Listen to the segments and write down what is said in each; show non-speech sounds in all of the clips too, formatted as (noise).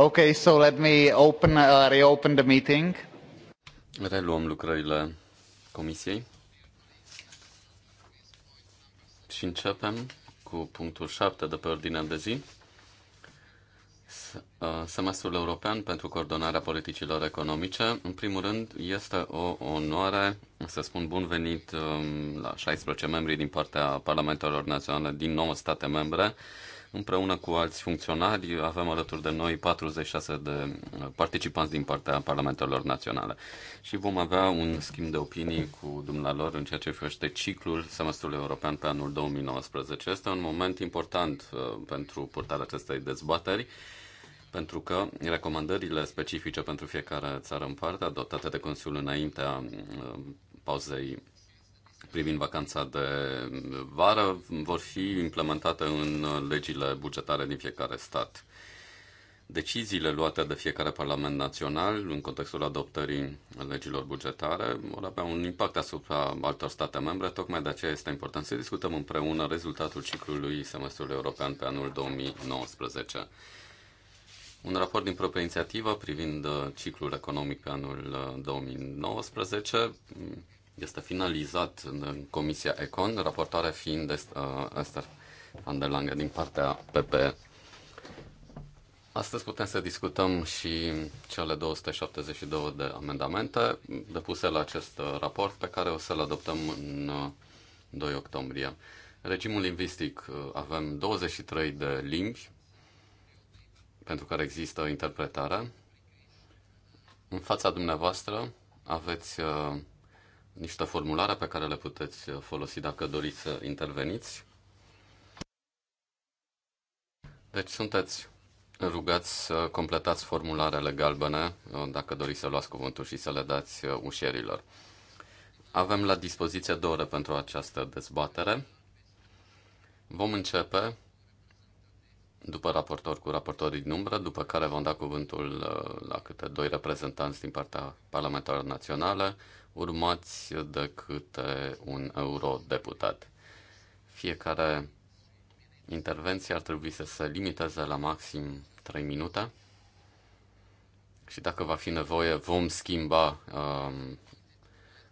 Okay, so let me open, uh, reopen the meeting. Reluăm lucrările comisiei. Și începem cu punctul 7 de pe ordinea de zi. Uh, semestrul european pentru coordonarea politicilor economice. În primul rând, este o onoare să spun bun venit um, la 16 membri din partea Parlamentelor Naționale din 9 state membre Împreună cu alți funcționari avem alături de noi 46 de uh, participanți din partea Parlamentelor Naționale și vom avea un schimb de opinii cu dumnealor în ceea ce privește ciclul semestrului european pe anul 2019. Este un moment important uh, pentru purtarea acestei dezbateri pentru că recomandările specifice pentru fiecare țară în parte, adoptate de Consiliul înaintea uh, pauzei privind vacanța de vară vor fi implementate în legile bugetare din fiecare stat. Deciziile luate de fiecare Parlament Național în contextul adoptării legilor bugetare vor avea un impact asupra altor state membre, tocmai de aceea este important să discutăm împreună rezultatul ciclului semestrului european pe anul 2019. Un raport din proprie inițiativă privind ciclul economic pe anul 2019 este finalizat în Comisia Econ, raportarea fiind uh, Esther van der Lange din partea PP. Astăzi putem să discutăm și cele 272 de amendamente depuse la acest uh, raport pe care o să-l adoptăm în 2 uh, octombrie. Regimul lingvistic avem 23 de limbi pentru care există interpretare. În fața dumneavoastră aveți niște formulare pe care le puteți uh, folosi dacă doriți să interveniți. Deci sunteți rugați să completați formularele galbene uh, dacă doriți să luați cuvântul și să le dați uh, ușierilor. Avem la dispoziție două ore pentru această dezbatere. Vom începe după raportor cu raportorii din umbră, după care vom da cuvântul la câte doi reprezentanți din partea parlamentară națională, urmați de câte un eurodeputat. Fiecare intervenție ar trebui să se limiteze la maxim 3 minute și dacă va fi nevoie vom schimba um,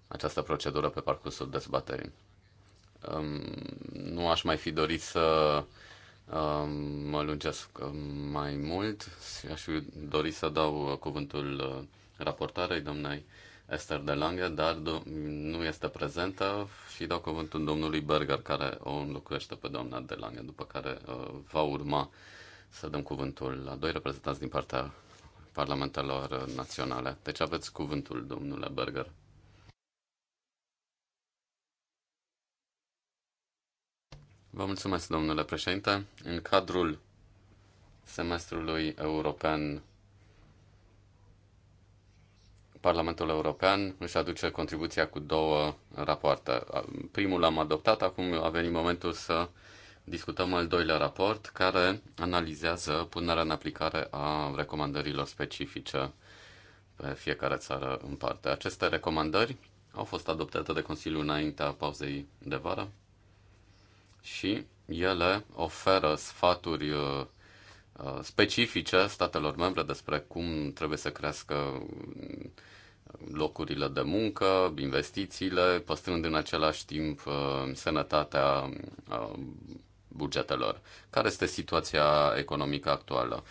această procedură pe parcursul dezbaterii. Um, nu aș mai fi dorit să um, mă lungesc mai mult și aș fi dorit să dau uh, cuvântul uh, raportarei doamnei Esther de Lange, dar nu este prezentă și dau cuvântul domnului Berger, care o înlocuiește pe doamna de Lange, după care uh, va urma să dăm cuvântul la doi reprezentanți din partea parlamentelor naționale. Deci aveți cuvântul, domnule Berger. Vă mulțumesc, domnule președinte. În cadrul semestrului european Parlamentul European își aduce contribuția cu două rapoarte. Primul l-am adoptat, acum a venit momentul să discutăm al doilea raport, care analizează punerea în aplicare a recomandărilor specifice pe fiecare țară în parte. Aceste recomandări au fost adoptate de Consiliul înaintea pauzei de vară și ele oferă sfaturi uh, Uh, specifice statelor membre despre cum trebuie să crească uh, locurile de muncă, investițiile, păstrând în același timp uh, sănătatea bugetelor. Care este situația economică actuală?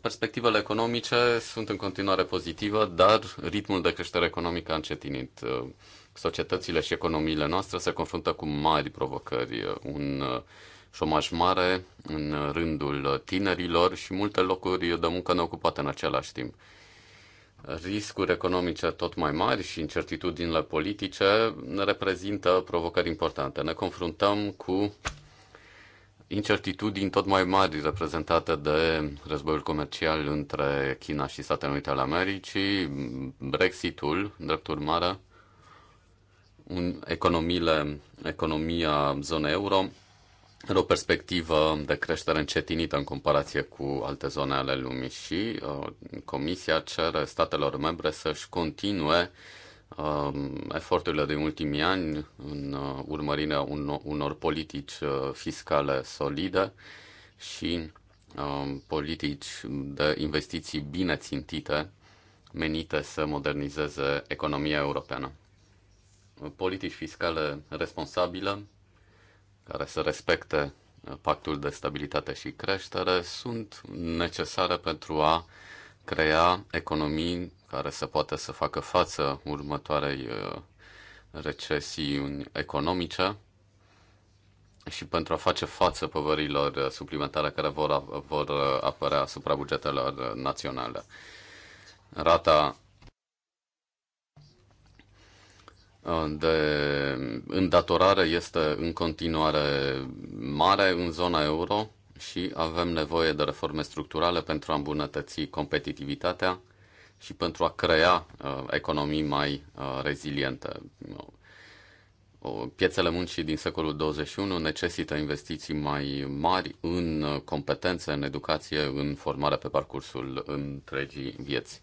Perspectivele economice sunt în continuare pozitive, dar ritmul de creștere economică a încetinit. Societățile și economiile noastre se confruntă cu mari provocări. Un șomaj mare în rândul tinerilor și multe locuri de muncă neocupate în același timp. Riscuri economice tot mai mari și incertitudinile politice ne reprezintă provocări importante. Ne confruntăm cu incertitudini tot mai mari reprezentate de războiul comercial între China și Statele Unite ale Americii, Brexitul, drept urmare, economiile, economia zonei euro în o perspectivă de creștere încetinită în comparație cu alte zone ale lumii și uh, Comisia cere statelor membre să-și continue um, eforturile din ultimii ani în uh, urmărirea un, unor politici uh, fiscale solide și um, politici de investiții bine țintite menite să modernizeze economia europeană. Politici fiscale responsabile care să respecte uh, pactul de stabilitate și creștere sunt necesare pentru a crea economii care să poată să facă față următoarei uh, recesiuni economice și pentru a face față povărilor uh, suplimentare care vor, vor apărea asupra bugetelor naționale. Rata de îndatorare este în continuare mare în zona euro și avem nevoie de reforme structurale pentru a îmbunătăți competitivitatea și pentru a crea uh, economii mai uh, reziliente. Piețele muncii din secolul 21 necesită investiții mai mari în uh, competențe, în educație, în formare pe parcursul întregii vieți.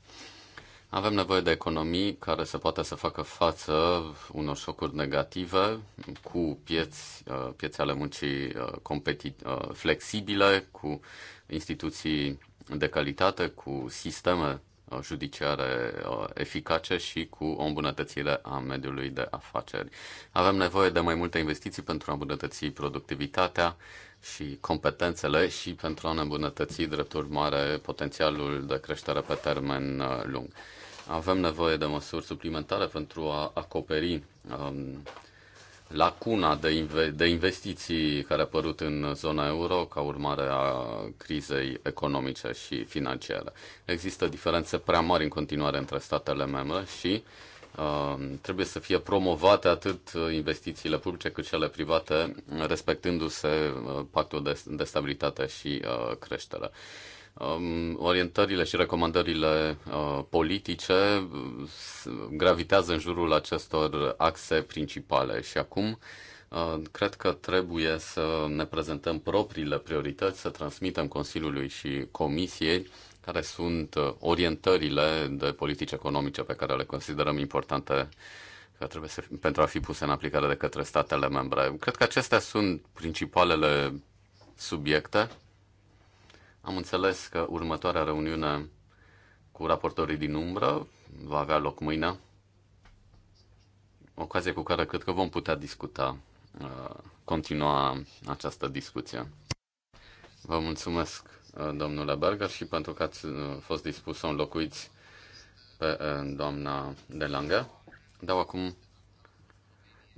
Avem nevoie de economii care să poată să facă față unor șocuri negative cu pieți, uh, piețe ale muncii uh, competi- uh, flexibile, cu instituții de calitate, cu sisteme judiciare eficace și cu o îmbunătățire a mediului de afaceri. Avem nevoie de mai multe investiții pentru a îmbunătăți productivitatea și competențele și pentru a ne îmbunătăți, drept urmare, potențialul de creștere pe termen lung. Avem nevoie de măsuri suplimentare pentru a acoperi um, lacuna de, inve- de investiții care a apărut în zona euro ca urmare a crizei economice și financiare. Există diferențe prea mari în continuare între statele membre și uh, trebuie să fie promovate atât investițiile publice cât cele private, respectându-se uh, pactul de, de stabilitate și uh, creștere. Um, orientările și recomandările uh, politice uh, gravitează în jurul acestor axe principale și acum uh, cred că trebuie să ne prezentăm propriile priorități, să transmitem Consiliului și Comisiei care sunt orientările de politici economice pe care le considerăm importante că trebuie să, pentru a fi puse în aplicare de către statele membre. Cred că acestea sunt principalele subiecte am înțeles că următoarea reuniune cu raportorii din umbră va avea loc mâine, ocazie cu care cred că vom putea discuta, uh, continua această discuție. Vă mulțumesc, uh, domnule Berger, și pentru că ați uh, fost dispus să înlocuiți pe doamna de Lange. Dau acum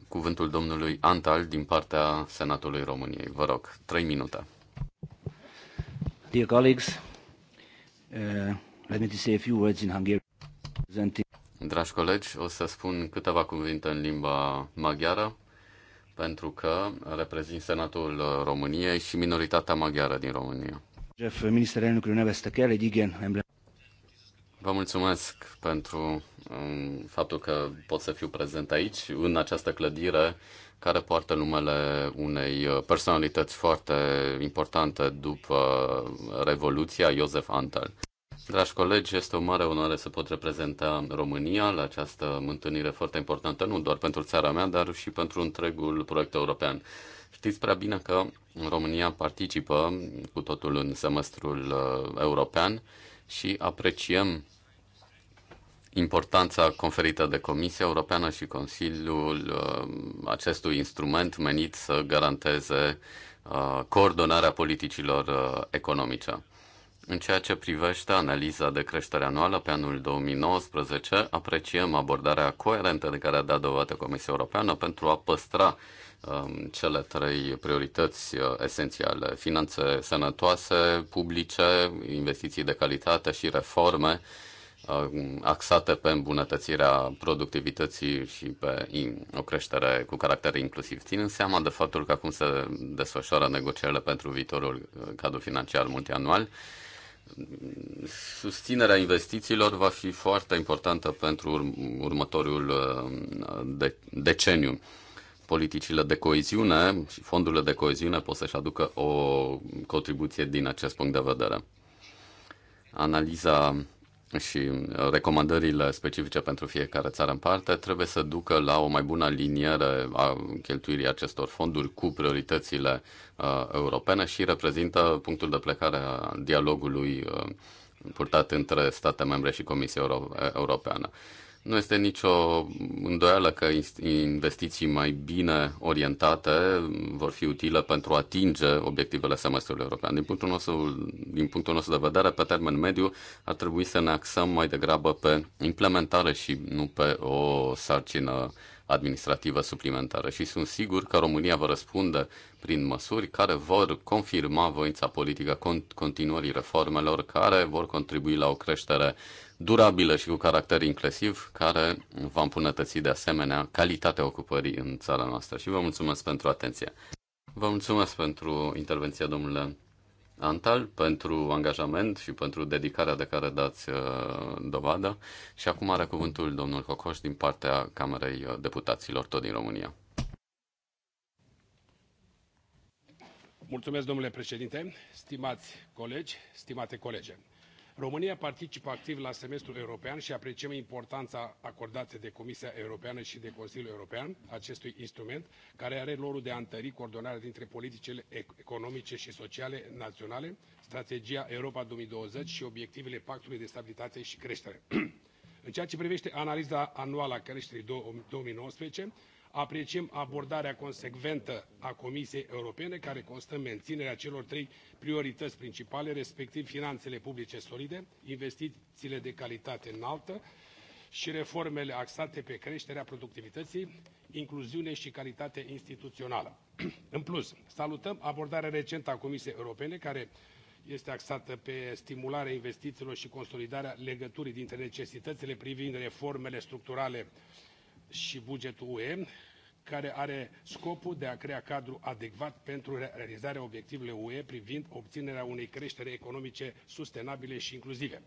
cuvântul domnului Antal din partea Senatului României. Vă rog, trei minute. Dear colleagues, uh, let me just say a few words in Hungarian. Dragi colegi, o să spun câteva cuvinte în limba maghiară, pentru că reprezint Senatul României și minoritatea maghiară din România. Jeff, igen Vă mulțumesc pentru um, faptul că pot să fiu prezent aici, în această clădire care poartă numele unei uh, personalități foarte importante după Revoluția, Iosef Antal. Dragi colegi, este o mare onoare să pot reprezenta România la această întâlnire foarte importantă, nu doar pentru țara mea, dar și pentru întregul proiect european. Știți prea bine că România participă cu totul în semestrul uh, european și apreciem importanța conferită de Comisia Europeană și Consiliul uh, acestui instrument menit să garanteze uh, coordonarea politicilor uh, economice. În ceea ce privește analiza de creștere anuală pe anul 2019, apreciem abordarea coerentă de care a dat dovadă Comisia Europeană pentru a păstra um, cele trei priorități esențiale. Finanțe sănătoase, publice, investiții de calitate și reforme Uh, axate pe îmbunătățirea productivității și pe o creștere cu caracter inclusiv. Ținând seama de faptul că acum se desfășoară negocierile pentru viitorul uh, cadru financiar multianual, susținerea investițiilor va fi foarte importantă pentru următorul uh, deceniu. Politicile de coeziune și fondurile de coeziune pot să-și aducă o contribuție din acest punct de vedere. Analiza și uh, recomandările specifice pentru fiecare țară în parte trebuie să ducă la o mai bună aliniere a cheltuirii acestor fonduri cu prioritățile uh, europene și reprezintă punctul de plecare a dialogului uh, purtat între state membre și Comisia Euro- Europeană. Nu este nicio îndoială că investiții mai bine orientate vor fi utile pentru a atinge obiectivele semestrului european. Din punctul nostru, din punctul nostru de vedere, pe termen mediu, ar trebui să ne axăm mai degrabă pe implementare și nu pe o sarcină administrativă suplimentară și sunt sigur că România va răspunde prin măsuri care vor confirma voința politică continuării reformelor, care vor contribui la o creștere durabilă și cu caracter inclusiv, care va îmbunătăți de asemenea calitatea ocupării în țara noastră. Și vă mulțumesc pentru atenție. Vă mulțumesc pentru intervenția, domnule Antal, pentru angajament și pentru dedicarea de care dați uh, dovadă. Și acum are cuvântul domnul Cocoș din partea Camerei Deputaților, tot din România. Mulțumesc, domnule președinte, stimați colegi, stimate colege România participă activ la semestrul european și apreciem importanța acordată de Comisia Europeană și de Consiliul European acestui instrument, care are rolul de a întări coordonarea dintre politicile economice și sociale naționale, strategia Europa 2020 și obiectivele Pactului de Stabilitate și Creștere. (clears throat) În ceea ce privește analiza anuală a creșterii 2019, Apreciem abordarea consecventă a Comisiei Europene, care constă în menținerea celor trei priorități principale, respectiv finanțele publice solide, investițiile de calitate înaltă și reformele axate pe creșterea productivității, incluziune și calitate instituțională. (clears throat) În plus, salutăm abordarea recentă a Comisiei Europene, care este axată pe stimularea investițiilor și consolidarea legăturii dintre necesitățile privind reformele structurale și bugetul UE, care are scopul de a crea cadru adecvat pentru realizarea obiectivelor UE privind obținerea unei creșteri economice sustenabile și inclusive.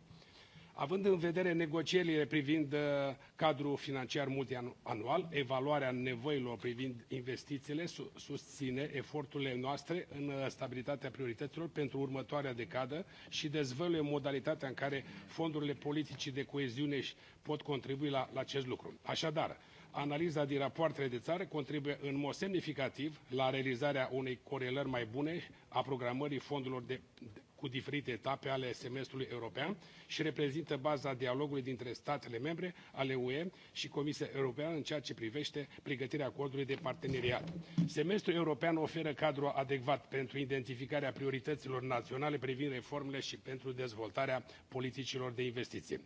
Având în vedere negocierile privind uh, cadrul financiar multianual, evaluarea nevoilor privind investițiile susține eforturile noastre în uh, stabilitatea priorităților pentru următoarea decadă și dezvăluie modalitatea în care fondurile politicii de coeziune pot contribui la, la acest lucru. Așadar, analiza din rapoartele de țară contribuie în mod semnificativ la realizarea unei corelări mai bune a programării fondurilor de, cu diferite etape ale semestrului european și reprezintă baza dialogului dintre statele membre ale UE și Comisia Europeană în ceea ce privește pregătirea acordului de parteneriat. Semestrul european oferă cadrul adecvat pentru identificarea priorităților naționale privind reformele și pentru dezvoltarea politicilor de investiții.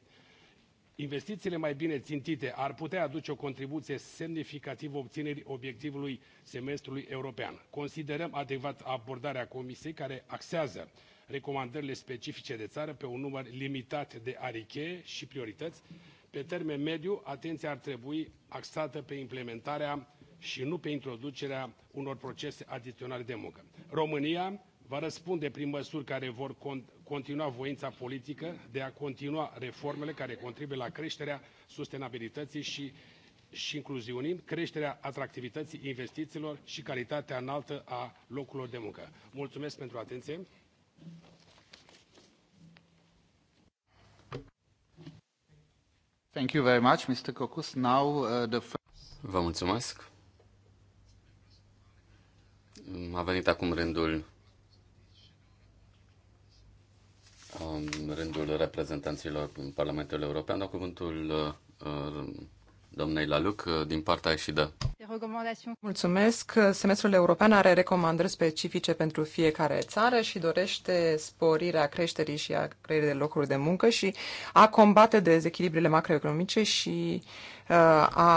Investițiile mai bine țintite ar putea aduce o contribuție semnificativă obținerii obiectivului semestrului european. Considerăm adecvat abordarea Comisiei care axează recomandările specifice de țară pe un număr limitat de arichee și priorități. Pe termen mediu, atenția ar trebui axată pe implementarea și nu pe introducerea unor procese adiționale de muncă. România va răspunde prin măsuri care vor continua voința politică de a continua reformele care contribuie la creșterea sustenabilității și, și incluziunii, creșterea atractivității investițiilor și calitatea înaltă a locurilor de muncă. Mulțumesc pentru atenție. Thank you very much, Mr. Cocus. Now uh, the Vă mulțumesc. A venit acum rândul în rândul reprezentanților în Parlamentul European. Dau cuvântul uh, doamnei Laluc uh, din partea ieșidă. Mulțumesc. Semestrul european are recomandări specifice pentru fiecare țară și dorește sporirea creșterii și a creierii de locuri de muncă și a combate dezechilibrile macroeconomice și uh, Uh, a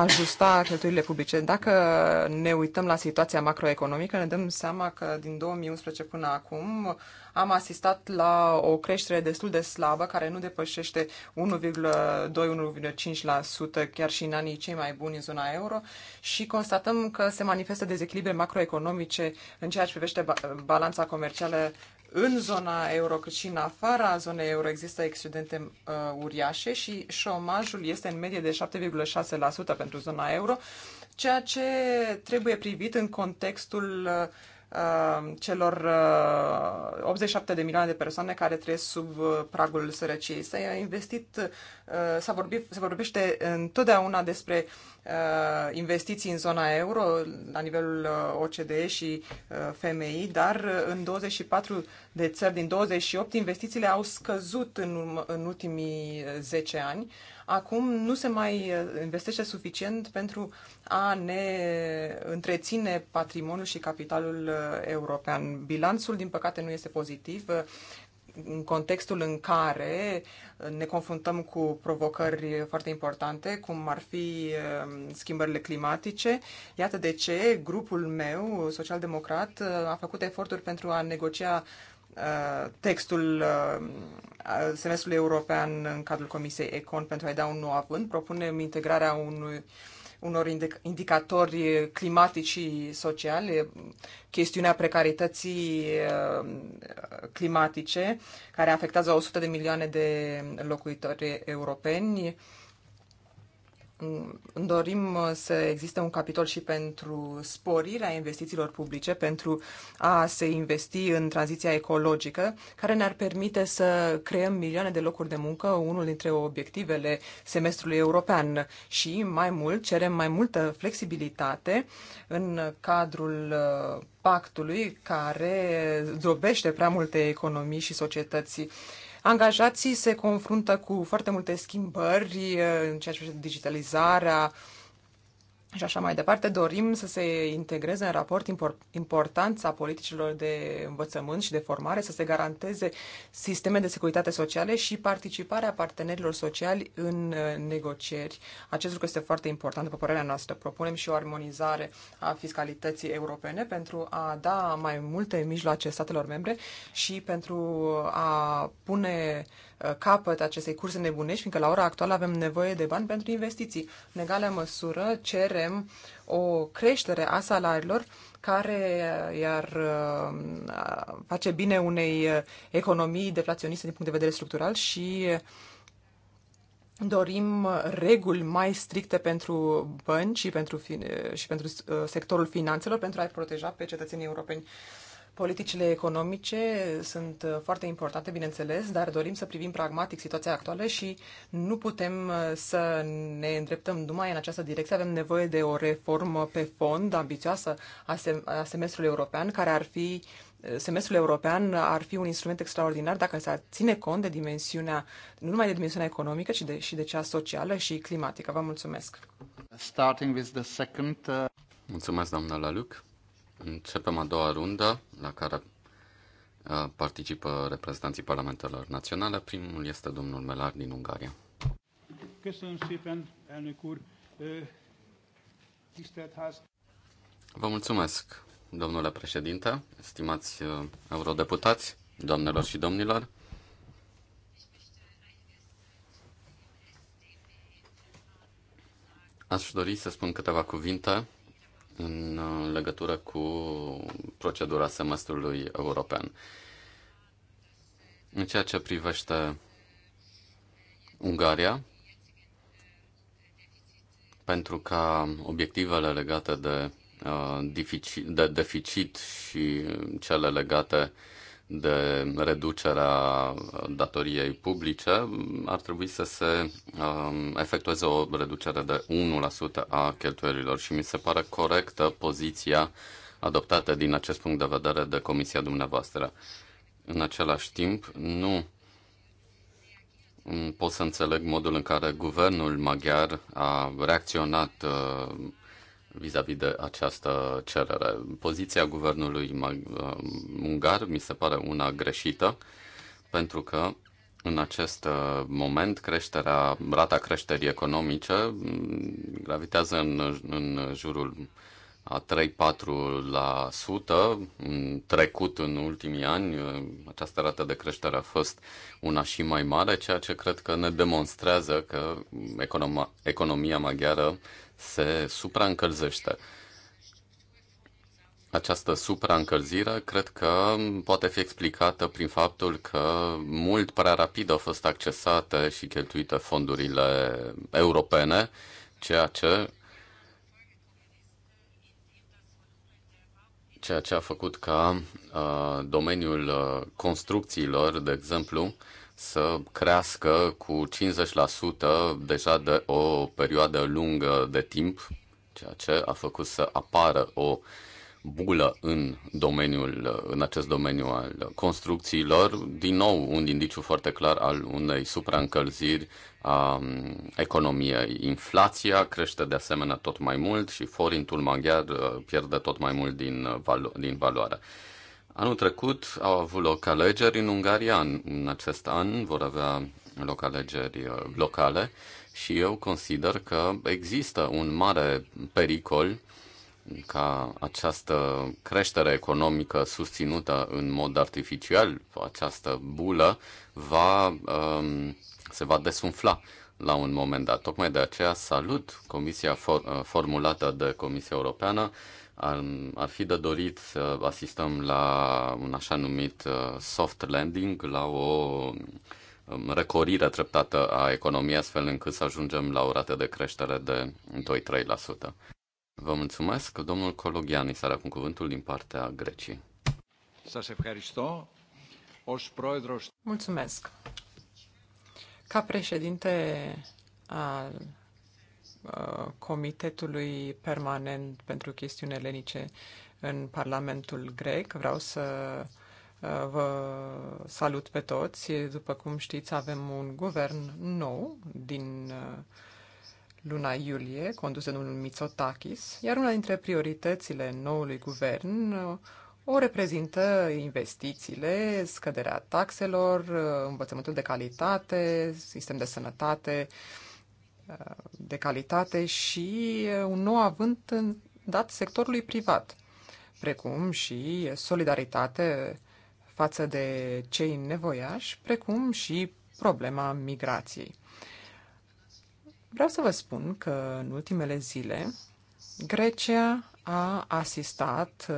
ajusta cheltuielile publice. Dacă ne uităm la situația macroeconomică, ne dăm seama că din 2011 până acum am asistat la o creștere destul de slabă, care nu depășește 1,2-1,5% chiar și în anii cei mai buni în zona euro și constatăm că se manifestă dezechilibre macroeconomice în ceea ce privește balanța comercială în zona euro cât și în afara zonei euro există excedente uh, uriașe și șomajul este în medie de 7,6% pentru zona euro, ceea ce trebuie privit în contextul uh, uh celor uh, 87 de milioane de persoane care trăiesc sub uh, pragul sărăciei. S-a investit, uh, s-a vorbit, se vorbește întotdeauna despre uh, Uh, investiții în zona euro la nivelul uh, OCDE și uh, FMI, dar în 24 de țări din 28 investițiile au scăzut în, în ultimii 10 ani. Acum nu se mai investește suficient pentru a ne întreține patrimoniul și capitalul european. Bilanțul, din păcate, nu este pozitiv în contextul în care uh, ne confruntăm cu provocări foarte importante, cum ar fi uh, schimbările climatice. Iată de ce grupul meu, social-democrat, uh, a făcut eforturi pentru a negocia textul semestrului european în cadrul Comisiei Econ pentru a-i da un nou avânt. Propunem integrarea unui unor indicatori climatici și sociale, chestiunea precarității uh, climatice, care afectează 100 de milioane de locuitori europeni, dorim uh, să existe un capitol și pentru sporirea investițiilor publice, pentru a se investi în tranziția ecologică, care ne-ar permite să creăm milioane de locuri de muncă, unul dintre obiectivele semestrului european. Și mai mult, cerem mai multă flexibilitate în cadrul uh, pactului care zobește prea multe economii și societăți Angajații se confruntă cu foarte multe schimbări eh, în ceea ce privește digitalizarea, și așa mai departe, dorim să se integreze în raport import, importanța politicilor de învățământ și de formare, să se garanteze sisteme de securitate sociale și participarea partenerilor sociali în uh, negocieri. Acest lucru este foarte important, după părerea noastră. Propunem și o armonizare a fiscalității europene pentru a da mai multe mijloace statelor membre și pentru a pune uh, Uh, capăt acestei curse nebunești, fiindcă la ora actuală avem nevoie de bani pentru investiții. În egală măsură cerem o creștere a salariilor care uh, iar uh, face bine unei economii deflaționiste din punct de vedere structural și dorim reguli mai stricte pentru bănci și pentru, și pentru sectorul finanțelor pentru a-i proteja pe cetățenii europeni. Politicile economice sunt uh, foarte importante, bineînțeles, dar dorim să privim pragmatic situația actuală și nu putem uh, să ne îndreptăm numai în această direcție. Avem nevoie de o reformă pe fond ambițioasă a semestrului european, care ar fi uh, semestrul european ar fi un instrument extraordinar dacă s-ar ține cont de dimensiunea, nu numai de dimensiunea economică, ci de, și de cea socială și climatică. Vă mulțumesc! Starting with the second, uh... Mulțumesc, doamna Laluc! Începem a doua rundă la care uh, participă reprezentanții parlamentelor naționale. Primul este domnul Melar din Ungaria. Vă mulțumesc, domnule președinte, stimați uh, eurodeputați, doamnelor și domnilor. Aș dori să spun câteva cuvinte în uh, legătură cu procedura semestrului european. În ceea ce privește Ungaria, pentru ca obiectivele legate de, uh, de deficit și cele legate uh, de reducerea datoriei publice, ar trebui să se um, efectueze o reducere de 1% a cheltuielilor și mi se pare corectă poziția adoptată din acest punct de vedere de Comisia dumneavoastră. În același timp, nu pot să înțeleg modul în care guvernul maghiar a reacționat uh, vis-a-vis -vis de această cerere. Poziția guvernului ungar mi se pare una greșită, pentru că în acest uh, moment creșterea, rata creșterii economice mm, gravitează în, în jurul a 3-4% în trecut în ultimii ani. Uh, această rată de creștere a fost una și mai mare, ceea ce cred că ne demonstrează că mm, economia maghiară se supraîncălzește. Această supraîncălzire cred că poate fi explicată prin faptul că mult prea rapid au fost accesate și cheltuite fondurile europene, ceea ce ceea ce a făcut ca uh, domeniul uh, construcțiilor, de exemplu, să crească cu 50% deja de o perioadă lungă de timp, ceea ce a făcut să apară o bulă în domeniul, în acest domeniu al construcțiilor, din nou un indiciu foarte clar al unei supraîncălziri a mm, economiei. Inflația crește de asemenea tot mai mult și forintul maghiar uh, pierde tot mai mult din, uh, valo- din valoare. Anul trecut au avut loc alegeri în Ungaria, în acest an vor avea loc alegeri uh, locale și eu consider că există un mare pericol ca această creștere economică susținută în mod artificial, această bulă, va, um, se va desumfla la un moment dat. Tocmai de aceea salut comisia for, uh, formulată de Comisia Europeană ar, ar fi de dorit să asistăm la un așa numit uh, soft landing, la o um, recorire treptată a economiei, astfel încât să ajungem la o rată de creștere de 2-3%. Vă mulțumesc. Domnul Cologiani s-a acum cuvântul din partea Greciei. Mulțumesc. Ca președinte al Uh, Comitetului Permanent pentru Chestiuni Elenice în Parlamentul Grec. Vreau să uh, vă salut pe toți. După cum știți, avem un guvern nou din uh, luna iulie, condus de domnul Mitsotakis, iar una dintre prioritățile noului guvern o reprezintă investițiile, scăderea taxelor, învățământul de calitate, sistem de sănătate, uh, de calitate și un nou avânt dat sectorului privat, precum și solidaritate față de cei nevoiași, precum și problema migrației. Vreau să vă spun că în ultimele zile Grecia a asistat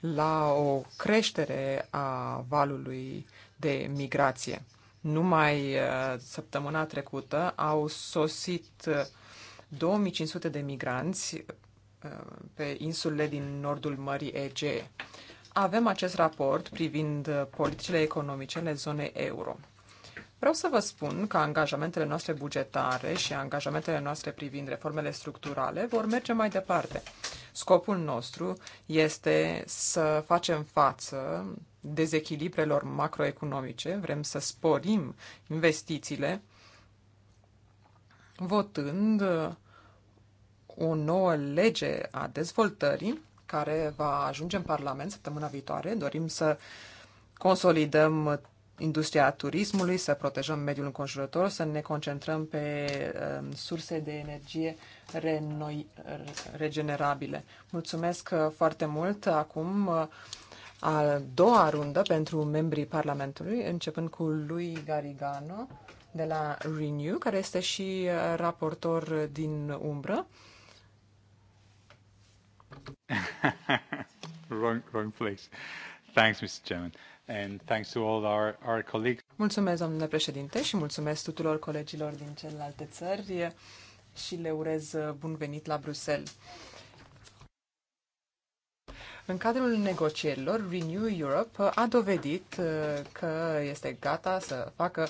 la o creștere a valului de migrație. Numai uh, săptămâna trecută au sosit 2500 uh, de migranți uh, pe insulele din nordul Mării Ege. Avem acest raport privind politicile economice ale zonei euro. Vreau să vă spun că angajamentele noastre bugetare și angajamentele noastre privind reformele structurale vor merge mai departe. Scopul nostru este să facem față dezechilibrelor macroeconomice, vrem să sporim investițiile, votând uh, o nouă lege a dezvoltării care va ajunge în Parlament săptămâna viitoare. Dorim să consolidăm industria turismului, să protejăm mediul înconjurător, să ne concentrăm pe uh, surse de energie renoi, regenerabile. Mulțumesc uh, foarte mult. Acum a doua rundă pentru membrii Parlamentului, începând cu lui Garigano de la Renew, care este și raportor din umbră. (laughs) wrong, wrong place. Thanks, Mr. Chairman. And thanks to all our, our colleagues. Mulțumesc, domnule președinte, și mulțumesc tuturor colegilor din celelalte țări și le urez bun venit la Bruxelles. În cadrul negocierilor, Renew Europe a dovedit uh, că este gata să facă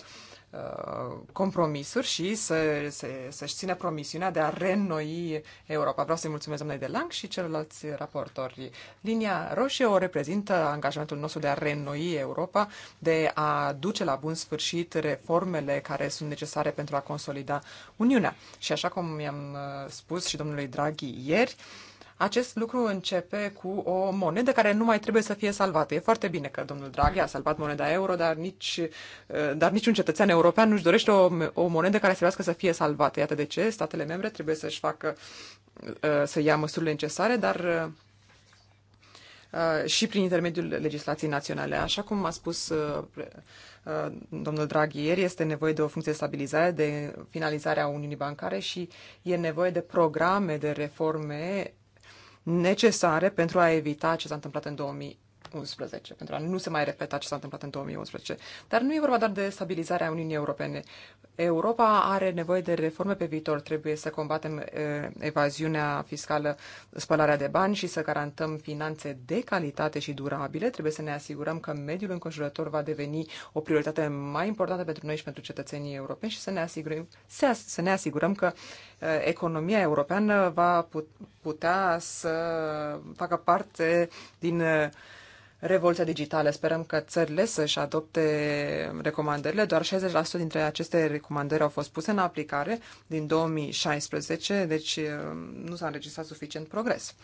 uh, compromisuri și să, să, să-și țină promisiunea de a reînnoi Europa. Vreau să-i mulțumesc doamnei de Lang și celorlalți raportori. Linia roșie o reprezintă angajamentul nostru de a reînnoi Europa, de a duce la bun sfârșit reformele care sunt necesare pentru a consolida Uniunea. Și așa cum i-am uh, spus și domnului Draghi ieri, uh, acest lucru începe cu o monedă care nu mai trebuie să fie salvată. E foarte bine că domnul Draghi a salvat moneda euro, dar, nici, eh, dar niciun cetățean european nu-și dorește o, o monedă care să trebuiască să fie salvată. Iată de ce statele membre trebuie să-și facă, eh, să ia măsurile necesare, dar eh, și prin intermediul legislației naționale. Așa cum a spus domnul Draghi ieri, este nevoie de o funcție de stabilizare, de finalizarea Uniunii Bancare și e nevoie de programe de reforme necesare pentru a evita ce s-a întâmplat în 2000 2011, pentru a nu se mai repeta ce s-a întâmplat în 2011. Dar nu e vorba doar de stabilizarea Uniunii Europene. Europa are nevoie de reforme pe viitor. Trebuie să combatem evaziunea fiscală, spălarea de bani și să garantăm finanțe de calitate și durabile. Trebuie să ne asigurăm că mediul înconjurător va deveni o prioritate mai importantă pentru noi și pentru cetățenii europeni și să ne asigurăm, să ne asigurăm că economia europeană va putea să facă parte din revoluția digitală. Sperăm că țările să-și adopte recomandările. Doar 60% dintre aceste recomandări au fost puse în aplicare din 2016, deci uh, nu s-a înregistrat suficient progres.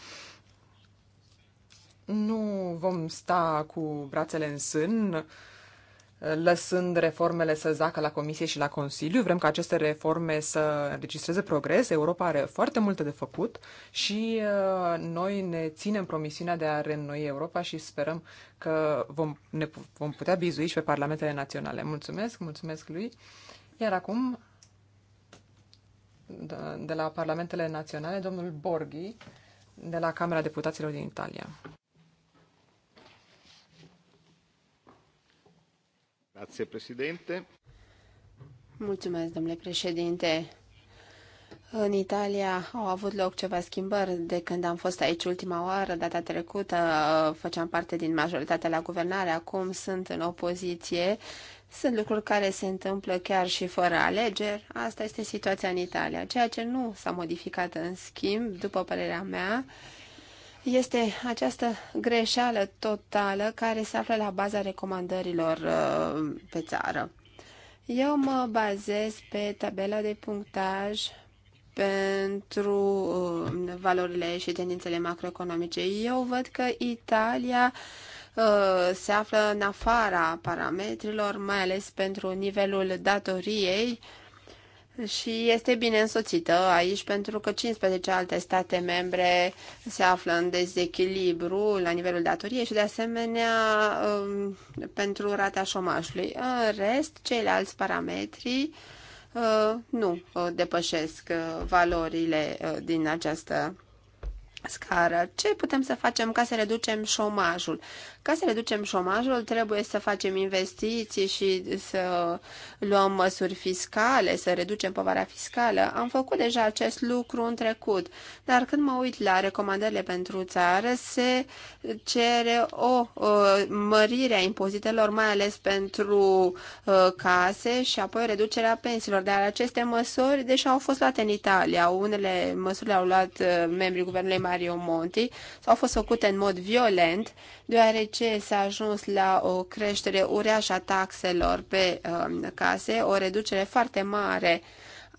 Nu vom sta cu brațele în sân lăsând reformele să zacă la Comisie și la Consiliu. Vrem ca aceste reforme să înregistreze progres. Europa are foarte multe de făcut și uh, noi ne ținem promisiunea de a reînnoi Europa și sperăm că vom, ne vom putea bizui și pe parlamentele naționale. Mulțumesc, mulțumesc lui. Iar acum, de la parlamentele naționale, domnul Borghi, de la Camera Deputaților din Italia. Grazie, Mulțumesc, domnule președinte. În Italia au avut loc ceva schimbări de când am fost aici ultima oară, data trecută făceam parte din majoritatea la guvernare, acum sunt în opoziție. Sunt lucruri care se întâmplă chiar și fără alegeri. Asta este situația în Italia. Ceea ce nu s-a modificat în schimb, după părerea mea, este această greșeală totală care se află la baza recomandărilor uh, pe țară. Eu mă bazez pe tabela de punctaj pentru uh, valorile și tendințele macroeconomice. Eu văd că Italia uh, se află în afara parametrilor, mai ales pentru nivelul datoriei, și este bine însoțită aici pentru că 15 alte state membre se află în dezechilibru la nivelul datoriei și de asemenea um, pentru rata șomajului. În rest, ceilalți parametri uh, nu uh, depășesc uh, valorile din această scară. Ce putem să facem ca să reducem șomajul? Ca să reducem șomajul, trebuie să facem investiții și să luăm măsuri fiscale, să reducem povara fiscală. Am făcut deja acest lucru în trecut, dar când mă uit la recomandările pentru țară, se cere o mărire a impozitelor, mai ales pentru ă, case și apoi reducerea pensiilor. Dar aceste măsuri deși au fost luate în Italia. Unele măsuri le-au luat ă, membrii guvernului Mario Monti, au fost făcute în mod violent, deoarece ce s-a ajuns la o creștere ureașă a taxelor pe um, case, o reducere foarte mare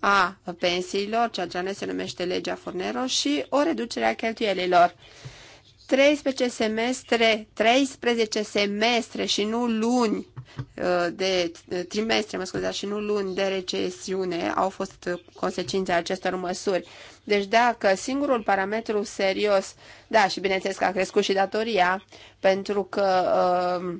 a pensiilor, ceea ce se numește legea Fornero, și o reducere a cheltuielilor. 13 semestre, 13 semestre și nu luni uh, de uh, trimestre, mă scuzați, și nu luni de recesiune au fost uh, consecințele acestor măsuri. Deci dacă singurul parametru serios, da, și bineînțeles că a crescut și datoria, pentru că uh,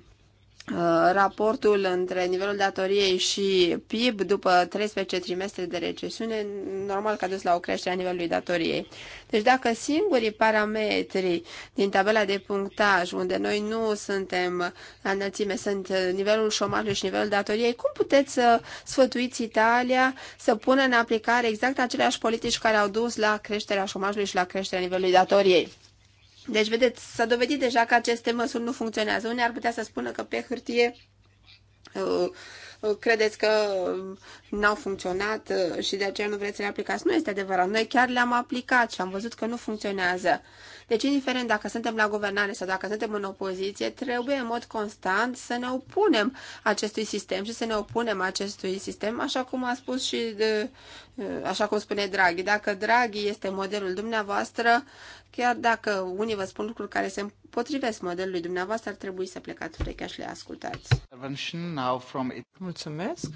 Uh, raportul între nivelul datoriei și PIB după 13 trimestre de recesiune, normal că a dus la o creștere a nivelului datoriei. Deci dacă singurii parametri din tabela de punctaj, unde noi nu suntem la înălțime, sunt nivelul șomajului și nivelul datoriei, cum puteți să sfătuiți Italia să pună în aplicare exact aceleași politici care au dus la creșterea șomajului și la creșterea nivelului datoriei? Deci, vedeți, s-a dovedit deja că aceste măsuri nu funcționează. Unii ar putea să spună că pe hârtie uh, uh, credeți că um, n-au funcționat uh, și de aceea nu vreți să le aplicați. Nu este adevărat. Noi chiar le-am aplicat și am văzut că nu funcționează. Deci, indiferent dacă suntem la guvernare sau dacă suntem în opoziție, trebuie în mod constant să ne opunem acestui sistem și să ne opunem acestui sistem, așa cum a spus și, de, așa cum spune Draghi. Dacă Draghi este modelul dumneavoastră, Chiar dacă unii vă spun lucruri care se potrivesc modelului dumneavoastră, ar trebui să plecați frechea și le ascultați. Mulțumesc!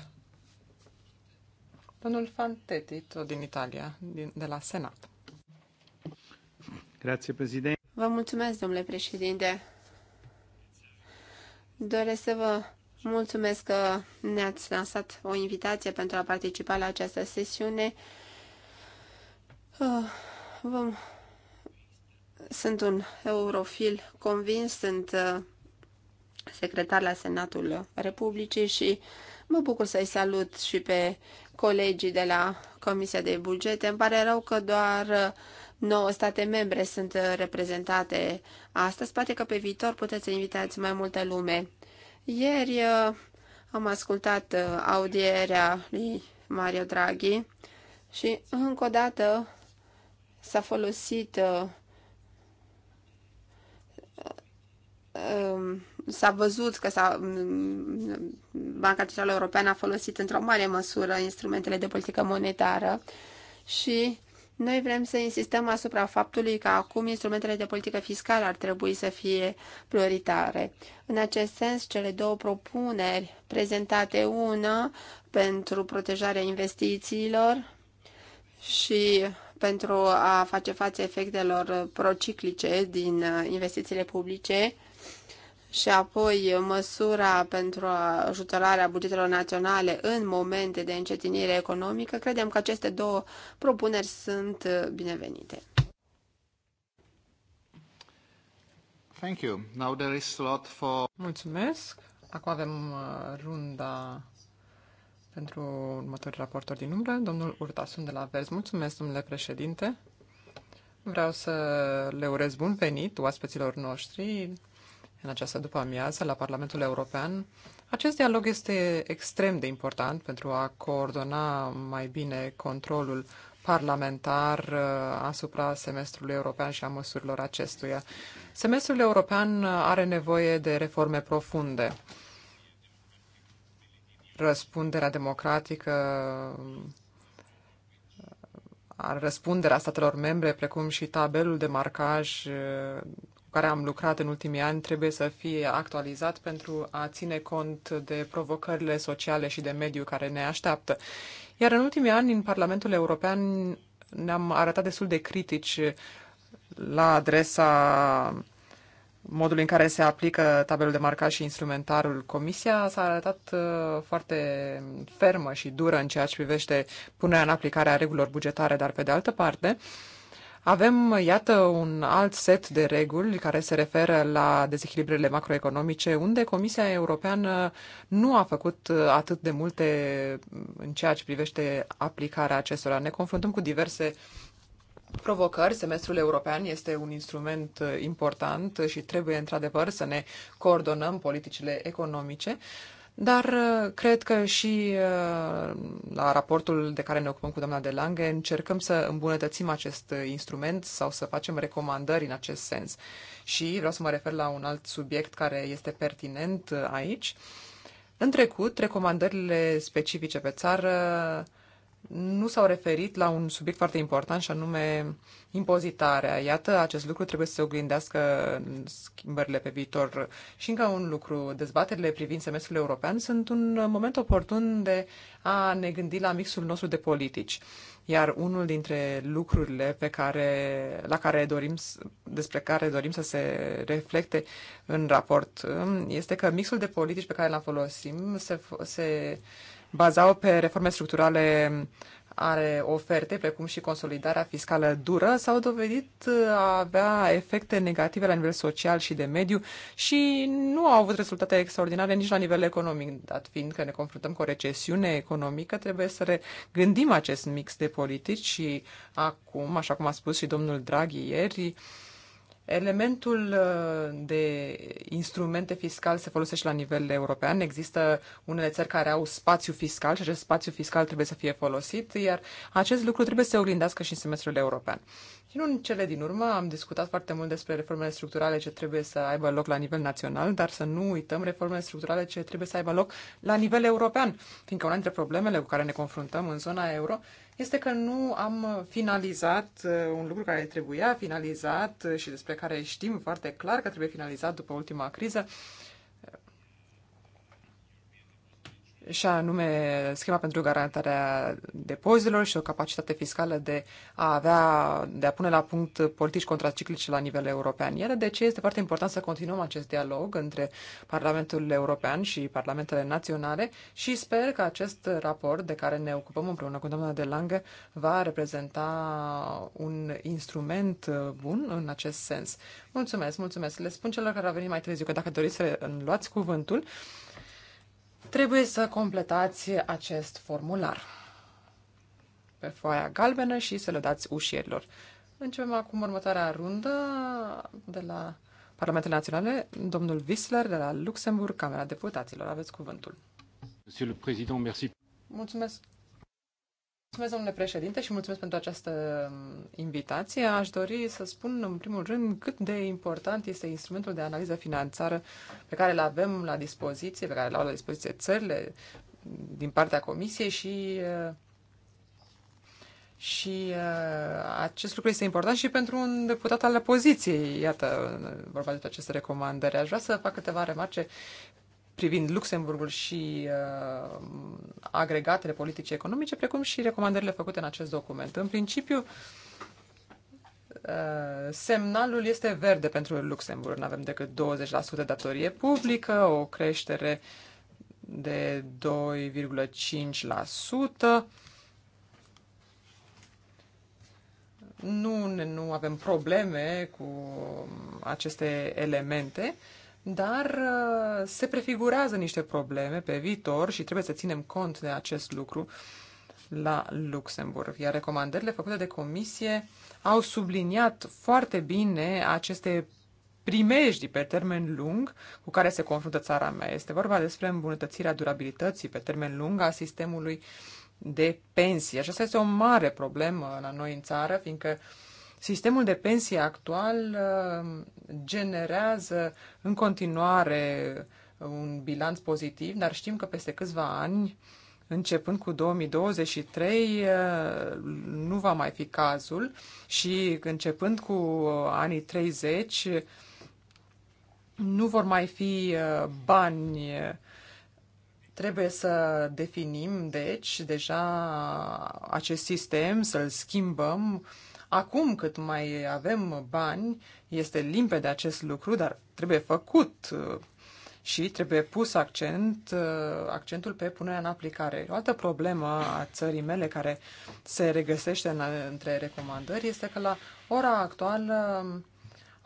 Domnul Fantetti, tot din Italia, din, de la Senat. Grazie, președinte. Vă mulțumesc, domnule președinte. Doresc să vă mulțumesc că ne-ați lansat o invitație pentru a participa la această sesiune. Uh, vom sunt un eurofil convins, sunt uh, secretar la Senatul Republicii și mă bucur să-i salut și pe colegii de la Comisia de Bugete. Îmi pare rău că doar 9 uh, state membre sunt uh, reprezentate astăzi. Poate că pe viitor puteți să invitați mai multă lume. Ieri am ascultat audierea lui Mario Draghi și încă o dată s-a folosit Um, s-a văzut că s-a, um, Banca Centrală Europeană a folosit într-o mare măsură instrumentele de politică monetară și noi vrem să insistăm asupra faptului că acum instrumentele de politică fiscală ar trebui să fie prioritare. În acest sens, cele două propuneri prezentate, una pentru protejarea investițiilor și pentru a face față efectelor prociclice din uh, investițiile publice, și apoi măsura pentru ajutorarea bugetelor naționale în momente de încetinire economică, credem că aceste două propuneri sunt binevenite. Thank you. Now there is slot for... Mulțumesc. Acum avem uh, runda pentru următorii raportor din umbră. Domnul sunt de la Vers. Mulțumesc, domnule președinte. Vreau să le urez bun venit oaspeților noștri în această după-amiază la Parlamentul European. Acest dialog este extrem de important pentru a coordona mai bine controlul parlamentar uh, asupra semestrului european și a măsurilor acestuia. Semestrul european uh, are nevoie de reforme profunde. Răspunderea democratică, uh, răspunderea statelor membre, precum și tabelul de marcaj care am lucrat în ultimii ani trebuie să fie actualizat pentru a ține cont de provocările sociale și de mediu care ne așteaptă. Iar în ultimii ani, în Parlamentul European, ne-am arătat destul de critici la adresa modul în care se aplică tabelul de marcaj și instrumentarul. Comisia s-a arătat uh, foarte fermă și dură în ceea ce privește punerea în aplicare a regulilor bugetare, dar pe de altă parte, avem, iată, un alt set de reguli care se referă la dezechilibrele macroeconomice, unde Comisia Europeană nu a făcut uh, atât de multe în ceea ce privește aplicarea acestora. Ne confruntăm cu diverse provocări. Semestrul european este un instrument uh, important și trebuie, într-adevăr, să ne coordonăm politicile economice. Dar uh, cred că și uh, la raportul de care ne ocupăm cu doamna de Lange încercăm să îmbunătățim acest instrument sau să facem recomandări în acest sens. Și vreau să mă refer la un alt subiect care este pertinent uh, aici. În trecut, recomandările specifice pe țară nu s-au referit la un subiect foarte important și anume impozitarea. Iată, acest lucru trebuie să se oglindească în schimbările pe viitor. Și încă un lucru, dezbaterile privind semestrul european sunt un moment oportun de a ne gândi la mixul nostru de politici. Iar unul dintre lucrurile pe care, la care dorim, despre care dorim să se reflecte în raport um, este că mixul de politici pe care l-am folosim se, se bazau pe reforme structurale are oferte, precum și consolidarea fiscală dură, s-au dovedit a avea efecte negative la nivel social și de mediu și nu au avut rezultate extraordinare nici la nivel economic, dat fiind că ne confruntăm cu o recesiune economică, trebuie să regândim acest mix de politici și acum, așa cum a spus și domnul Draghi ieri, uh, Elementul uh, de instrumente fiscale se folosește la nivel european. Există unele țări care au spațiu fiscal și acest spațiu fiscal trebuie să fie folosit, iar acest lucru trebuie să se oglindească și în semestrul european. Și în cele din urmă am discutat foarte mult despre reformele structurale ce trebuie să aibă loc la nivel național, dar să nu uităm reformele structurale ce trebuie să aibă loc la nivel european, fiindcă una dintre problemele cu care ne confruntăm în zona euro este că nu am finalizat uh, un lucru care trebuia finalizat și despre care știm foarte clar că trebuie finalizat după ultima criză, și anume schema pentru garantarea depozitelor și o capacitate fiscală de a avea, de a pune la punct politici contraciclice la nivel european. Iar de ce este foarte important să continuăm acest dialog între Parlamentul European și Parlamentele Naționale și sper că acest raport de care ne ocupăm împreună cu doamna de Lange va reprezenta un instrument bun în acest sens. Mulțumesc, mulțumesc. Le spun celor care au venit mai târziu că dacă doriți să luați cuvântul, trebuie să completați acest formular pe foaia galbenă și să le dați ușierilor. Începem acum următoarea rundă de la Parlamentele Naționale. Domnul Wissler de la Luxemburg, Camera Deputaților. Aveți cuvântul. Mulțumesc, Mulțumesc, domnule președinte, și mulțumesc pentru această mm, invitație. Aș dori să spun, în primul rând, cât de important este instrumentul de analiză financiară pe care îl avem la dispoziție, pe care îl au la dispoziție țările mm, din partea Comisiei și uh, și uh, acest lucru este important și pentru un deputat al opoziției. Iată, vorba despre aceste recomandări. Aș vrea să fac câteva remarce privind Luxemburgul și uh, agregatele politice economice, precum și recomandările făcute în acest document. În principiu, uh, semnalul este verde pentru Luxemburg. Nu avem decât 20% datorie publică, o creștere de 2,5%. Nu, nu avem probleme cu aceste elemente. Uh, dar uh, se prefigurează niște probleme pe viitor și trebuie să ținem cont de acest lucru la Luxemburg. Iar recomandările făcute de comisie au subliniat foarte bine aceste primejdii pe termen lung cu care se confruntă țara mea. Este vorba despre îmbunătățirea durabilității pe termen lung a sistemului de pensii. Aceasta este o mare problemă la noi în țară, fiindcă uh, Sistemul de pensie actual uh, generează în continuare uh, un bilanț pozitiv, dar știm că peste câțiva ani, începând cu 2023, uh, nu va mai fi cazul și începând cu anii 30, nu vor mai fi bani. Trebuie să definim, deci, deja acest sistem, să-l schimbăm Acum cât mai avem bani, este limpede acest lucru, dar trebuie făcut uh, și trebuie pus accent, uh, accentul pe punerea în aplicare. O altă problemă a țării mele care se regăsește în, între recomandări este că la ora actuală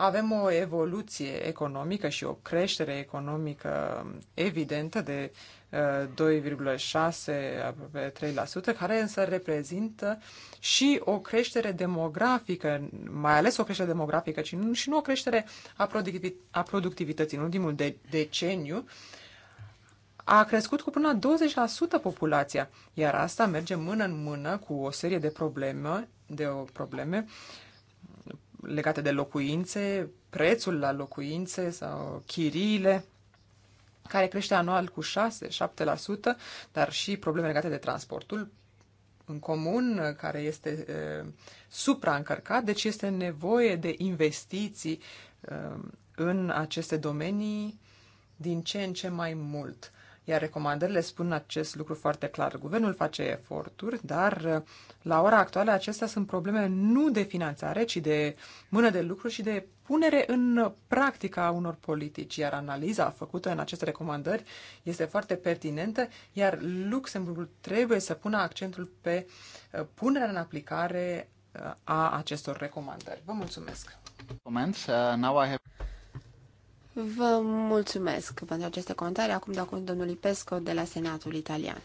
avem o evoluție economică și o creștere economică evidentă de 2,6 uh, 3%, care însă reprezintă și o creștere demografică, mai ales o creștere demografică, ci nu, și nu o creștere a, productiv- a productivității. În ultimul de- deceniu a crescut cu până la 20% populația, iar asta merge mână în mână cu o serie de probleme, de o probleme uh, legate de locuințe, prețul la locuințe sau chiriile, care crește anual cu 6-7%, dar și probleme legate de transportul în comun, care este e, supraîncărcat, deci este nevoie de investiții e, în aceste domenii din ce în ce mai mult. Iar recomandările spun acest lucru foarte clar. Guvernul face eforturi, dar uh, la ora actuală acestea sunt probleme nu de finanțare, ci de mână de lucru și de punere în practică a unor politici. Iar analiza făcută în aceste recomandări este foarte pertinentă, iar Luxemburgul trebuie să pună accentul pe uh, punerea în aplicare uh, a acestor recomandări. Vă mulțumesc! Comment, Uh, now I have... Vă mulțumesc pentru aceste comentarii. Acum dau cuvântul domnului Pesco de la Senatul Italian.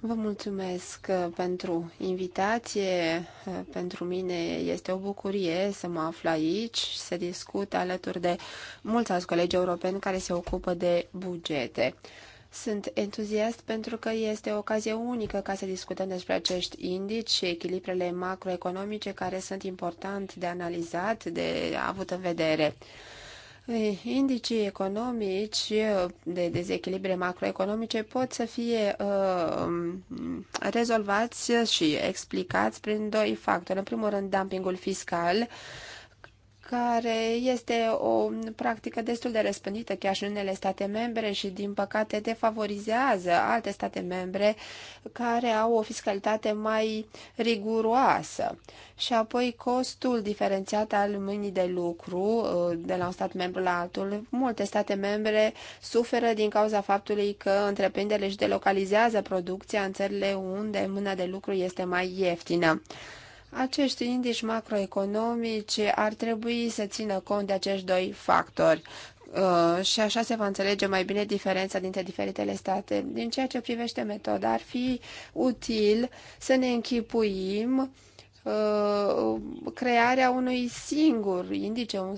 Vă mulțumesc pentru invitație. Pentru mine este o bucurie să mă aflu aici și să discut alături de mulți alți colegi europeni care se ocupă de bugete. Sunt entuziast pentru că este o ocazie unică ca să discutăm despre acești indici și echilibrele macroeconomice care sunt important de analizat, de avut în vedere. Indicii economici de dezechilibre macroeconomice pot să fie uh, rezolvați și explicați prin doi factori. În primul rând, dumpingul fiscal care este o practică destul de răspândită chiar și în unele state membre și, din păcate, defavorizează alte state membre care au o fiscalitate mai riguroasă. Și apoi costul diferențiat al mâinii de lucru uh, de la un stat membru la altul. Multe state membre suferă din cauza faptului că întreprinderile își delocalizează producția în țările unde mâna de lucru este mai ieftină. Acești indici macroeconomici ar trebui să țină cont de acești doi factori uh, și așa se va înțelege mai bine diferența dintre diferitele state. Din ceea ce privește metoda, ar fi util să ne închipuim Uh, crearea unui singur indice, uh,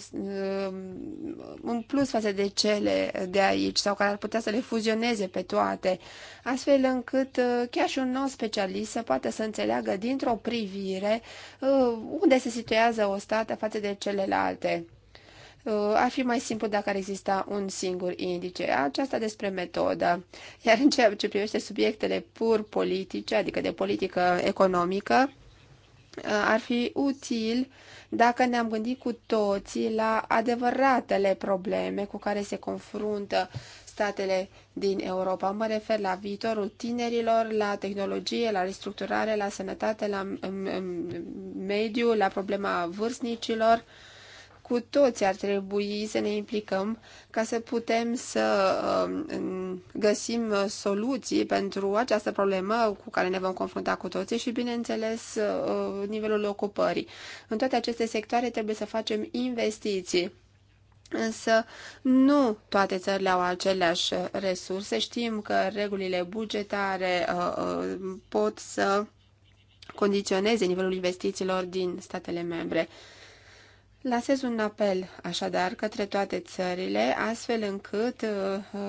un, plus față de cele de aici sau care ar putea să le fuzioneze pe toate, astfel încât uh, chiar și un nou specialist să poată să înțeleagă dintr-o privire unde se situează o stată față de celelalte. Ar fi mai simplu dacă ar exista un singur indice. Aceasta despre metodă. Iar în ceea ce privește subiectele pur politice, adică de politică economică, Uh, ar fi util dacă ne-am gândit cu toții la adevăratele probleme cu care se confruntă statele din Europa. Mă refer la viitorul tinerilor, la tehnologie, la restructurare, la sănătate, la mm, mm, mediu, la problema vârstnicilor cu toți ar trebui să ne implicăm ca să putem să um, găsim uh, soluții pentru această problemă cu care ne vom confrunta cu toții și, bineînțeles, uh, nivelul ocupării. În toate aceste sectoare trebuie să facem investiții. Însă nu toate țările au aceleași uh, resurse. Știm că regulile bugetare pot să condiționeze nivelul investițiilor din statele membre. Lasez un apel, așadar, către toate țările, astfel încât, uh,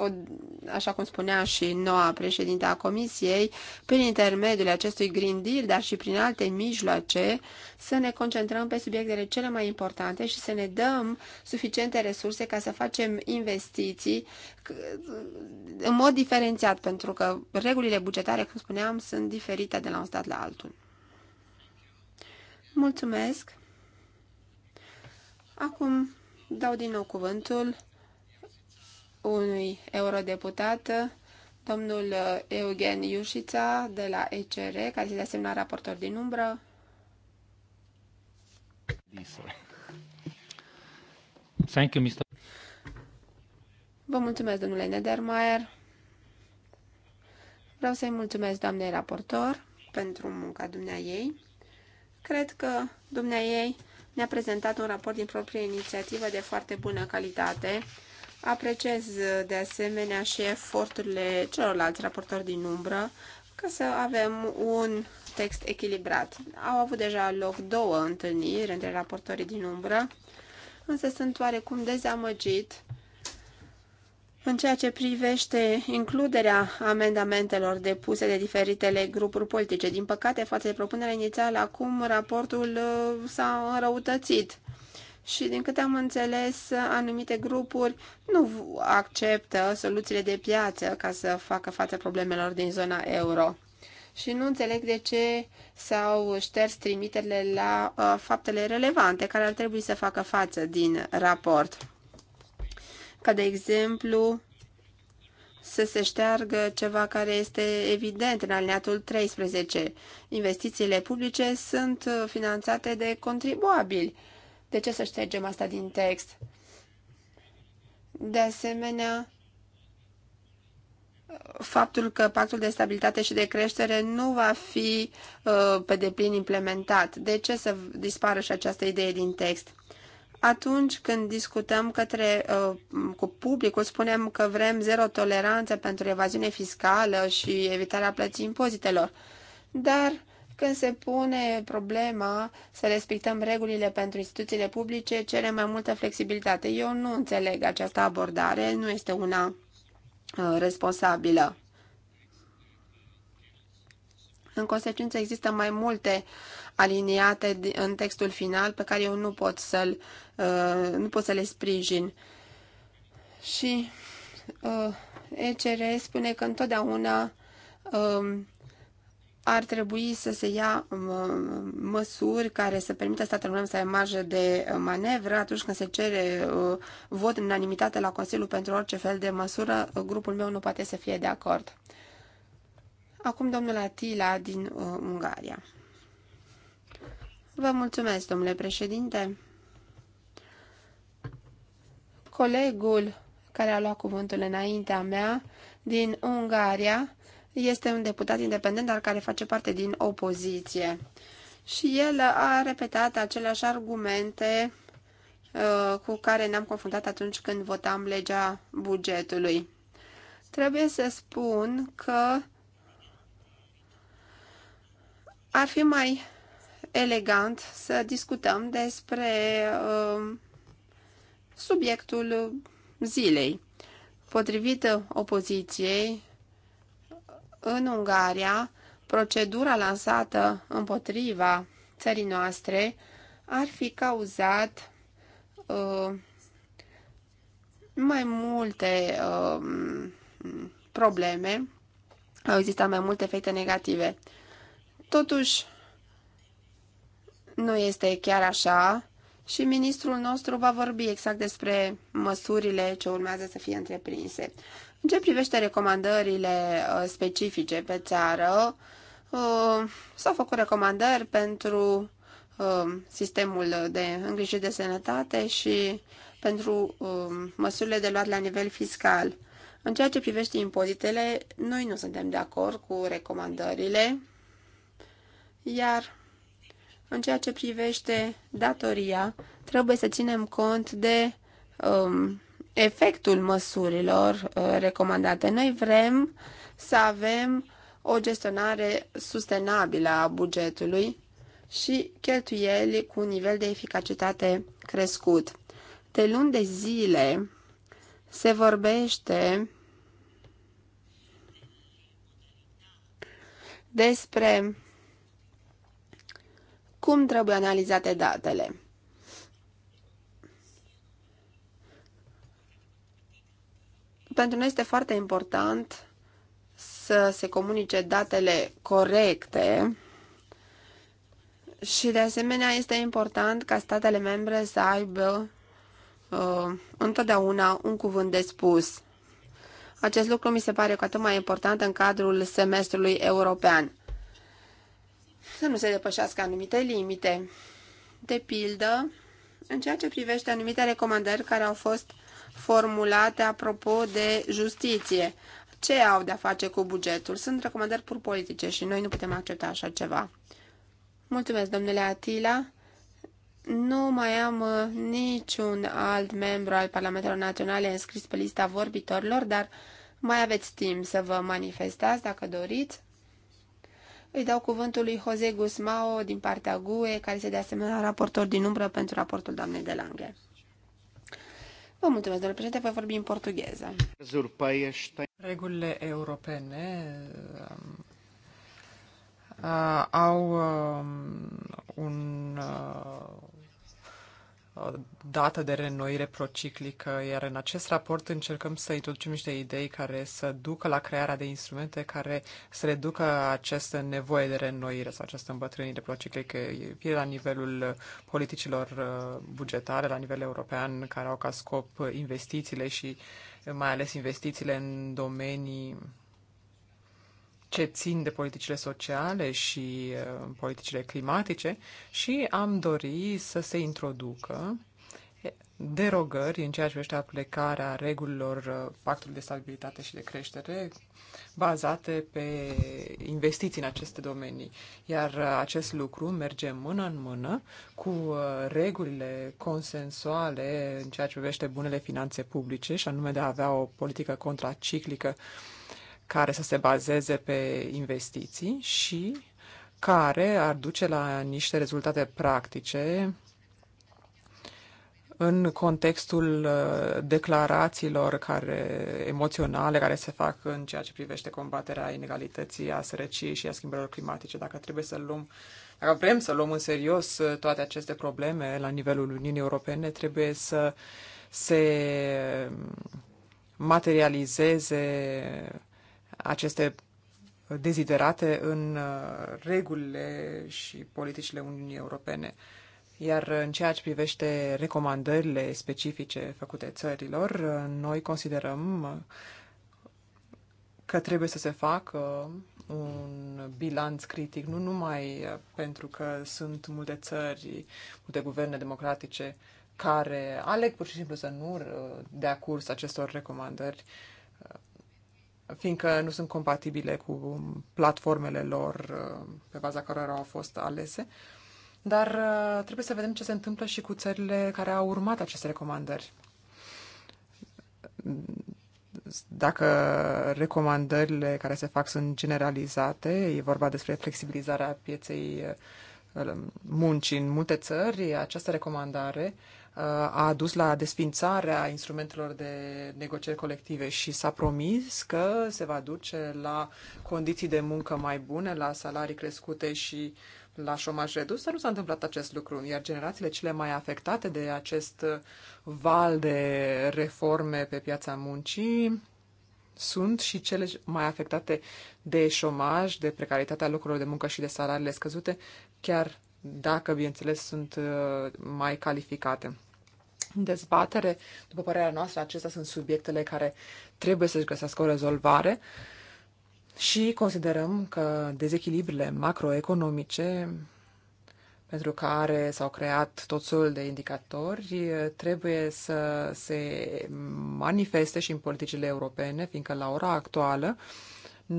um, așa cum spunea și noua președinte a Comisiei, prin intermediul acestui Green Deal, dar și prin alte mijloace, să ne concentrăm pe subiectele cele mai importante și să ne dăm suficiente resurse ca să facem investiții în mod diferențiat, pentru că regulile bugetare, cum spuneam, sunt diferite de la un stat la altul. Mulțumesc! Acum dau din nou cuvântul unui eurodeputat, domnul uh, Eugen Iușița de la ECR, care este de asemenea raportor din umbră. Thank you, Mr. Vă mulțumesc, domnule Nedermayer. Vreau să-i mulțumesc doamnei raportor pentru munca dumneai ei. Cred că dumnea ei ne-a prezentat un raport din proprie inițiativă de foarte bună calitate. Apreciez de asemenea și eforturile celorlalți raportori din umbră ca să avem un text echilibrat. Au avut deja loc două întâlniri între raportorii din umbră, însă sunt oarecum dezamăgit în ceea ce privește includerea amendamentelor depuse de diferitele grupuri politice, din păcate, față de propunerea inițială, acum raportul uh, s-a înrăutățit. Și din câte am înțeles, anumite grupuri nu acceptă soluțiile de piață ca să facă față problemelor din zona euro. Și nu înțeleg de ce s-au șters trimiterile la uh, faptele relevante care ar trebui să facă față din raport ca de exemplu să se șteargă ceva care este evident în alineatul 13. Investițiile publice sunt finanțate de contribuabili. De ce să ștergem asta din text? De asemenea, faptul că pactul de stabilitate și de creștere nu va fi uh, pe deplin implementat. De ce să dispară și această idee din text? atunci când discutăm către, uh, cu publicul, spunem că vrem zero toleranță pentru evaziune fiscală și evitarea plății impozitelor. Dar când se pune problema să respectăm regulile pentru instituțiile publice, cere mai multă flexibilitate. Eu nu înțeleg această abordare, nu este una uh, responsabilă. În consecință, există mai multe uh, aliniate în textul final pe care eu nu pot să-l uh, nu pot să le sprijin. Și uh, ECR spune că întotdeauna um, ar trebui să se ia um, măsuri care să permită statelor membre să aibă marjă de uh, manevră atunci când se cere vot în unanimitate la Consiliu pentru orice fel de măsură, grupul meu nu poate să fie de acord. Acum domnul Atila din Ungaria. Vă mulțumesc, domnule președinte. Colegul care a luat cuvântul înaintea mea din Ungaria este un deputat independent, dar care face parte din opoziție. Și el a repetat aceleași argumente uh, cu care ne-am confruntat atunci când votam legea bugetului. Trebuie să spun că ar fi mai elegant să discutăm despre uh, subiectul zilei. Potrivit uh, opoziției, în Ungaria, procedura lansată împotriva țării noastre ar fi cauzat uh, mai multe uh, probleme, au existat mai multe efecte negative. Totuși, nu este chiar așa și ministrul nostru va vorbi exact despre măsurile ce urmează să fie întreprinse. În ce privește recomandările uh, specifice pe țară, uh, s-au făcut recomandări pentru uh, sistemul de îngrijire de sănătate și pentru măsurile de luat la nivel fiscal. În ceea ce privește impozitele, noi nu suntem de acord cu recomandările, iar în ceea ce privește datoria, trebuie să ținem cont de um, efectul măsurilor uh, recomandate. Noi vrem să avem o gestionare sustenabilă a bugetului și cheltuieli cu un nivel de eficacitate crescut. De luni de zile se vorbește despre cum trebuie analizate datele. Pentru noi este foarte important să se comunice datele corecte și de asemenea este important ca statele membre să aibă uh, întotdeauna un cuvânt de spus. Acest lucru mi se pare cu atât mai important în cadrul semestrului european să nu se depășească anumite limite. De pildă, în ceea ce privește anumite recomandări care au fost formulate apropo de justiție, ce au de-a face cu bugetul? Sunt recomandări pur politice și noi nu putem accepta așa ceva. Mulțumesc, domnule Atila. Nu mai am uh, niciun alt membru al Parlamentelor Naționale înscris pe lista vorbitorilor, dar mai aveți timp să vă manifestați dacă doriți. Îi dau cuvântul lui Jose Gusmao din partea GUE, care este de asemenea raportor din umbră pentru raportul doamnei de Lange. Vă mulțumesc, domnule președinte, voi vorbi în portugheză. Regulile europene um, uh, au uh, un uh, Uh, dată de renoire prociclică, iar în acest raport încercăm să introducem niște idei care să ducă la crearea de instrumente care să reducă această nevoie de renoire sau această îmbătrânire prociclică, fie la nivelul politicilor uh, bugetare, la nivel european, care au ca scop investițiile și uh, mai ales investițiile în domenii ce țin de politicile sociale și uh, politicile climatice și am dori să se introducă derogări în ceea ce privește aplicarea regulilor uh, Pactului de Stabilitate și de Creștere bazate pe investiții în aceste domenii. Iar uh, acest lucru merge mână în mână cu regulile consensuale în ceea ce privește bunele finanțe publice și anume de a avea o politică contraciclică uh, care să se bazeze pe investiții și care ar duce la niște rezultate practice în contextul uh, declarațiilor care, emoționale care se fac în ceea ce privește combaterea inegalității, a sărăciei și a schimbărilor climatice. Dacă trebuie să luăm, dacă vrem să luăm în serios uh, toate aceste probleme la nivelul Uniunii Europene, trebuie să se um, materializeze aceste deziderate în uh, regulile și politicile Uniunii Europene. Iar în ceea ce privește recomandările specifice făcute țărilor, uh, noi considerăm uh, că trebuie să se facă un bilanț critic, nu numai pentru că sunt multe țări, multe guverne democratice care aleg pur și simplu să nu dea curs acestor recomandări, fiindcă nu sunt compatibile cu platformele lor uh, pe baza cărora au fost alese. Dar uh, trebuie să vedem ce se întâmplă și cu țările care au urmat aceste recomandări. Dacă recomandările care se fac sunt generalizate, e vorba despre flexibilizarea pieței uh, muncii în multe țări, această recomandare uh, Uh, a adus la desfințarea instrumentelor de negocieri colective și s-a promis că se va duce la condiții de muncă mai bune, la salarii crescute și la șomaj redus, dar nu s-a întâmplat acest lucru, iar generațiile cele mai afectate de acest val de reforme pe piața muncii sunt și cele mai afectate de șomaj, de precaritatea locurilor de muncă și de salariile scăzute, chiar dacă, bineînțeles, sunt uh, mai calificate. În dezbatere, după părerea noastră, acestea sunt subiectele care trebuie să-și găsească o rezolvare și considerăm că dezechilibrile macroeconomice pentru care s-au creat tot soiul de indicatori, trebuie să se manifeste și în politicile europene, fiindcă la ora actuală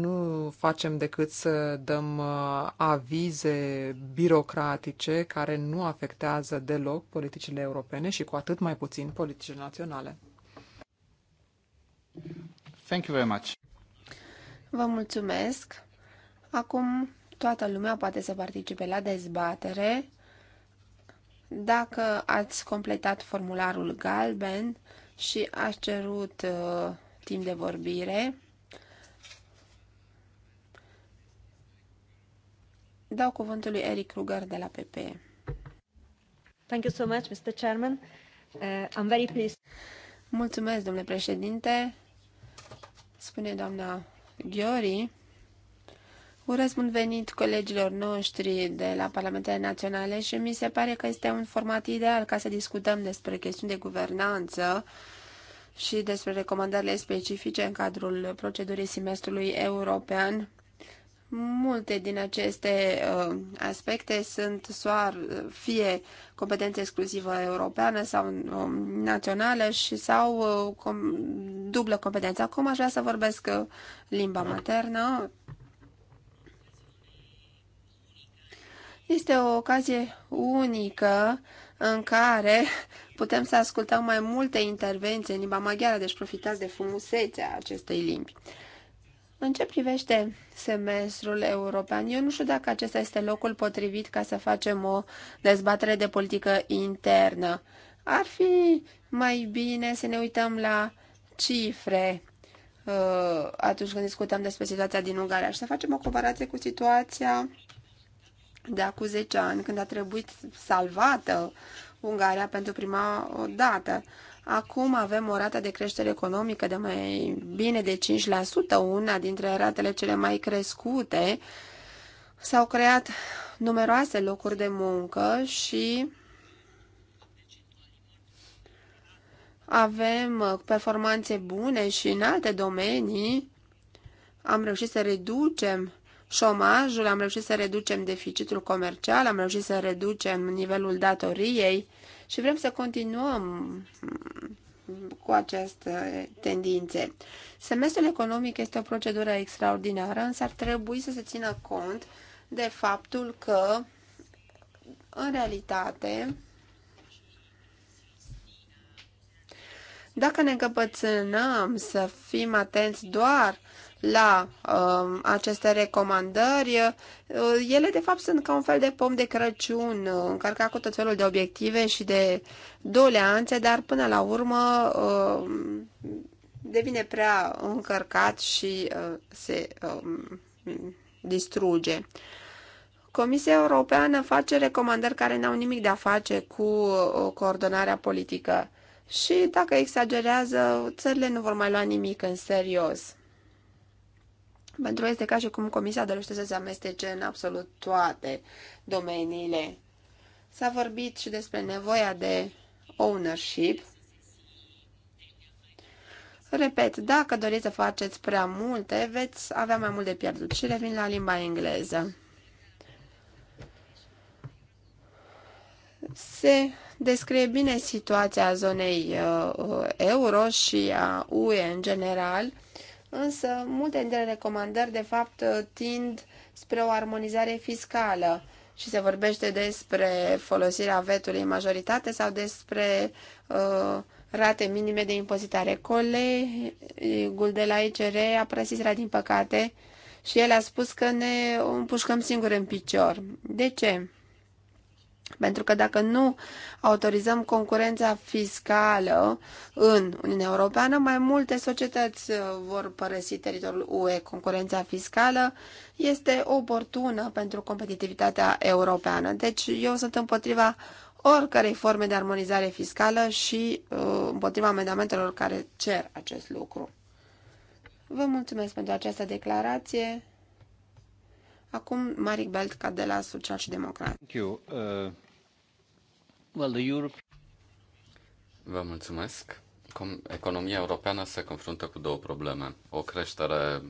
nu facem decât să dăm uh, avize birocratice care nu afectează deloc politicile europene și cu atât mai puțin politicile naționale. Thank you very much. Vă mulțumesc. Acum toată lumea poate să participe la dezbatere. Dacă ați completat formularul galben și ați cerut uh, timp de vorbire, Dau cuvântul lui Eric Kruger de la PPE. Thank you so much, Mr. Chairman. Uh, I'm very pleased. Mulțumesc, domnule președinte. Spune doamna Ghiori. Urez bun venit colegilor noștri de la Parlamentele Naționale și mi se pare că este un format ideal ca să discutăm despre chestiuni de guvernanță și despre recomandările specifice în cadrul procedurii semestrului european Multe din aceste uh, aspecte sunt soar uh, fie competență exclusivă europeană sau uh, națională și sau uh, com, dublă competență. Acum aș vrea să vorbesc uh, limba maternă. Este o ocazie unică în care putem să ascultăm mai multe intervenții în limba maghiară, deci profitați de frumusețea acestei limbi. Uh, în ce privește semestrul european, eu nu știu dacă acesta este locul potrivit ca să facem o dezbatere de politică internă. Ar fi mai bine să ne uităm la cifre uh, atunci când discutăm despre situația din Ungaria și să facem o comparație cu situația de acum 10 ani, când a trebuit salvată Ungaria pentru prima dată. Acum avem o rată de creștere economică de mai bine de 5%, una dintre ratele cele mai crescute. S-au creat numeroase locuri de muncă și avem performanțe bune și în alte domenii. Am reușit să reducem șomajul, am reușit să reducem deficitul comercial, am reușit să reducem nivelul datoriei și vrem să continuăm mm, cu această tendințe. Semestrul economic este o procedură extraordinară, însă ar trebui să se țină cont de faptul că, în realitate, dacă ne încăpățânăm să fim atenți doar la uh, aceste recomandări. Uh, ele, de fapt, sunt ca un fel de pom de Crăciun, uh, încărcat cu tot felul de obiective și de doleanțe, dar până la urmă uh, devine prea încărcat și uh, se uh, distruge. Comisia Europeană face recomandări care n-au nimic de a face cu uh, coordonarea politică și dacă exagerează, țările nu vor mai lua nimic în serios. Pentru este ca și cum Comisia dorește să se amestece în absolut toate domeniile. S-a vorbit și despre nevoia de ownership. Repet, dacă doriți să faceți prea multe, veți avea mai mult de pierdut. Și revin la limba engleză. Se descrie bine situația zonei uh, uh, euro și a UE în general însă multe dintre recomandări, de fapt, tind spre o armonizare fiscală și se vorbește despre folosirea vetului majoritate sau despre uh, rate minime de impozitare. Colegul de la ICR a prăsisera, din păcate, și el a spus că ne împușcăm singur în picior. De ce? Pentru că dacă nu autorizăm concurența fiscală în Uniunea Europeană, mai multe societăți uh, vor părăsi teritoriul UE. Concurența fiscală este oportună pentru competitivitatea europeană. Deci eu sunt împotriva oricărei forme de armonizare fiscală și uh, împotriva amendamentelor care cer acest lucru. Vă mulțumesc pentru această declarație. Acum, Maric Beltca de la Social și Democrat. Thank you. Uh, well, the Europe... Vă mulțumesc. Economia europeană se confruntă cu două probleme. O creștere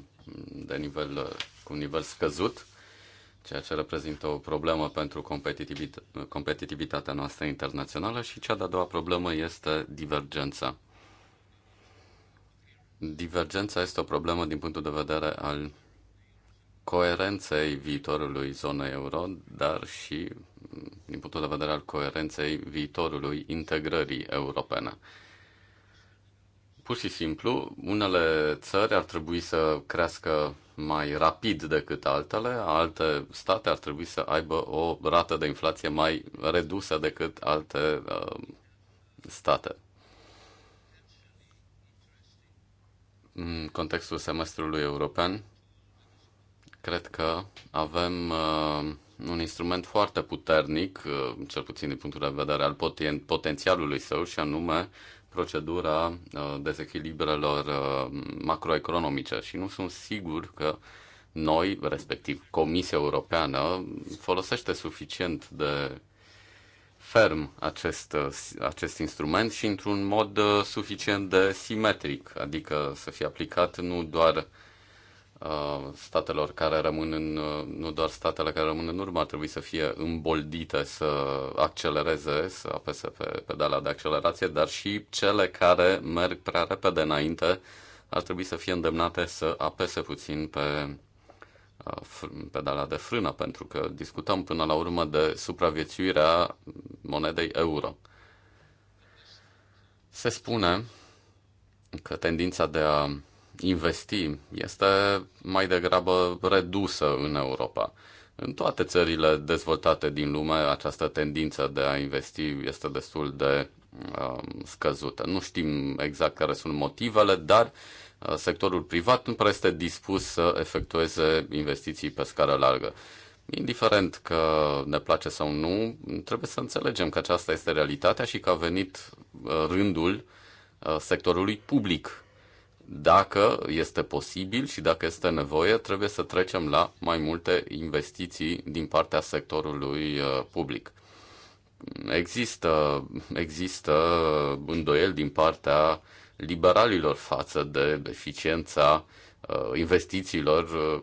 de nivel, cu un nivel scăzut, ceea ce reprezintă o problemă pentru competitivit- competitivitatea noastră internațională și cea de-a doua problemă este divergența. Divergența este o problemă din punctul de vedere al coerenței viitorului zonei euro, dar și mm, din punctul de vedere al coerenței viitorului integrării europene. Pur și simplu, unele țări ar trebui să crească mai rapid decât altele, alte state ar trebui să aibă o rată de inflație mai redusă decât alte uh, state. În contextul semestrului european, Cred că avem uh, un instrument foarte puternic, uh, cel puțin din punctul de vedere al poten- potențialului său, și anume procedura uh, dezechilibrelor uh, macroeconomice. Și nu sunt sigur că noi, respectiv Comisia Europeană, folosește suficient de ferm acest, uh, acest instrument și într-un mod uh, suficient de simetric, adică să fie aplicat nu doar Uh, statelor care rămân în, uh, nu doar statele care rămân în urmă, ar trebui să fie îmboldite să accelereze, să apese pe pedala de accelerație, dar și cele care merg prea repede înainte ar trebui să fie îndemnate să apese puțin pe uh, pedala de frână, pentru că discutăm până la urmă de supraviețuirea monedei euro. Se spune că tendința de a investi este mai degrabă redusă în Europa. În toate țările dezvoltate din lume, această tendință de a investi este destul de um, scăzută. Nu știm exact care sunt motivele, dar uh, sectorul privat nu prea este dispus să efectueze investiții pe scară largă. Indiferent că ne place sau nu, trebuie să înțelegem că aceasta este realitatea și că a venit uh, rândul uh, sectorului public dacă este posibil și dacă este nevoie, trebuie să trecem la mai multe investiții din partea sectorului uh, public. Există, există îndoieli din partea liberalilor față de eficiența uh, investițiilor uh,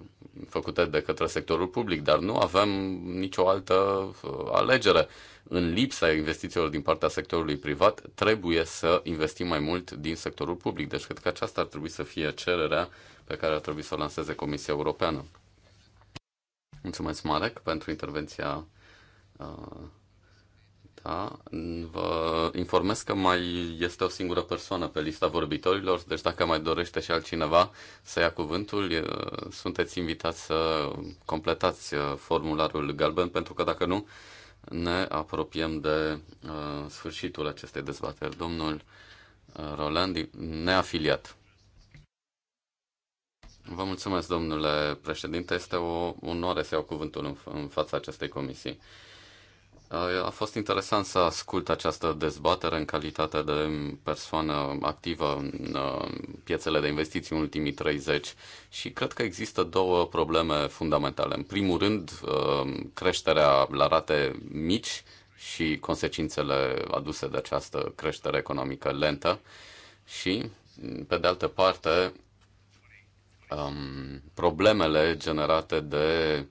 făcute de către sectorul public, dar nu avem nicio altă alegere în lipsa investițiilor din partea sectorului privat, trebuie să investim mai mult din sectorul public. Deci cred că aceasta ar trebui să fie cererea pe care ar trebui să o lanseze Comisia Europeană. Mulțumesc, Marek, pentru intervenția da, vă informez că mai este o singură persoană pe lista vorbitorilor, deci dacă mai dorește și altcineva să ia cuvântul, uh, sunteți invitați să completați uh, formularul galben, pentru că dacă nu, ne apropiem de uh, sfârșitul acestei dezbateri. Domnul uh, Roland, neafiliat. Vă mulțumesc, domnule președinte. Este o onoare să iau cuvântul în, în fața acestei comisii. Uh, a fost interesant să ascult această dezbatere în calitate de persoană activă în uh, piețele de investiții în ultimii 30 și cred că există două probleme fundamentale. În primul rând, uh, creșterea la rate mici și consecințele aduse de această creștere economică lentă și, pe de altă parte, um, problemele generate de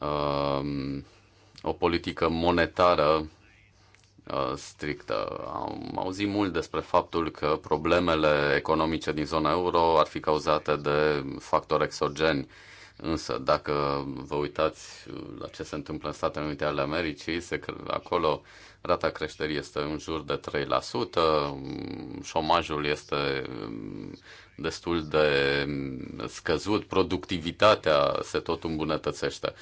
um, o politică monetară uh, strictă. Am auzit mult despre faptul că problemele economice din zona euro ar fi cauzate de factori exogeni. Însă, dacă vă uitați la ce se întâmplă în Statele Unite ale Americii, se, acolo rata creșterii este în jur de 3%, șomajul este destul de mm, scăzut, productivitatea se tot îmbunătățește.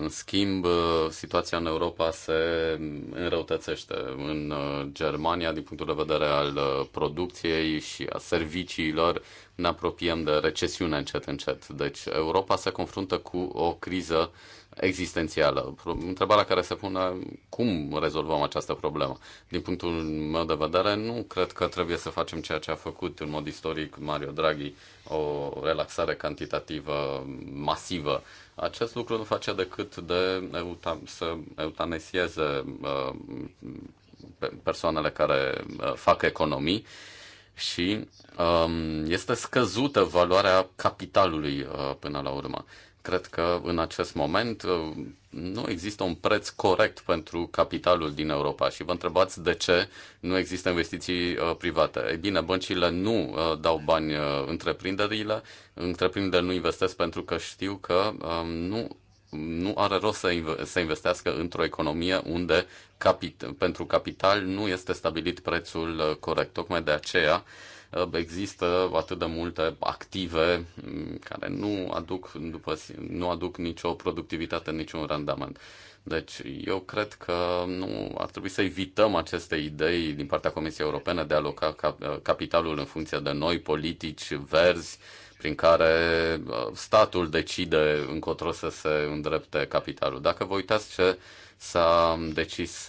În schimb, uh, situația în Europa se mm, înrăutățește. În uh, Germania, din punctul de vedere al uh, producției și a serviciilor, ne apropiem de recesiune încet încet. Deci Europa se confruntă cu o criză existențială. Întrebarea care se pune, cum rezolvăm această problemă? Din punctul meu de vedere, nu cred că trebuie să facem ceea ce a făcut în mod istoric Mario Draghi, o relaxare cantitativă masivă. Acest lucru nu face decât de euta- să eutanesieze uh, persoanele care uh, fac economii și um, este scăzută valoarea capitalului uh, până la urmă. Cred că în acest moment uh, nu există un preț corect pentru capitalul din Europa și vă întrebați de ce nu există investiții uh, private. Ei bine, băncile nu uh, dau bani întreprinderile, întreprinderile nu investesc pentru că știu că um, nu nu are rost să, inv- să investească într-o economie unde capit- pentru capital nu este stabilit prețul corect. Tocmai de aceea uh, Ă, există atât de multe active mm, care nu aduc, după, nu aduc nicio productivitate, niciun randament. Deci eu cred că nu ar trebui să evităm aceste idei din partea Comisiei Europene de a aloca ă, capitalul în funcție de noi politici verzi prin care ă, statul decide încotro să se îndrepte capitalul. Dacă vă uitați ce s-a decis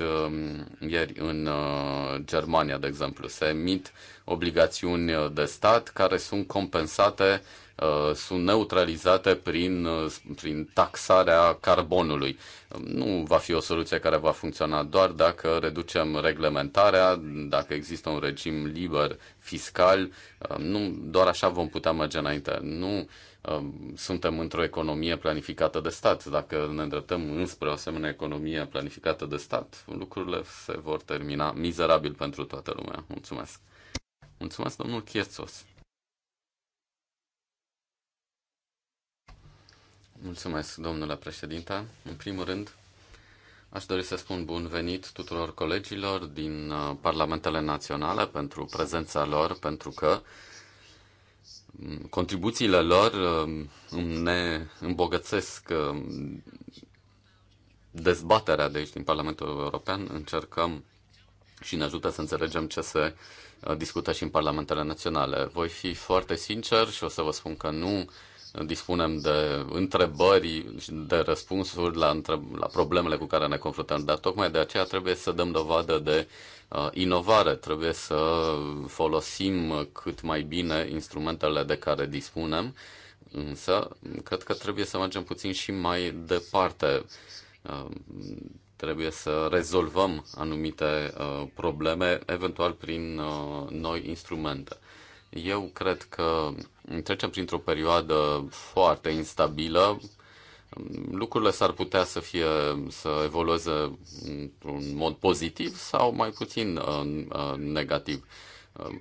ieri în Germania, de exemplu, se emit obligațiuni uh, de stat care sunt compensate, uh, sunt neutralizate prin, uh, prin taxarea carbonului. Um, nu va fi o soluție care va funcționa doar dacă reducem reglementarea, dacă există un regim liber fiscal. Um, nu, doar așa vom putea merge înainte. Nu um, suntem într-o economie planificată de stat. Dacă ne îndreptăm înspre o asemenea economie planificată de stat, lucrurile se vor termina mizerabil pentru toată lumea. Mulțumesc! Mulțumesc, domnul Chiețos. Mulțumesc, domnule președinte. În primul rând, aș dori să spun bun venit tuturor colegilor din uh, Parlamentele Naționale pentru prezența lor, pentru că mm, contribuțiile lor um, ne îmbogățesc um, dezbaterea de aici din Parlamentul European. Încercăm și ne ajută să înțelegem ce se Uh, discută și în parlamentele naționale. Voi fi foarte sincer și o să vă spun că nu dispunem de întrebări și de răspunsuri la, întreb- la problemele cu care ne confruntăm, dar tocmai de aceea trebuie să dăm dovadă de uh, inovare, trebuie să folosim cât mai bine instrumentele de care dispunem, însă cred că trebuie să mergem puțin și mai departe. Uh, trebuie să rezolvăm anumite uh, probleme, eventual prin uh, noi instrumente. Eu cred că trecem printr-o perioadă foarte instabilă. Lucrurile s-ar putea să fie să evolueze într-un mod pozitiv sau mai puțin uh, uh negativ.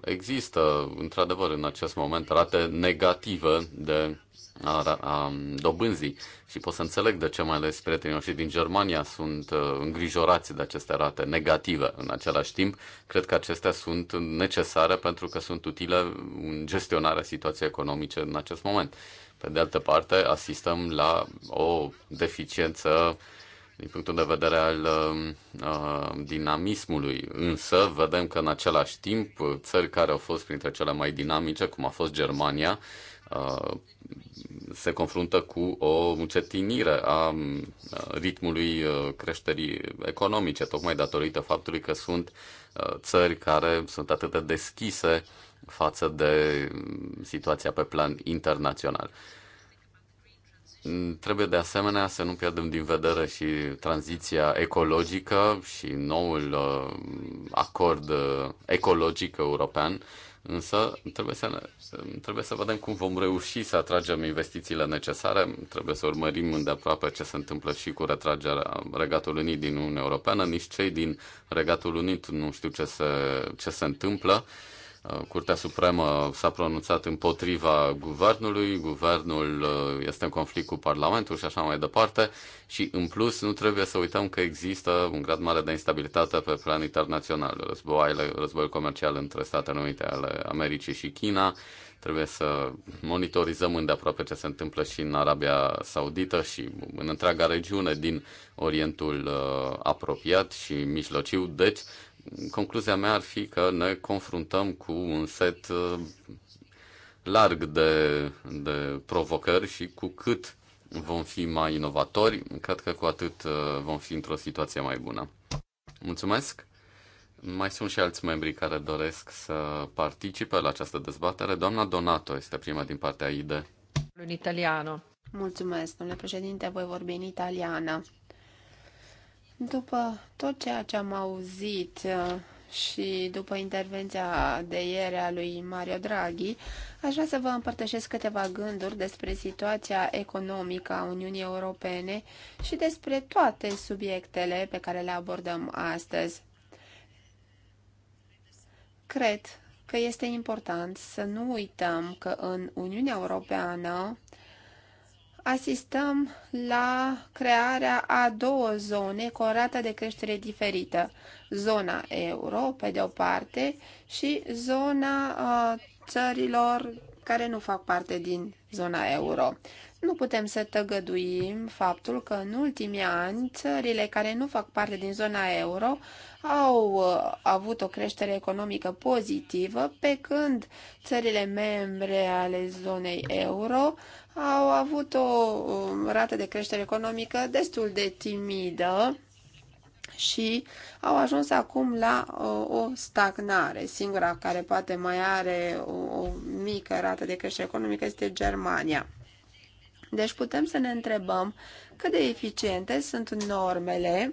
Există, într-adevăr, în acest moment rate negative de a, a da, dobânzii și pot să înțeleg de ce mai ales prietenii noștri din Germania sunt uh, îngrijorați de aceste rate negative. În același timp, cred că acestea sunt necesare pentru că sunt utile în gestionarea situației economice în acest moment. Pe de altă parte, asistăm la o deficiență din punctul de vedere al um, uh, dinamismului, însă vedem că în același timp țări care au fost printre cele mai dinamice, cum a fost Germania, uh, se confruntă cu o încetinire a ritmului creșterii economice, tocmai datorită faptului că sunt țări care sunt atât de deschise față de situația pe plan internațional. Trebuie de asemenea să nu pierdem din vedere și tranziția ecologică și noul acord ecologic european, Însă trebuie să, trebuie să vedem cum vom reuși să atragem investițiile necesare. Trebuie să urmărim îndeaproape ce se întâmplă și cu retragerea Regatului Unit din Uniunea Europeană. Nici cei din Regatul Unit nu știu ce se, ce se întâmplă. Uh, Uh, Curtea Supremă s-a pronunțat împotriva guvernului, guvernul uh, este în conflict cu Parlamentul și așa mai departe și în plus nu trebuie să uităm că există un grad mare de instabilitate pe plan internațional, războaiele, războiul comercial între Statele Unite ale Americii și China, trebuie să monitorizăm îndeaproape ce se întâmplă și în Arabia Saudită și în întreaga regiune din Orientul uh, apropiat și mijlociu. Deci, concluzia mea ar fi că ne confruntăm cu un set uh, larg de, de provocări și cu cât vom fi mai inovatori, cred că cu atât uh, vom fi într-o situație mai bună. Mulțumesc! Mai sunt și alți membri care doresc să participe la această dezbatere. Doamna Donato este prima din partea IDE. În italiano. Mulțumesc, domnule președinte, voi vorbi în italiană. După tot ceea ce am auzit uh, și după intervenția de ieri a lui Mario Draghi, aș vrea să vă împărtășesc câteva gânduri despre situația economică a Uniunii Europene și despre toate subiectele pe care le abordăm astăzi. Cred că este important să nu uităm că în Uniunea Europeană asistăm la crearea a două zone cu o rată de creștere diferită. Zona euro, pe de o parte, și zona a, țărilor care nu fac parte din zona euro. Nu putem să tăgăduim faptul că în ultimii ani țările care nu fac parte din zona euro au uh, avut o creștere economică pozitivă, pe când țările membre ale zonei euro au avut o rată de creștere economică destul de timidă și au ajuns acum la o stagnare. Singura care poate mai are o, o mică rată de creștere economică este Germania. Deci putem să ne întrebăm cât de eficiente sunt normele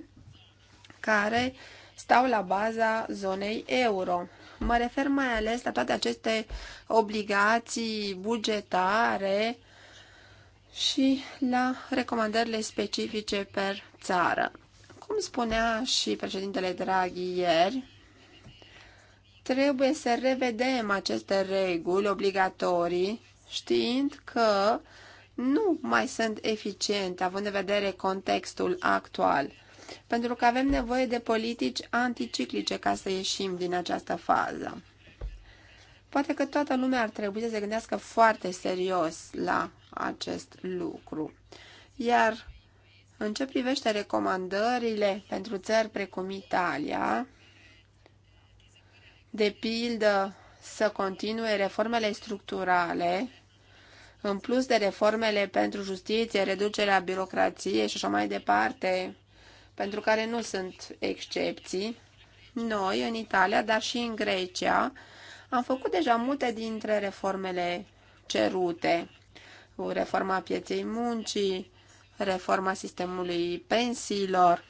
care stau la baza zonei euro. Mă refer mai ales la toate aceste obligații bugetare și la recomandările specifice per țară. Cum spunea și președintele Draghi ieri, trebuie să revedem aceste reguli obligatorii, știind că nu mai sunt eficiente, având în vedere contextul actual, pentru că avem nevoie de politici anticiclice ca să ieșim din această fază. Poate că toată lumea ar trebui să se gândească foarte serios la acest lucru. Iar în ce privește recomandările pentru țări precum Italia, de pildă să continue reformele structurale, în plus de reformele pentru justiție, reducerea birocrației și așa mai departe, pentru care nu sunt excepții, noi, în Italia, dar și în Grecia, am făcut deja multe dintre reformele cerute reforma pieței muncii, reforma sistemului pensiilor.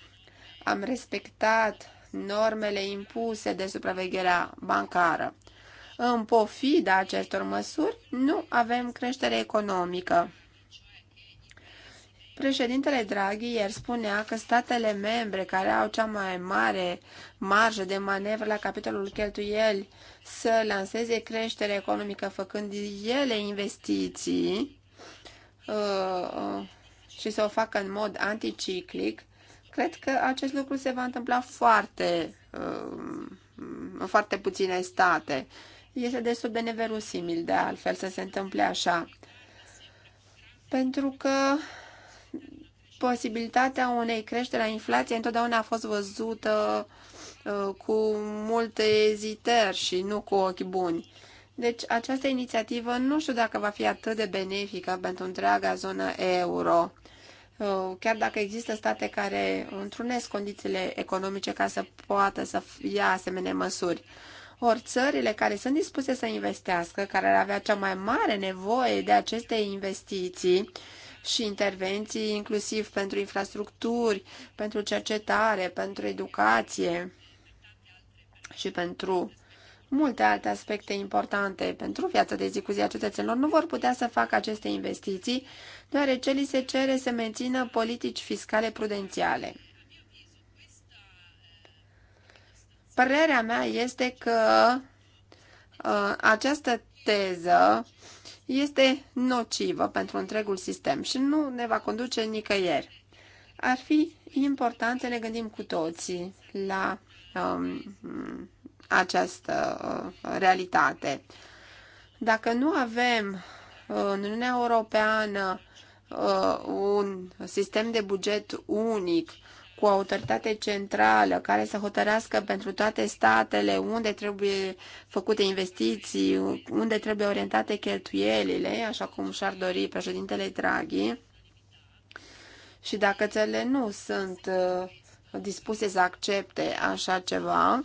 Am respectat normele impuse de supravegherea bancară. În pofida acestor măsuri, nu avem creștere economică. Președintele Draghi ieri spunea că statele membre care au cea mai mare marjă de manevră la capitolul cheltuieli să lanseze creștere economică făcând ele investiții Uh, uh, și să o facă în mod anticiclic, cred că acest lucru se va întâmpla foarte, în uh, foarte puține state. Este destul de neverosimil de altfel să se întâmple așa. Pentru că posibilitatea unei creșteri a inflației întotdeauna a fost văzută cu multe ezitări și nu cu ochi buni. Deci această inițiativă nu știu dacă va fi atât de benefică pentru întreaga zonă euro, uh, chiar dacă există state care întrunesc condițiile economice ca să poată să ia asemenea măsuri. Ori țările care sunt dispuse să investească, care ar avea cea mai mare nevoie de aceste investiții și intervenții, inclusiv pentru infrastructuri, pentru cercetare, pentru educație și pentru multe alte aspecte importante pentru viața de zi cu zi a cetățenilor nu vor putea să facă aceste investiții, deoarece li se cere să mențină politici fiscale prudențiale. Părerea mea este că uh, această teză este nocivă pentru întregul sistem și nu ne va conduce nicăieri. Ar fi important să ne gândim cu toții la um, această uh, realitate. Dacă nu avem uh, în Uniunea Europeană uh, un sistem de buget unic cu autoritate centrală care să hotărească pentru toate statele unde trebuie făcute investiții, unde trebuie orientate cheltuielile, așa cum și-ar dori președintele Draghi. Și dacă țările nu sunt dispuse să accepte așa ceva,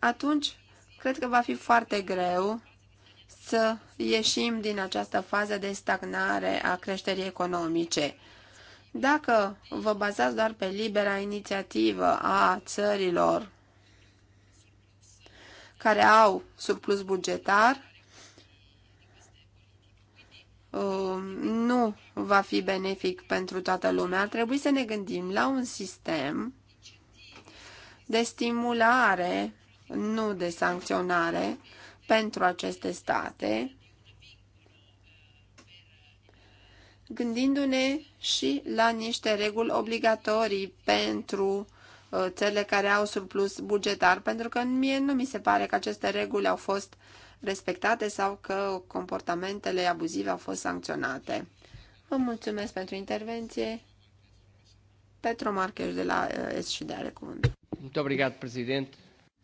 atunci cred că va fi foarte greu să ieșim din această fază de stagnare a creșterii economice. Dacă vă bazați doar pe libera inițiativă a țărilor care au surplus bugetar, um, nu va fi benefic pentru toată lumea. Ar trebui să ne gândim la un sistem de stimulare nu de sancționare pentru aceste state, gândindu-ne și la niște reguli obligatorii pentru uh, țările care au surplus bugetar, pentru că mie nu mi se pare că aceste reguli au fost respectate sau că comportamentele abuzive au fost sancționate. Vă mulțumesc pentru intervenție. Petro Marcheș de la uh, S și de are cuvânt. Muito obrigado, Presidente.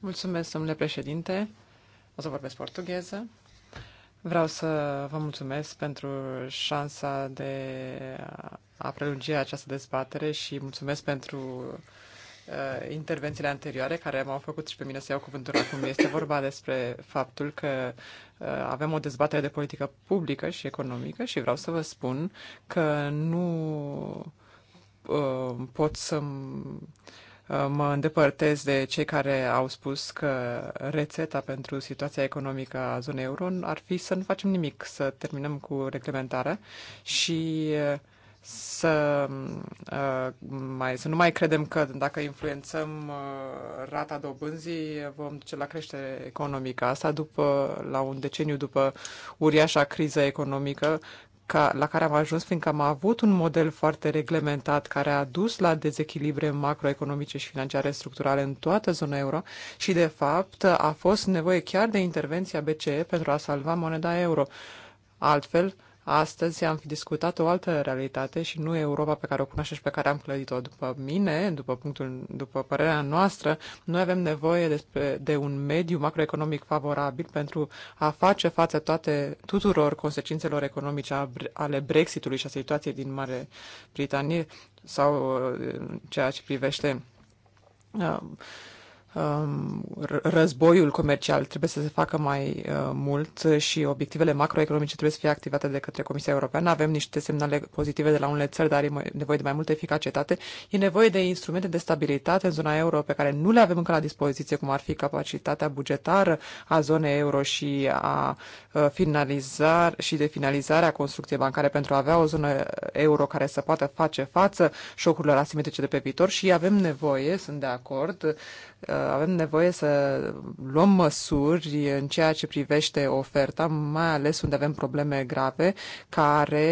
Mulțumesc, domnule președinte. O să vorbesc portugheză. Vreau să vă mulțumesc pentru șansa de a prelungi această dezbatere și mulțumesc pentru uh, intervențiile anterioare care m-au făcut și pe mine să iau cuvântul acum. Este vorba despre faptul că uh, avem o dezbatere de politică publică și economică și vreau să vă spun că nu uh, pot să Uh, mă îndepărtez de cei care au spus că rețeta pentru situația economică a zonei euro ar fi să nu facem nimic, să terminăm cu reglementarea și uh, să, uh, mai, să nu mai credem că dacă influențăm rata dobânzii vom duce la creștere economică. Asta după, la un deceniu după uriașa criză economică ca, la care am ajuns fiindcă am avut un model foarte reglementat care a dus la dezechilibre macroeconomice și financiare structurale în toată zona euro și, de fapt, a fost nevoie chiar de intervenția BCE pentru a salva moneda euro. Altfel, Astăzi am fi discutat o altă realitate și nu Europa pe care o cunoaște și pe care am clădit-o. După mine, după, punctul, după părerea noastră, noi avem nevoie de, de un mediu macroeconomic favorabil pentru a face față toate, tuturor consecințelor economice ale Brexitului și a situației din Mare Britanie sau uh, ceea ce privește uh, Um, războiul comercial trebuie să se facă mai uh, mult și obiectivele macroeconomice trebuie să fie activate de către Comisia Europeană. Avem niște semnale pozitive de la unele țări, dar e nevoie de mai multă eficacitate. E nevoie de instrumente de stabilitate în zona euro pe care nu le avem încă la dispoziție, cum ar fi capacitatea bugetară a zonei euro și a uh, finalizar și de finalizarea construcției bancare pentru a avea o zonă euro care să poată face față șocurilor asimetrice de pe viitor și avem nevoie, sunt de acord, Uh, avem nevoie să luăm măsuri în ceea ce privește oferta, mai ales unde avem probleme grave care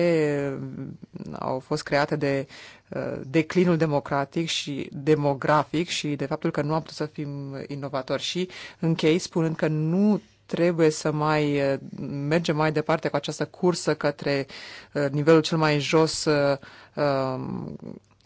uh, au fost create de uh, declinul democratic și demografic și de faptul că nu am putut să fim inovatori. Și închei spunând că nu trebuie să mai mergem mai departe cu această cursă către nivelul cel mai jos um,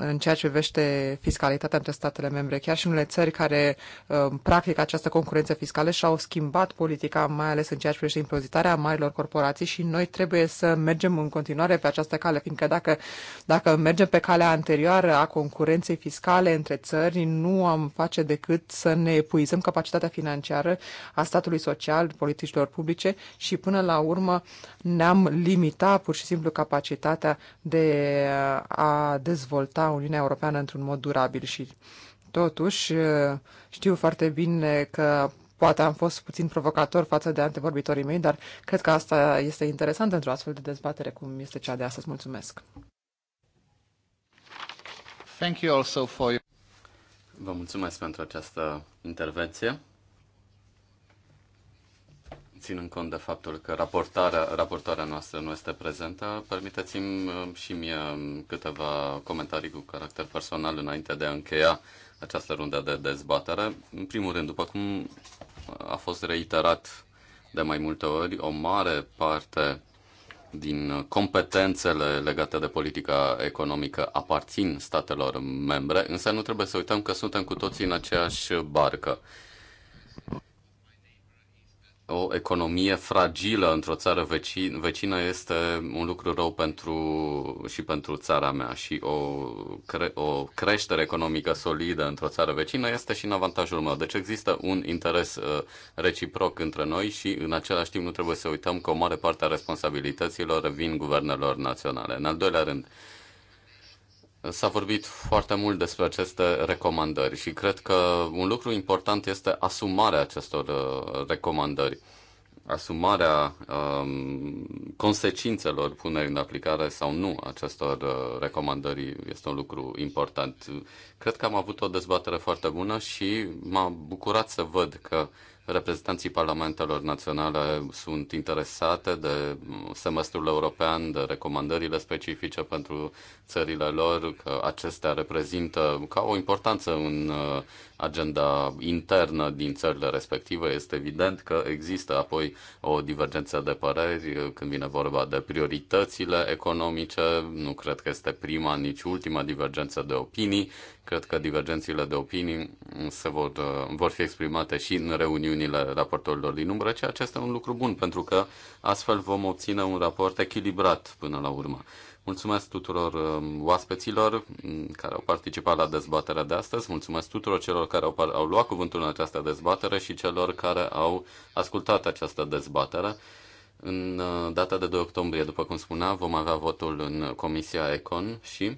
în ceea ce privește fiscalitatea între statele membre. Chiar și unele țări care uh, practică această concurență fiscală și-au schimbat politica, mai ales în ceea ce privește impozitarea marilor corporații și noi trebuie să mergem în continuare pe această cale, fiindcă dacă, dacă mergem pe calea anterioară a concurenței fiscale între țări, nu am face decât să ne epuizăm capacitatea financiară a statului social, politicilor publice și până la urmă ne-am limitat pur și simplu capacitatea de a dezvolta Uniunea Europeană într-un mod durabil și totuși știu foarte bine că poate am fost puțin provocator față de antevorbitorii mei, dar cred că asta este interesant într-o astfel de dezbatere cum este cea de astăzi. Mulțumesc! Thank you also for your... Vă mulțumesc pentru această intervenție ținând cont de faptul că raportarea, raportarea noastră nu este prezentă, permiteți-mi uh, și mie um, câteva comentarii cu caracter personal înainte de a încheia această rundă de dezbatere. În primul rând, după cum a fost reiterat de mai multe ori, o mare parte din competențele legate de politica economică aparțin statelor membre, însă nu trebuie să uităm că suntem cu toții în aceeași barcă o economie fragilă într-o țară vecin, vecină este un lucru rău pentru, și pentru țara mea și o, cre, o creștere economică solidă într-o țară vecină este și în avantajul meu. Deci există un interes uh, reciproc între noi și în același timp nu trebuie să uităm că o mare parte a responsabilităților revin guvernelor naționale. În al doilea rând, S-a vorbit foarte mult despre aceste recomandări și cred că un lucru important este asumarea acestor uh, recomandări, asumarea um, consecințelor punerii în aplicare sau nu acestor uh, recomandări este un lucru important. Cred că am avut o dezbatere foarte bună și m-a bucurat să văd că reprezentanții parlamentelor naționale sunt interesate de semestrul european, de recomandările specifice pentru țările lor, că acestea reprezintă ca o importanță în agenda internă din țările respective. Este evident că există apoi o divergență de păreri uh, când vine vorba de prioritățile economice. Nu cred că este prima nici ultima divergență de opinii. Cred că divergențele de opinii mm, se vor, uh, vor fi exprimate și în reuniunile raportorilor din umbră, ceea ce este un lucru bun, pentru că astfel vom obține un raport echilibrat până la urmă. Mulțumesc tuturor um, oaspeților um, care au participat la dezbaterea de astăzi, mulțumesc tuturor celor care au, au luat cuvântul în această dezbatere și celor care au ascultat această dezbatere. În uh, data de 2 octombrie, după cum spunea, vom avea votul în Comisia Econ și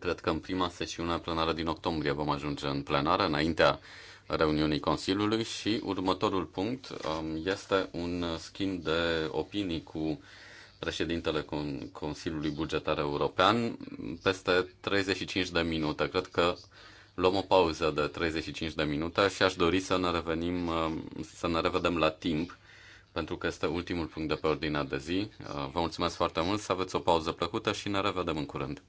cred că în prima sesiune plenară din octombrie vom ajunge în plenară, înaintea reuniunii Consiliului și următorul punct um, este un schimb de opinii cu președintele Consiliului Bugetar European peste 35 de minute. Cred că luăm o pauză de 35 de minute și aș dori să ne revenim, să ne revedem la timp pentru că este ultimul punct de pe ordinea de zi. Vă mulțumesc foarte mult, să aveți o pauză plăcută și ne revedem în curând.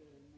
în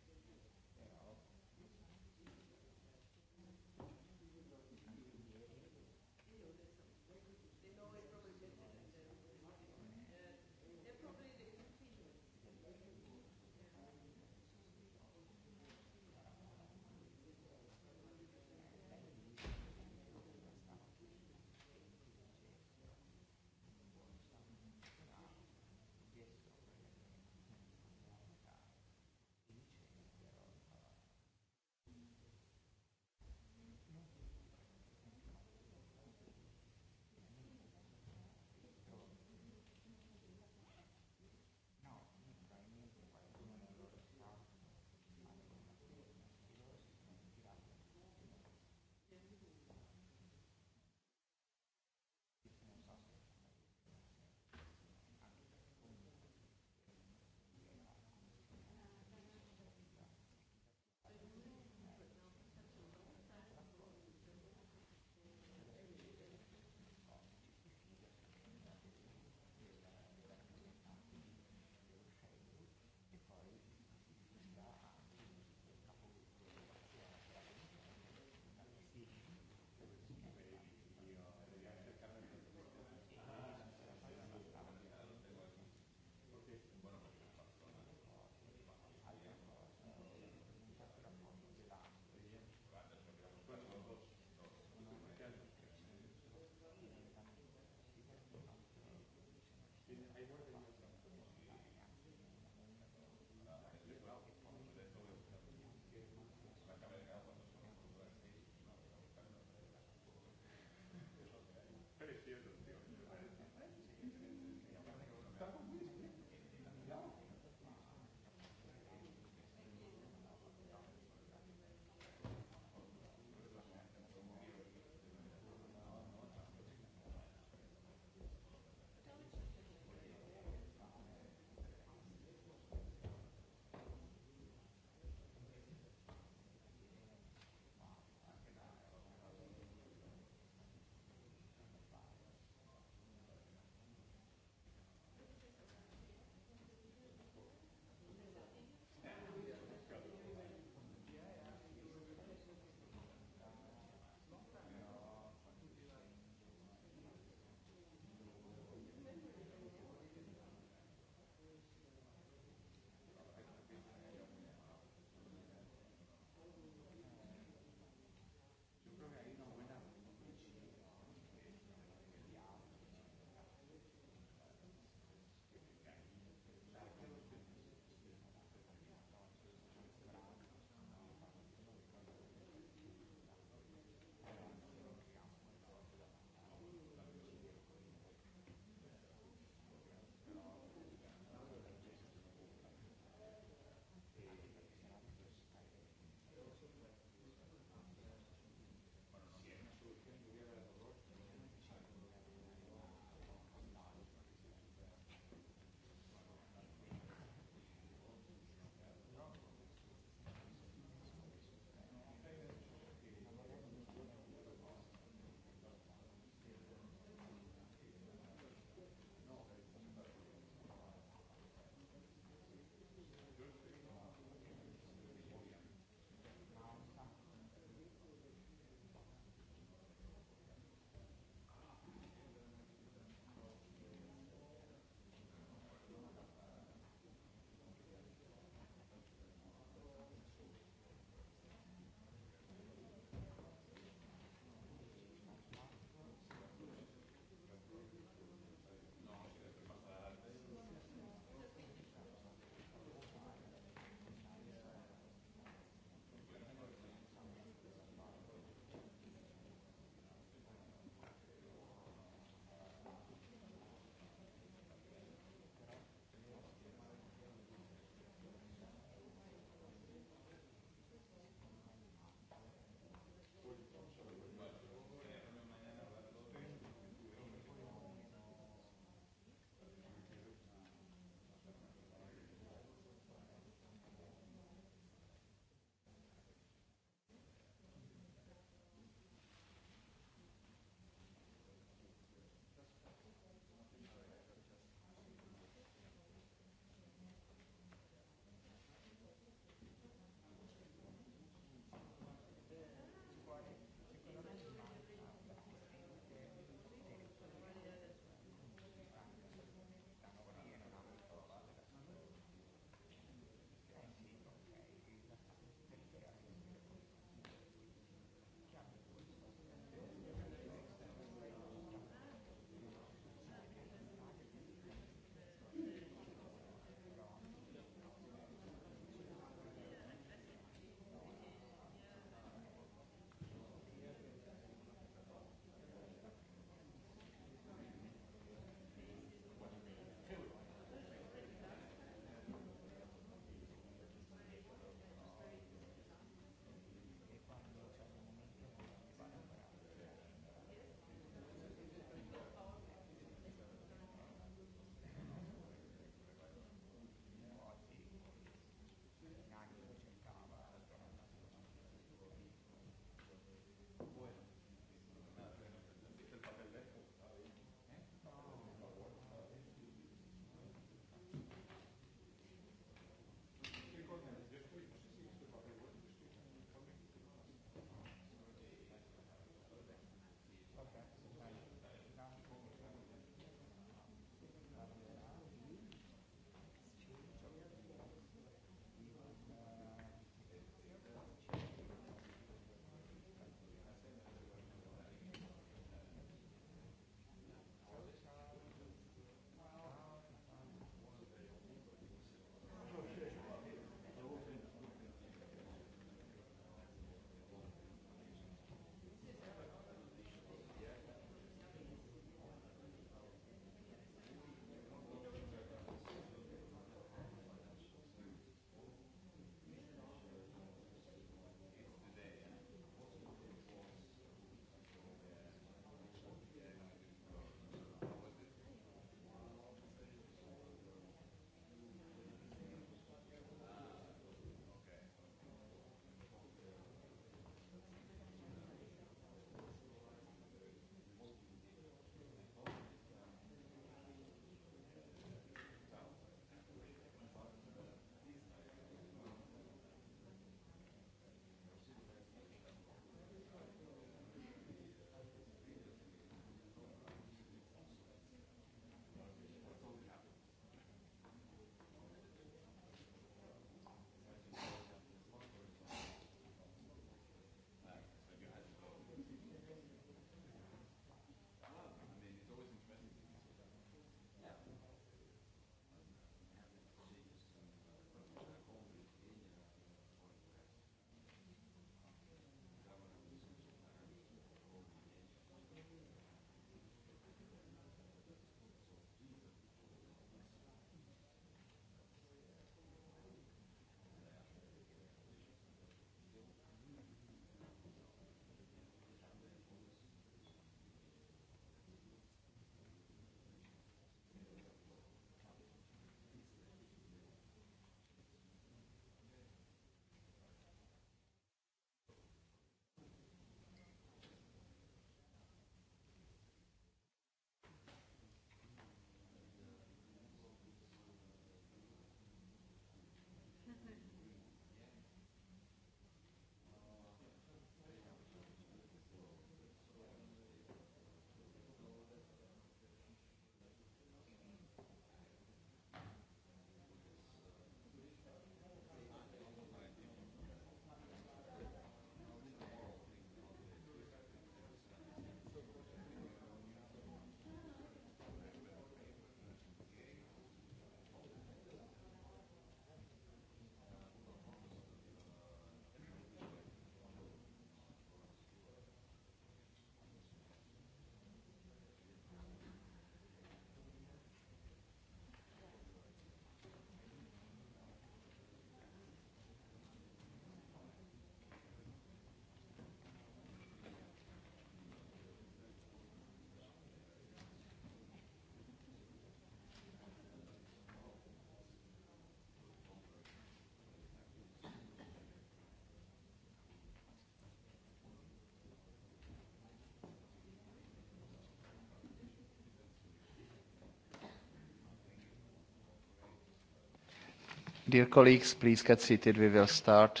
Dear colleagues, please get seated. We will start.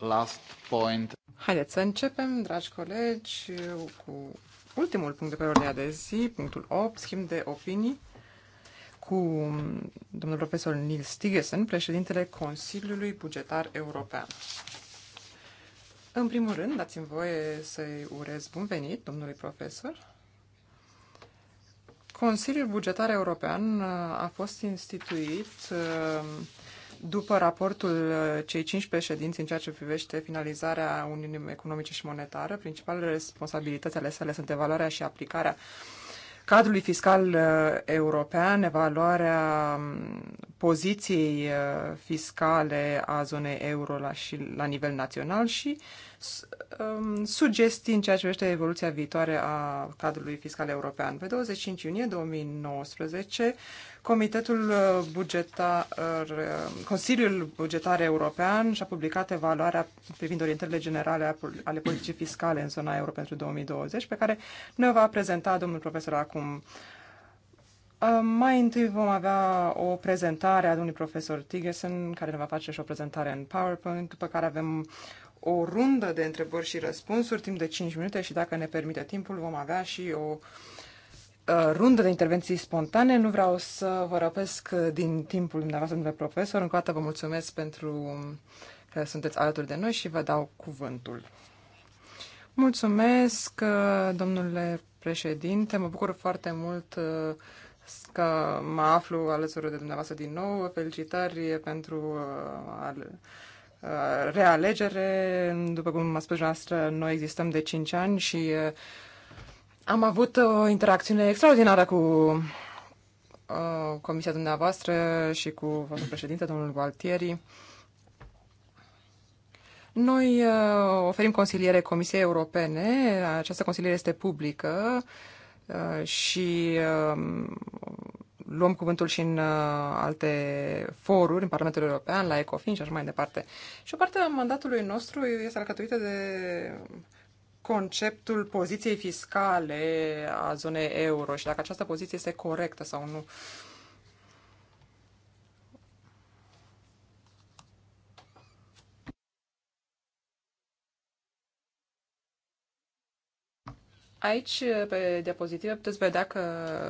Last point. Haideți să începem, dragi colegi, cu ultimul punct de pe ordinea de zi, punctul 8, schimb de opinii cu domnul profesor Neil Stigesen, președintele Consiliului Bugetar European. În primul rând, dați-mi voie să-i urez bun venit domnului profesor Consiliul Bugetar European uh, a fost instituit uh, după raportul uh, cei 15 ședinți în ceea ce privește finalizarea Uniunii Economice și Monetare. Principalele responsabilități ale sale sunt evaluarea și aplicarea cadrului fiscal european, evaluarea um, poziției fiscale a zonei euro la, și la nivel național și uh, Um, sugestii în ceea ce privește evoluția viitoare a cadrului fiscal european. Pe 25 iunie 2019, Comitetul Bugetar, um, Consiliul Bugetar European și-a publicat evaluarea privind orientările generale ale politicii fiscale în zona euro pentru 2020, pe care ne va prezenta domnul profesor acum. Um, mai întâi vom avea o prezentare a domnului profesor Tigerson, care ne va face și o prezentare în PowerPoint, după care avem o rundă de întrebări și răspunsuri timp de 5 minute și dacă ne permite timpul vom avea și o uh, rundă de intervenții spontane. Nu vreau să vă răpesc din timpul dumneavoastră, domnule profesor. Încă o dată vă mulțumesc pentru că sunteți alături de noi și vă dau cuvântul. Mulțumesc, uh, domnule președinte. Mă bucur foarte mult uh, că mă aflu alături de dumneavoastră din nou. Felicitări pentru Uh, realegere. După cum a spus noastră, noi existăm de 5 ani și uh, am avut o interacțiune extraordinară cu uh, comisia dumneavoastră și cu fostul președinte, domnul Gualtieri. Noi oferim consiliere Comisiei Europene. Această consiliere este publică și luăm cuvântul și în uh, alte foruri, în Parlamentul European, la ECOFIN și așa mai departe. Și o parte a mandatului nostru este alcătuită de conceptul poziției fiscale a zonei euro și dacă această poziție este corectă sau nu. Uh, Aici, pe diapozitive, puteți vedea că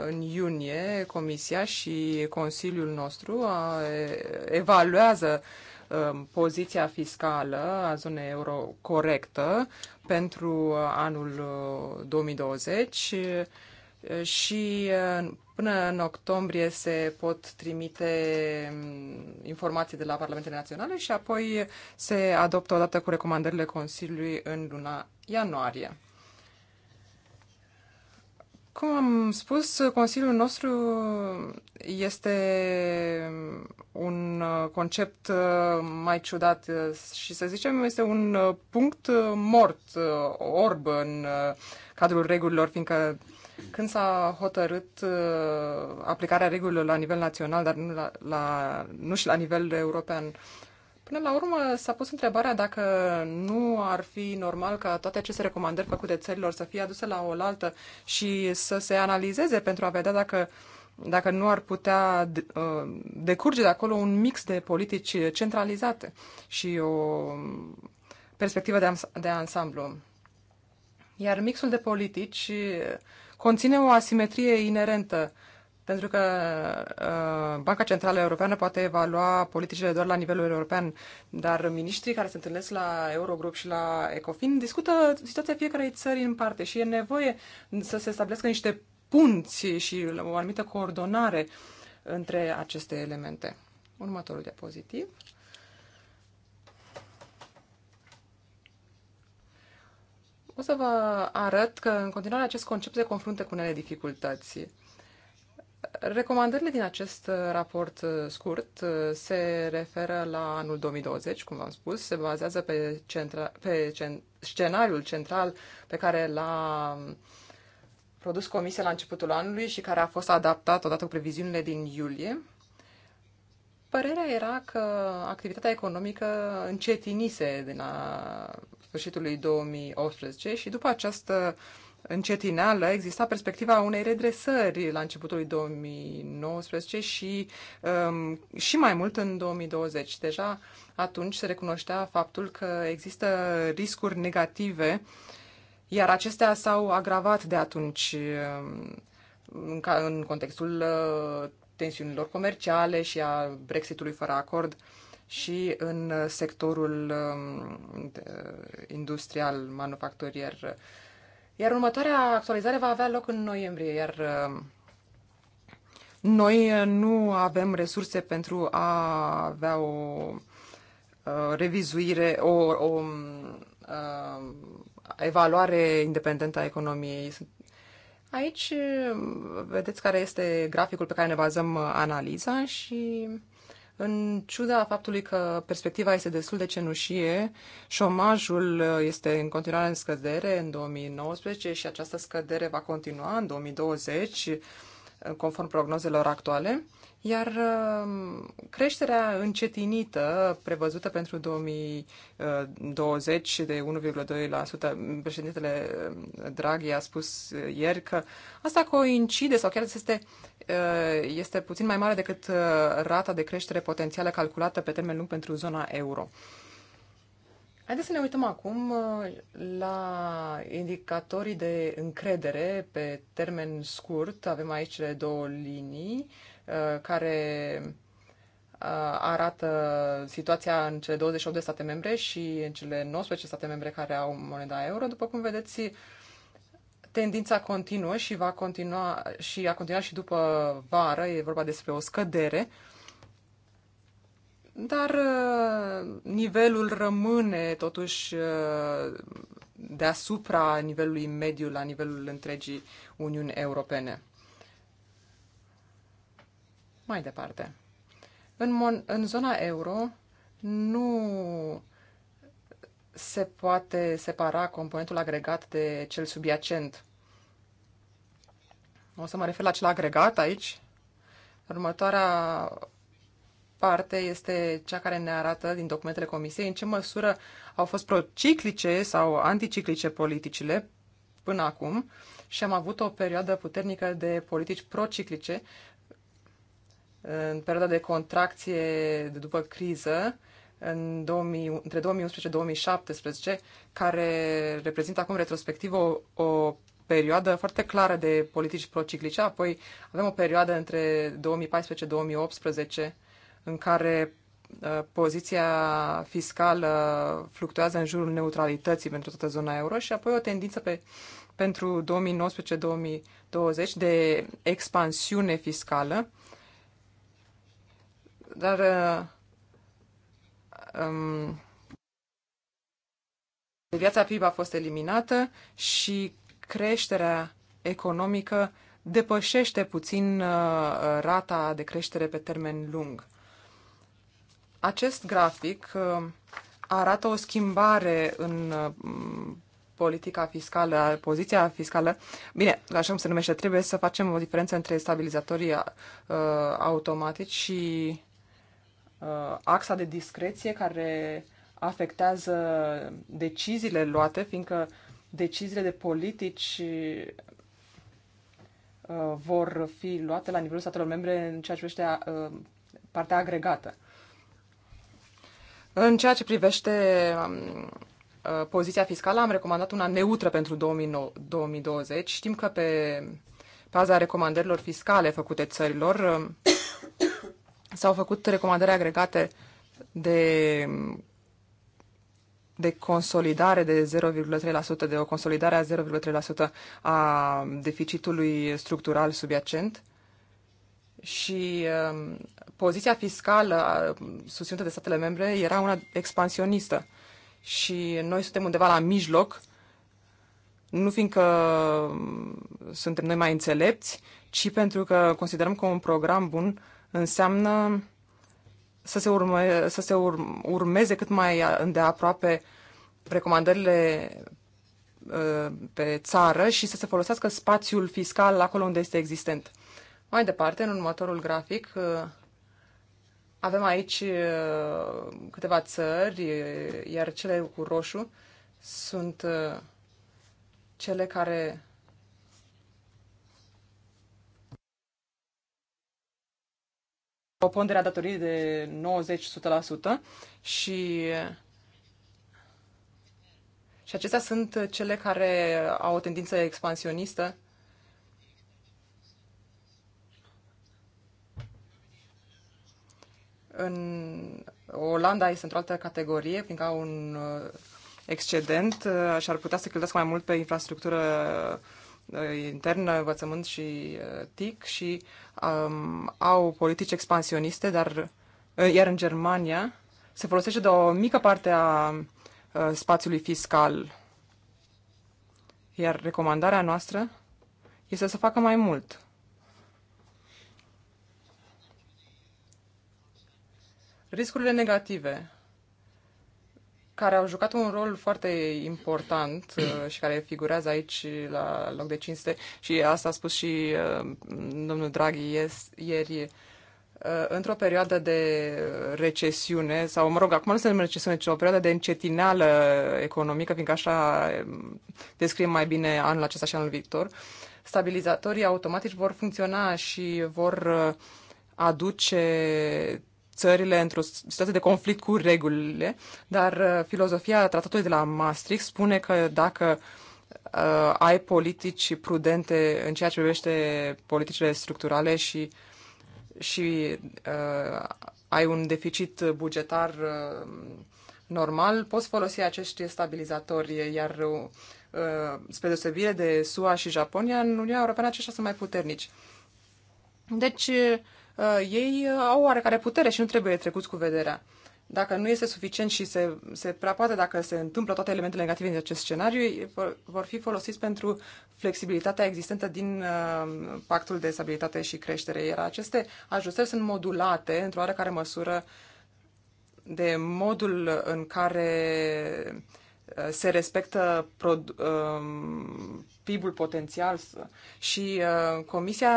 în iunie Comisia și Consiliul nostru evaluează ă, poziția fiscală a zonei euro corectă pentru anul 2020 ă, și ă, până în octombrie se pot trimite informații de la Parlamentele Naționale și apoi se adoptă odată cu recomandările Consiliului în luna ianuarie. Cum am spus, Consiliul nostru este un concept mai ciudat și, să zicem, este un punct mort, orb în cadrul regulilor, fiindcă când s-a hotărât uh, aplicarea regulilor la nivel național, dar nu, la, la, nu și la nivel european, Până la urmă s-a pus întrebarea dacă nu ar fi normal ca toate aceste recomandări făcute țărilor să fie aduse la oaltă și să se analizeze pentru a vedea dacă, dacă nu ar putea uh, decurge de acolo un mix de politici centralizate și o perspectivă de, de ansamblu. Iar mixul de politici conține o asimetrie inerentă pentru că uh, Banca Centrală Europeană poate evalua politicile doar la nivelul european, dar miniștrii care se întâlnesc la Eurogrup și la Ecofin discută situația fiecarei țări în parte și e nevoie să se stabilească niște punți și o anumită coordonare între aceste elemente. Următorul diapozitiv. O să vă arăt că în continuare acest concept se confruntă cu unele dificultăți. Recomandările din acest uh, raport uh, scurt uh, se referă la anul 2020, cum v-am spus, se bazează pe, centra, pe cen, scenariul central pe care l-a um, produs Comisia la începutul anului și care a fost adaptat odată cu previziunile din iulie. Părerea era că activitatea economică încetinise din la sfârșitul lui 2018 și după această uh, încetinală, exista perspectiva unei redresări la începutul 2019 și, um, și mai mult în 2020. Deja atunci se recunoștea faptul că există riscuri negative, iar acestea s-au agravat de atunci um, în, ca, în contextul uh, tensiunilor comerciale și a Brexitului fără acord și în sectorul um, industrial manufacturier iar următoarea actualizare va avea loc în noiembrie, iar um, noi uh, nu avem resurse pentru a avea o uh, revizuire, o, o um, uh, evaluare independentă a economiei. Aici um, vedeți care este graficul pe care ne bazăm analiza și în ciuda faptului că perspectiva este destul de cenușie, șomajul uh, este în continuare în scădere în 2019 și această scădere va continua în 2020, uh, conform prognozelor actuale, iar uh, creșterea încetinită prevăzută pentru 2020 de 1,2%, președintele Draghi a spus ieri că asta coincide sau chiar este Uh, este puțin mai mare decât uh, rata de creștere potențială calculată pe termen lung pentru zona euro. Haideți să ne uităm acum uh, la indicatorii de încredere pe termen scurt. Avem aici cele două linii care arată situația în cele 28 de state membre și în cele 19 state membre care au moneda euro. După cum vedeți, tendința continuă și va continua și a continuat și după vară, e vorba despre o scădere, dar uh, nivelul rămâne totuși uh, deasupra nivelului mediu la nivelul întregii Uniuni Europene. Mai departe. În, mon- în zona euro nu se poate separa componentul agregat de cel subiacent. O să mă refer la cel agregat aici. Următoarea parte este cea care ne arată din documentele Comisiei în ce măsură au fost prociclice sau anticiclice politicile până acum și am avut o perioadă puternică de politici prociclice în perioada de contracție de după criză, în 2000, între 2011-2017, care reprezintă acum retrospectiv o, o perioadă foarte clară de politici prociclice, apoi avem o perioadă între 2014-2018 în care uh, poziția fiscală fluctuează în jurul neutralității pentru toată zona euro și apoi o tendință pe, pentru 2019-2020 de expansiune fiscală. Dar uh, um, viața PIB a fost eliminată și creșterea economică depășește puțin uh, rata de creștere pe termen lung. Acest grafic uh, arată o schimbare în uh, politica fiscală, poziția fiscală. Bine, așa cum se numește, trebuie să facem o diferență între stabilizatorii uh, automatici și Uh, axa de discreție care afectează deciziile luate, fiindcă deciziile de politici uh, vor fi luate la nivelul statelor membre în ceea ce privește uh, partea agregată. În ceea ce privește um, poziția fiscală, am recomandat una neutră pentru 2020. Știm că pe baza recomandărilor fiscale făcute țărilor, um, S-au făcut recomandări agregate de, de consolidare de 0,3%, de o consolidare a 0,3% a deficitului structural subiacent și uh, poziția fiscală susținută de statele membre era una expansionistă și noi suntem undeva la mijloc, nu fiindcă um, suntem noi mai înțelepți, ci pentru că considerăm că un program bun înseamnă să se, urme, să se urmeze cât mai îndeaproape recomandările uh, pe țară și să se folosească spațiul fiscal acolo unde este existent. Mai departe, în următorul grafic, uh, avem aici uh, câteva țări, iar cele cu roșu sunt cele care o pondere a datoriei de 90-100% și și acestea sunt cele care au o tendință expansionistă. În Olanda este într-o altă categorie, fiindcă au un uh, excedent uh, și ar putea să cheltuiască mai mult pe infrastructură Uh, intern, învățământ și uh, TIC și um, au politici expansioniste, dar uh, iar în Germania se folosește de o mică parte a spațiului fiscal. Iar recomandarea noastră este să facă mai mult. Riscurile negative care au jucat un rol foarte important uh, și care figurează aici la loc de cinste și asta a spus și uh, domnul Draghi ieri uh, într-o perioadă de recesiune, sau mă rog, acum nu se numește recesiune, ci o perioadă de încetineală economică, fiindcă așa um, descriem mai bine anul acesta și anul viitor, stabilizatorii automatici vor funcționa și vor aduce țările într-o situație de conflict cu regulile, dar uh, filozofia tratatului de la Maastricht spune că dacă uh, ai politici prudente în ceea ce privește politicile structurale și, și uh, ai un deficit bugetar uh, normal, poți folosi acești stabilizatori, iar uh, spre deosebire de SUA și Japonia, în Uniunea Europeană aceștia sunt mai puternici. Deci, uh, Uh, ei uh, au oarecare putere și nu trebuie trecuți cu vederea. Dacă nu este suficient și se, se prea poate, dacă se întâmplă toate elementele negative din acest scenariu, vor, vor fi folosiți pentru flexibilitatea existentă din uh, pactul de stabilitate și creștere. Iar aceste ajustări sunt modulate într-o oarecare măsură de modul în care uh, se respectă um, PIB-ul potențial și Comisia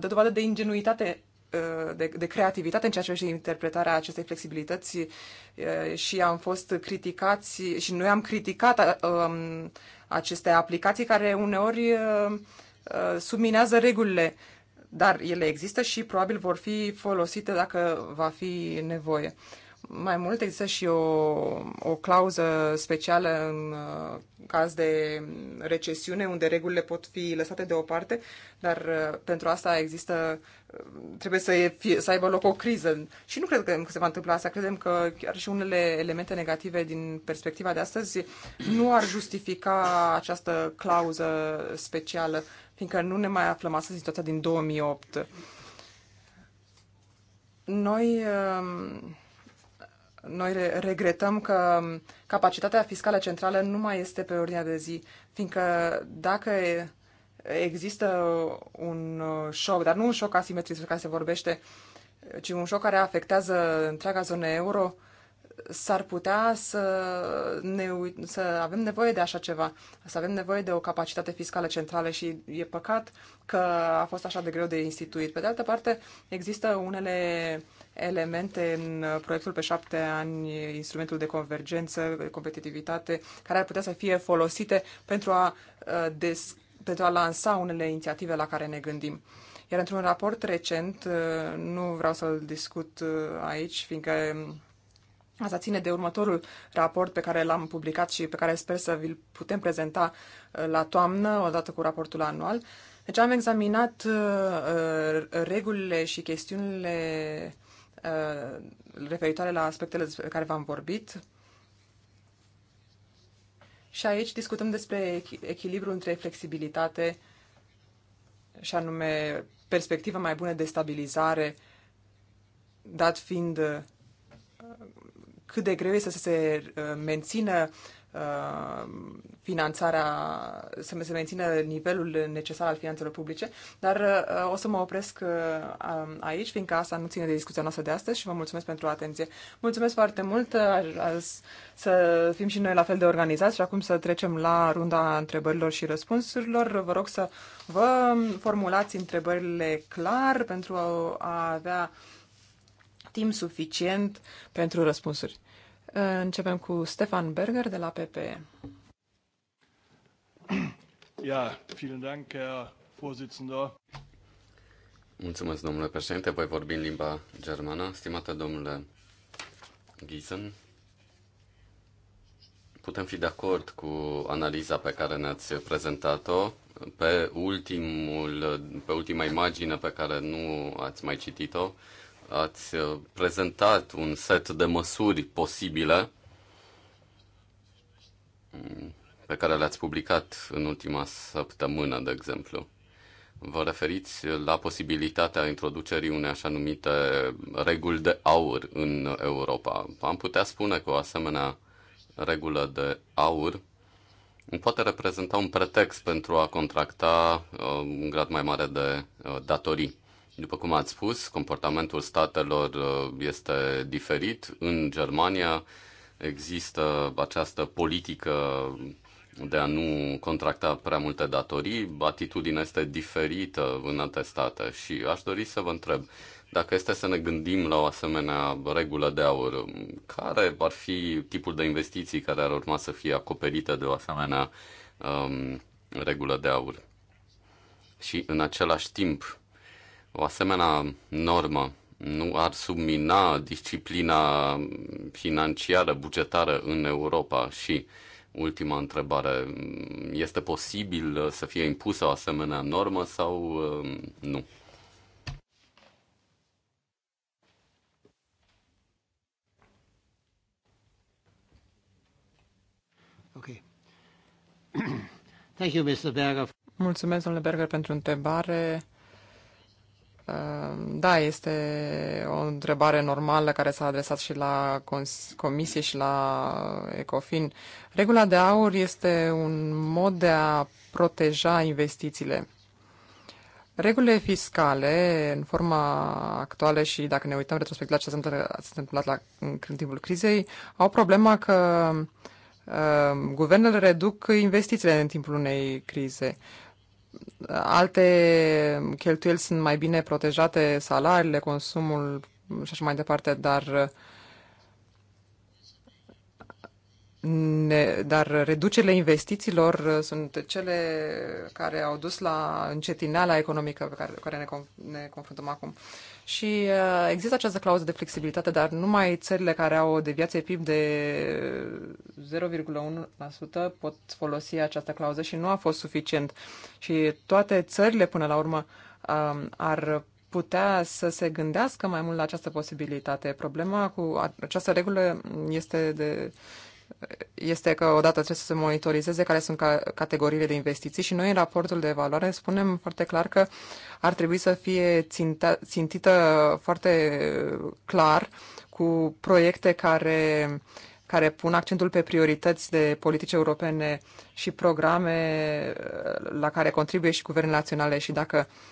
dă dovadă de ingenuitate Uh, de, de creativitate în ceea ce privește interpretarea acestei flexibilități uh, și am fost criticați și noi am criticat uh, um, aceste aplicații care uneori uh, subminează regulile, dar ele există și probabil vor fi folosite dacă va fi nevoie. Mai mult există și o, o clauză specială în uh, caz de recesiune, unde regulile pot fi lăsate deoparte, dar uh, pentru asta există, uh, trebuie să, fie să aibă loc o criză. Și nu cred că se va întâmpla asta. Credem că chiar și unele elemente negative din perspectiva de astăzi nu ar justifica această clauză specială, fiindcă nu ne mai aflăm astăzi situația din 2008. Noi um, noi regretăm că capacitatea fiscală centrală nu mai este pe ordinea de zi, fiindcă dacă există un uh, șoc, dar nu un șoc asimetric despre care se vorbește, ci un șoc care afectează întreaga zonă euro, s-ar putea să, ne, să avem nevoie de așa ceva, să avem nevoie de o capacitate fiscală centrală și e păcat că a fost așa de greu de instituit. Pe de altă parte, există unele elemente în uh, proiectul pe șapte ani, instrumentul de convergență, de competitivitate, care ar putea să fie folosite pentru a, uh, des, pentru a lansa unele inițiative la care ne gândim. Iar într-un raport recent, uh, nu vreau să-l discut aici, fiindcă um, Asta ține de următorul raport pe care l-am publicat și pe care sper să vi-l putem prezenta la toamnă, odată cu raportul anual. Deci am examinat regulile și chestiunile Uh, referitoare la aspectele despre care v-am vorbit. Și aici discutăm despre echilibru între flexibilitate și anume perspectiva mai bună de stabilizare, dat fiind uh, cât de greu este să se uh, mențină Uh, finanțarea, să se mențină nivelul necesar al finanțelor publice, dar uh, o să mă opresc uh, aici, fiindcă asta nu ține de discuția noastră de astăzi și vă mulțumesc pentru atenție. Mulțumesc foarte mult, să fim și noi la fel de organizați și acum să trecem la runda întrebărilor și răspunsurilor. Vă rog să vă formulați întrebările clar pentru a avea timp suficient pentru răspunsuri. Începem cu Stefan Berger de la PPE. Ja, vielen Dank, Herr Vorsitzender. Mulțumesc, domnule președinte. Voi vorbi în limba germană. Stimate domnule Giesen, putem fi de acord cu analiza pe care ne-ați prezentat-o. Pe, ultimul, pe ultima imagine pe care nu ați mai citit-o, ați uh, prezentat un set de măsuri posibile mm, pe care le-ați publicat în ultima săptămână, de exemplu. Vă referiți la posibilitatea introducerii unei așa numite reguli de aur în Europa. Am putea spune că o asemenea regulă de aur poate reprezenta un pretext pentru a contracta uh, un grad mai mare de uh, datorii. După cum ați spus, comportamentul statelor uh, este diferit. În Germania există această politică de a nu contracta prea multe datorii, atitudinea este diferită în alte state și aș dori să vă întreb dacă este să ne gândim la o asemenea regulă de aur, care ar fi tipul de investiții care ar urma să fie acoperite de o asemenea um, regulă de aur? Și în același timp, o asemenea normă nu ar submina disciplina financiară, bugetară în Europa? Și ultima întrebare, este posibil să fie impusă o asemenea normă sau um, nu? (clears throat) Mulțumesc, domnule Berger, pentru întrebare. Ehm, da, este o întrebare normală care s-a adresat și la Comisie și la Ecofin. Regula de aur este un mod de a proteja investițiile. Regulile fiscale, în forma actuală și dacă ne uităm retrospectiv la ce s-a întâmplat la, în timpul crizei, au problema că uh, guvernele reduc investițiile în timpul unei crize alte cheltuieli sunt mai bine protejate, salariile, consumul și așa mai departe, dar ne, dar reducerile investițiilor sunt cele care au dus la încetineala economică pe care, cu care ne, ne confruntăm acum. Uh, și uh, există această clauză de flexibilitate, dar numai țările care au o deviație PIB de 0,1% pot folosi această clauză și nu a fost suficient. Și toate țările, până la urmă, um, ar putea să se gândească mai mult la această posibilitate. Problema cu această regulă este de este că odată trebuie să se monitorizeze care sunt ca, categoriile de investiții și noi în raportul de evaluare spunem foarte clar că ar trebui să fie ținta, țintită foarte clar cu proiecte care, care pun accentul pe priorități de politici europene și programe uh, la care contribuie și guvernele naționale și dacă uh,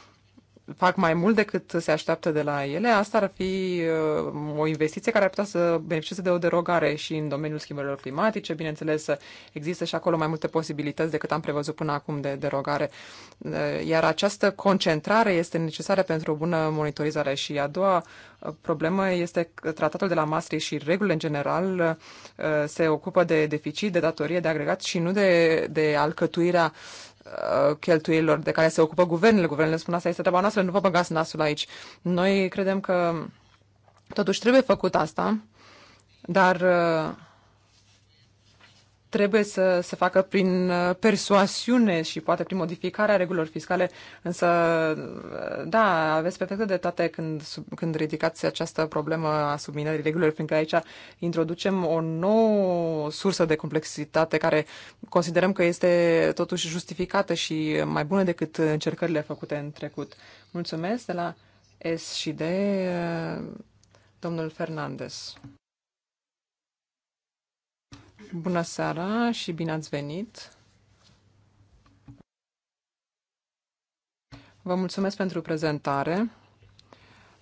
fac mai mult decât se așteaptă de la ele, asta ar fi uh, o investiție care ar putea să beneficieze de o derogare și în domeniul schimbărilor climatice. Bineînțeles, există și acolo mai multe posibilități decât am prevăzut până acum de derogare. Uh, iar această concentrare este necesară pentru o bună monitorizare. Și a doua uh, problemă este că tratatul de la Maastricht și regulile în general se ocupă de deficit, de datorie, de agregat și nu de, de alcătuirea uh, Uh, cheltuielor de care se ocupă guvernele. Guvernele spun asta este treaba noastră, nu vă băgați nasul aici. Noi credem că totuși trebuie făcut asta, dar uh, trebuie să se facă prin uh, persoasiune și poate prin modificarea regulilor fiscale, însă, uh, da, aveți perfectă de toate când, sub, când ridicați această problemă a subminării regulilor, fiindcă aici introducem o nouă sursă de complexitate care considerăm că este totuși justificată și mai bună decât încercările făcute în trecut. Mulțumesc de la S și de uh, domnul Fernandez. Bună seara și bine ați venit! Vă mulțumesc pentru prezentare.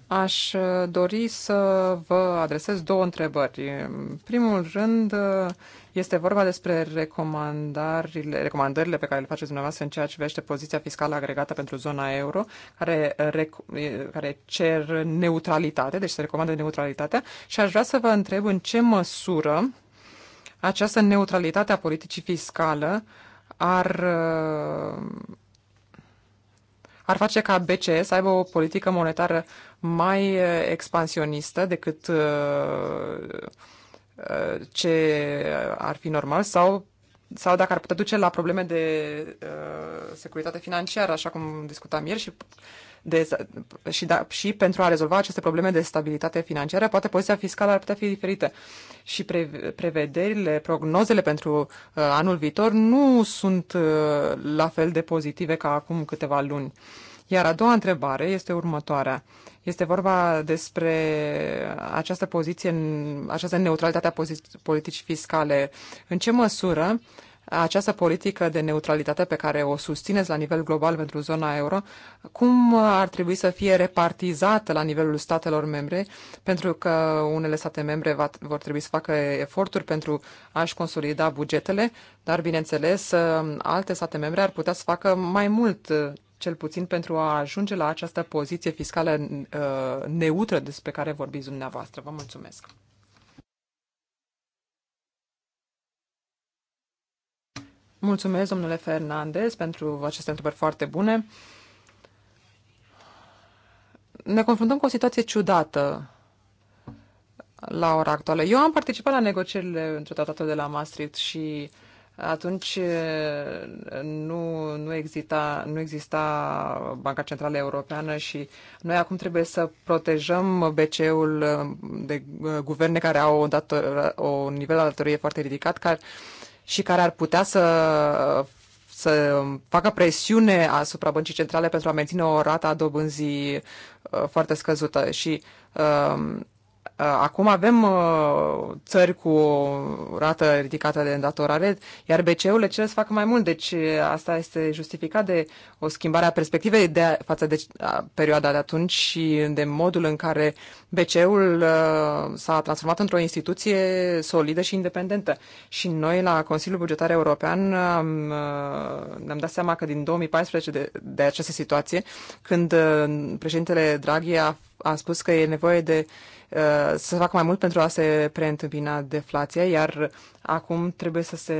Aș dori să vă adresez două întrebări. În primul rând, este vorba despre recomandările, recomandările pe care le faceți dumneavoastră în ceea ce vește poziția fiscală agregată pentru zona euro, care, care cer neutralitate, deci se recomandă neutralitatea. Și aș vrea să vă întreb în ce măsură această neutralitate a politicii fiscală ar, uh, ar face ca BCE să aibă o politică monetară mai uh, expansionistă decât uh, ce ar fi normal sau sau dacă ar putea duce la probleme de uh, securitate financiară, așa cum discutam ieri, și de, și, da, și pentru a rezolva aceste probleme de stabilitate financiară, poate poziția fiscală ar putea fi diferită. Și pre, prevederile, prognozele pentru uh, anul viitor nu sunt uh, la fel de pozitive ca acum câteva luni. Iar a doua întrebare este următoarea. Este vorba despre această poziție, această neutralitate a politicii fiscale. În ce măsură uh, această politică de neutralitate pe care o susțineți la nivel global pentru zona euro, cum ar trebui să fie repartizată la nivelul statelor membre, pentru că unele state membre va, vor trebui să facă eforturi pentru a-și consolida bugetele, dar, bineînțeles, alte state membre ar putea să facă mai mult cel puțin pentru a ajunge la această poziție fiscală uh, neutră despre care vorbiți dumneavoastră. Vă mulțumesc! Mulțumesc, domnule Fernandez, pentru aceste întrebări foarte bune. Ne confruntăm cu o situație ciudată la ora actuală. Eu am participat la negocierile între tratatul de la Maastricht și atunci eh, nu, nu, exista, nu exista Banca Centrală Europeană și noi acum trebuie să protejăm BCE-ul eh, de eh, guverne care au o, dată, o nivel de datorie foarte ridicat, care și care ar putea să, să facă presiune asupra băncii centrale pentru a menține o rată a dobânzii uh, foarte scăzută. Și um, Uh, acum avem uh, țări cu o rată ridicată de îndatorare, iar BCE-urile cele să facă mai mult, deci uh, asta este justificat de o schimbare a perspectivei de, a, față de a, perioada de atunci și de modul în care BCE-ul s-a transformat într-o instituție solidă și independentă. Și noi la Consiliul Bugetar European am, ne-am dat seama că din 2014 de, de această situație, când președintele Draghi a, a spus că e nevoie de Uh, să facă mai mult pentru a se preîntâmpina deflația, iar acum trebuie să se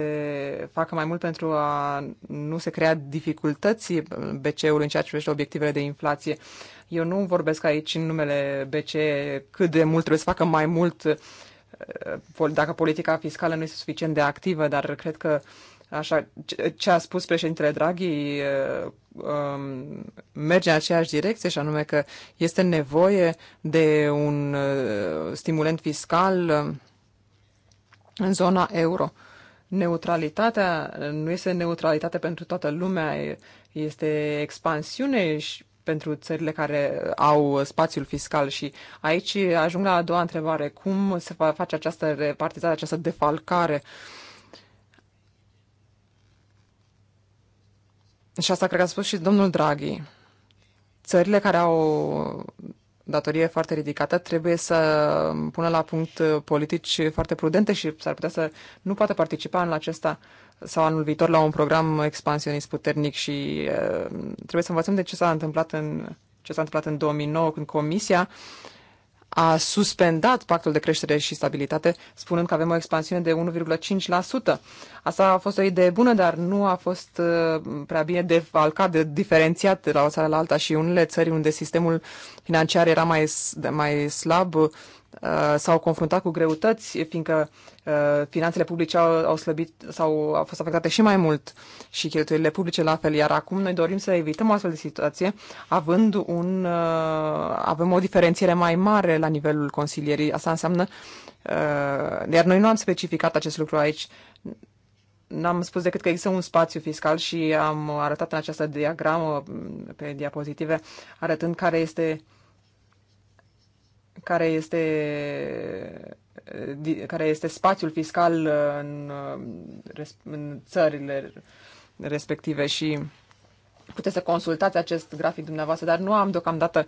facă mai mult pentru a nu se crea dificultăți BCE-ului în ceea ce privește obiectivele de inflație. Eu nu vorbesc aici în numele BCE cât de mult trebuie să facă mai mult uh, dacă politica fiscală nu este suficient de activă, dar cred că așa, ce a spus președintele Draghi uh, Um, merge în aceeași direcție, și anume că este nevoie de un uh, stimulent fiscal um, în zona euro. Neutralitatea nu este neutralitate pentru toată lumea, este expansiune și pentru țările care au spațiul fiscal și aici ajung la a doua întrebare. Cum se va face această repartizare, această defalcare? Uh, și asta cred că a spus și domnul Draghi, țările care au datorie foarte ridicată trebuie să pună la punct politici foarte prudente și s-ar putea să nu poată participa în acesta sau anul viitor la un program expansionist puternic și eh, trebuie să învățăm de ce s-a întâmplat în ce s-a întâmplat în 2009 când Comisia a suspendat pactul de creștere și stabilitate, spunând că avem o expansiune de 1,5%. Asta a fost o idee bună, dar nu a fost uh, prea bine defalcat, de diferențiat de la o țară la alta și unele țări unde sistemul financiar era mai, mai slab, Uh, s-au confruntat cu greutăți, fiindcă uh, finanțele publice au, au slăbit sau au fost afectate și mai mult și cheltuielile publice la fel. Iar acum noi dorim să evităm o astfel de situație, având un, uh, avem o diferențiere mai mare la nivelul consilierii. Asta înseamnă, uh, iar noi nu am specificat acest lucru aici, n-am spus decât că există un spațiu fiscal și am arătat în această diagramă pe diapozitive, arătând care este uh, care este care este spațiul fiscal în, în țările respective și puteți să consultați acest grafic dumneavoastră, dar nu am deocamdată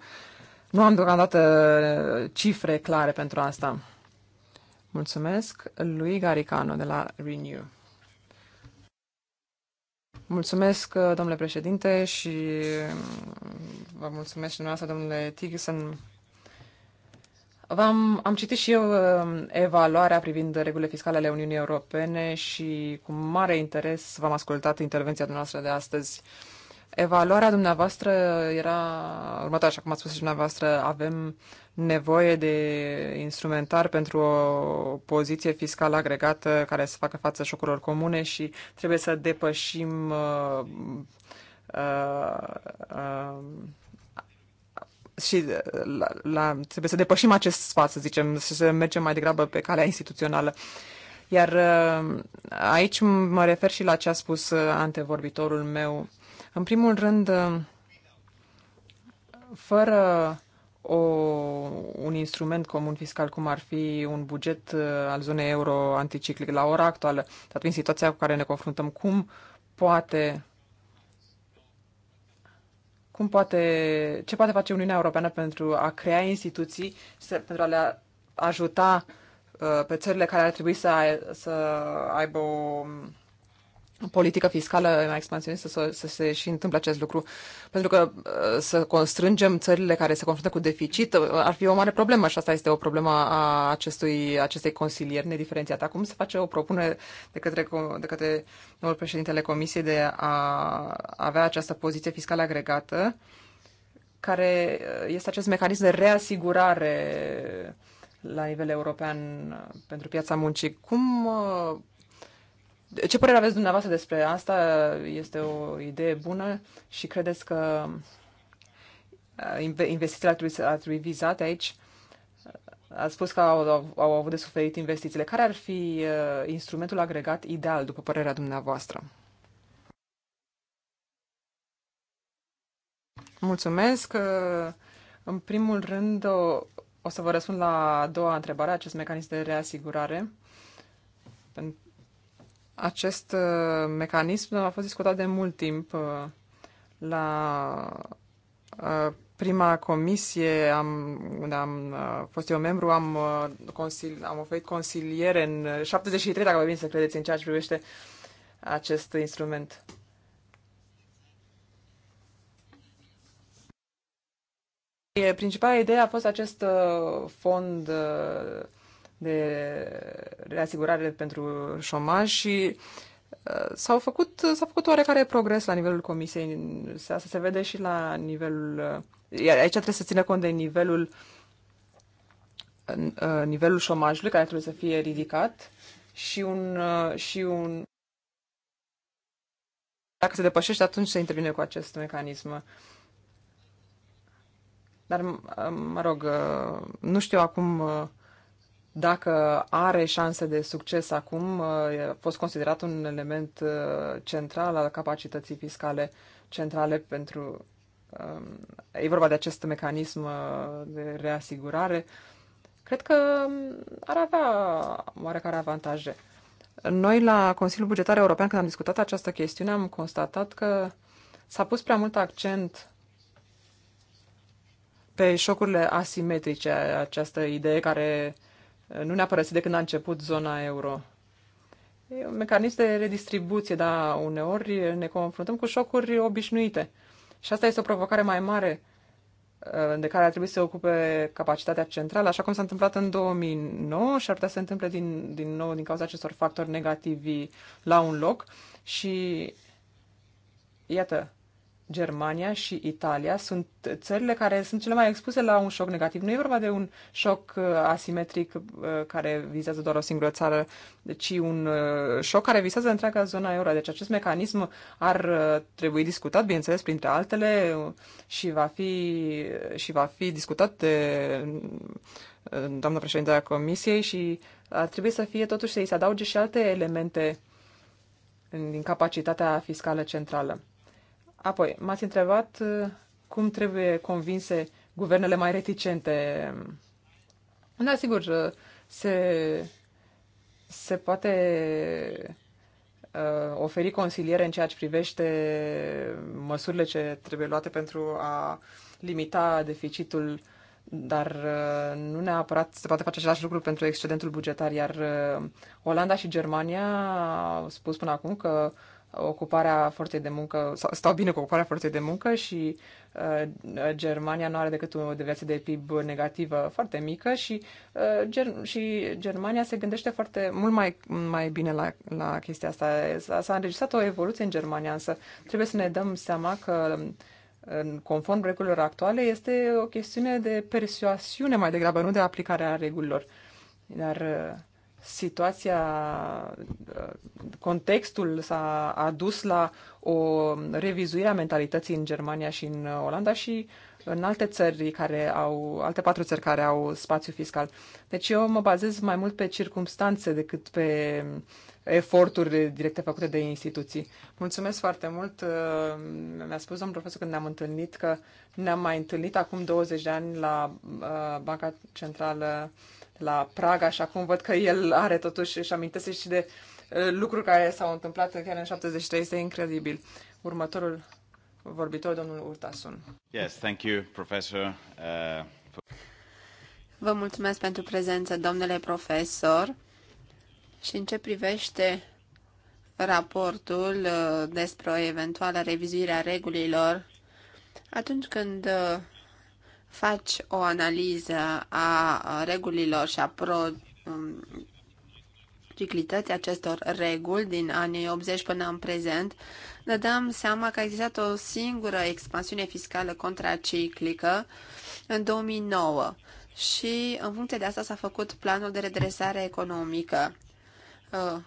nu am deocamdată cifre clare pentru asta. Mulțumesc lui Garicano de la Renew. Mulțumesc, domnule președinte, și vă mulțumesc și dumneavoastră, domnule Tigson, am am citit și eu um, evaluarea privind regulile fiscale ale Uniunii Europene și cu mare interes v-am ascultat intervenția dumneavoastră de astăzi. Evaluarea dumneavoastră era următoarea, așa cum ați spus și dumneavoastră, avem nevoie de instrumentar pentru o poziție fiscală agregată care să facă față șocurilor comune și trebuie să depășim uh, uh, uh, și uh, la, la, trebuie să depășim acest spațiu, să zicem, și să mergem mai degrabă pe calea instituțională. Iar uh, aici mă refer și la ce a spus uh, antevorbitorul meu. În primul rând, fără o, un instrument comun fiscal, cum ar fi un buget al zonei euro anticiclic la ora actuală, dat fiind situația cu care ne confruntăm, cum poate cum poate, ce poate face Uniunea Europeană pentru a crea instituții, să, pentru a le ajuta uh, pe țările care ar trebui să, ai, să aibă o politică fiscală mai expansionistă să, să se și întâmple acest lucru. Pentru că uh, să constrângem țările care se confruntă cu deficit uh, ar fi o mare problemă și asta este o problemă a acestui, acestei consilieri nediferențiate. Acum se face o propunere de către, de către noul președintele Comisiei de a avea această poziție fiscală agregată, care uh, este acest mecanism de reasigurare la nivel european pentru piața muncii. Cum ce părere aveți dumneavoastră despre asta? Este o idee bună și credeți că uh, investițiile ar trebui, ar trebui vizate aici? Ați spus că au, au, au avut de suferit investițiile. Care ar fi uh, instrumentul agregat ideal, după părerea dumneavoastră? Mulțumesc. În primul rând, o, o să vă răspund la a doua întrebare, acest mecanism de reasigurare. Pentru acest uh, mecanism a fost discutat de mult timp uh, la uh, prima comisie am, unde am fost eu membru, am, consil, am oferit consiliere în 73, dacă vă bine să credeți, în ceea ce privește acest instrument. Principala idee a fost acest fond de reasigurare pentru șomaj și uh, s-au făcut, s-a făcut oarecare progres la nivelul comisiei. Asta se vede și la nivelul... Uh, iar aici trebuie să țină cont de nivelul uh, nivelul șomajului care trebuie să fie ridicat și un, și un dacă se depășește, atunci se intervine cu acest mecanism. Dar, mă rog, nu știu acum dacă are șanse de succes acum, a fost considerat un element uh, central al capacității fiscale centrale pentru. Um, e vorba de acest mecanism uh, de reasigurare. Cred că um, ar avea oarecare avantaje. Noi, la Consiliul Bugetar European, când am discutat această chestiune, am constatat că s-a pus prea mult accent pe șocurile asimetrice, această idee care uh, nu ne-a părăsit de când a început zona euro. E un mecanism de redistribuție, dar uneori ne confruntăm cu șocuri obișnuite. Și asta este o provocare mai mare uh, de care ar trebui să se ocupe capacitatea centrală, așa cum s-a întâmplat în 2009 și ar putea să se întâmple din, din nou din cauza acestor factori negativi la un loc. Și iată, Germania și Italia sunt țările care sunt cele mai expuse la un șoc negativ. Nu e vorba de un șoc uh, asimetric uh, care vizează doar o singură țară, ci un uh, șoc care vizează întreaga zona euro. Deci acest mecanism ar trebui discutat, bineînțeles, printre altele și va fi, și va fi discutat de doamna președinte a Comisiei și ar trebui să fie totuși să i se adauge și alte elemente din capacitatea fiscală centrală. Apoi, m-ați întrebat uh, cum trebuie convinse guvernele mai reticente. Da, sigur, uh, se, se poate uh, oferi consiliere în ceea ce privește măsurile ce trebuie luate pentru a limita deficitul, dar uh, nu neapărat se poate face același lucru pentru excedentul bugetar, iar uh, Olanda și Germania au spus până acum că ocuparea forței de muncă, stau bine cu ocuparea forței de muncă și uh, Germania nu are decât o deviație de PIB negativă foarte mică și, uh, ger- și Germania se gândește foarte mult mai, mai bine la, la chestia asta. S-a, înregistrat o evoluție în Germania, însă trebuie să ne dăm seama că conform regulilor actuale, este o chestiune de persoasiune mai degrabă, nu de aplicarea regulilor. Dar uh, situația, contextul s-a adus la o revizuire a mentalității în Germania și în Olanda și în alte țări care au, alte patru țări care au spațiu fiscal. Deci eu mă bazez mai mult pe circumstanțe decât pe eforturi directe făcute de instituții. Mulțumesc foarte mult. Uh, mi-a spus domnul profesor când ne-am întâlnit că ne-am mai întâlnit acum 20 de ani la uh, Banca Centrală la Praga și acum văd că el are totuși, și amintește și de uh, lucruri care s-au întâmplat chiar în 73. Este incredibil. Următorul vorbitor, domnul Urtasun. Yes, thank you, professor. Uh, for... Vă mulțumesc pentru prezență, domnule profesor. Și în ce privește raportul uh, despre o eventuală revizuire a regulilor, atunci când uh, faci o analiză a regulilor și a pro um, ciclității acestor reguli din anii 80 până în prezent, ne dăm seama că a existat o singură expansiune fiscală contraciclică în 2009 și în funcție de asta s-a făcut planul de redresare economică uh,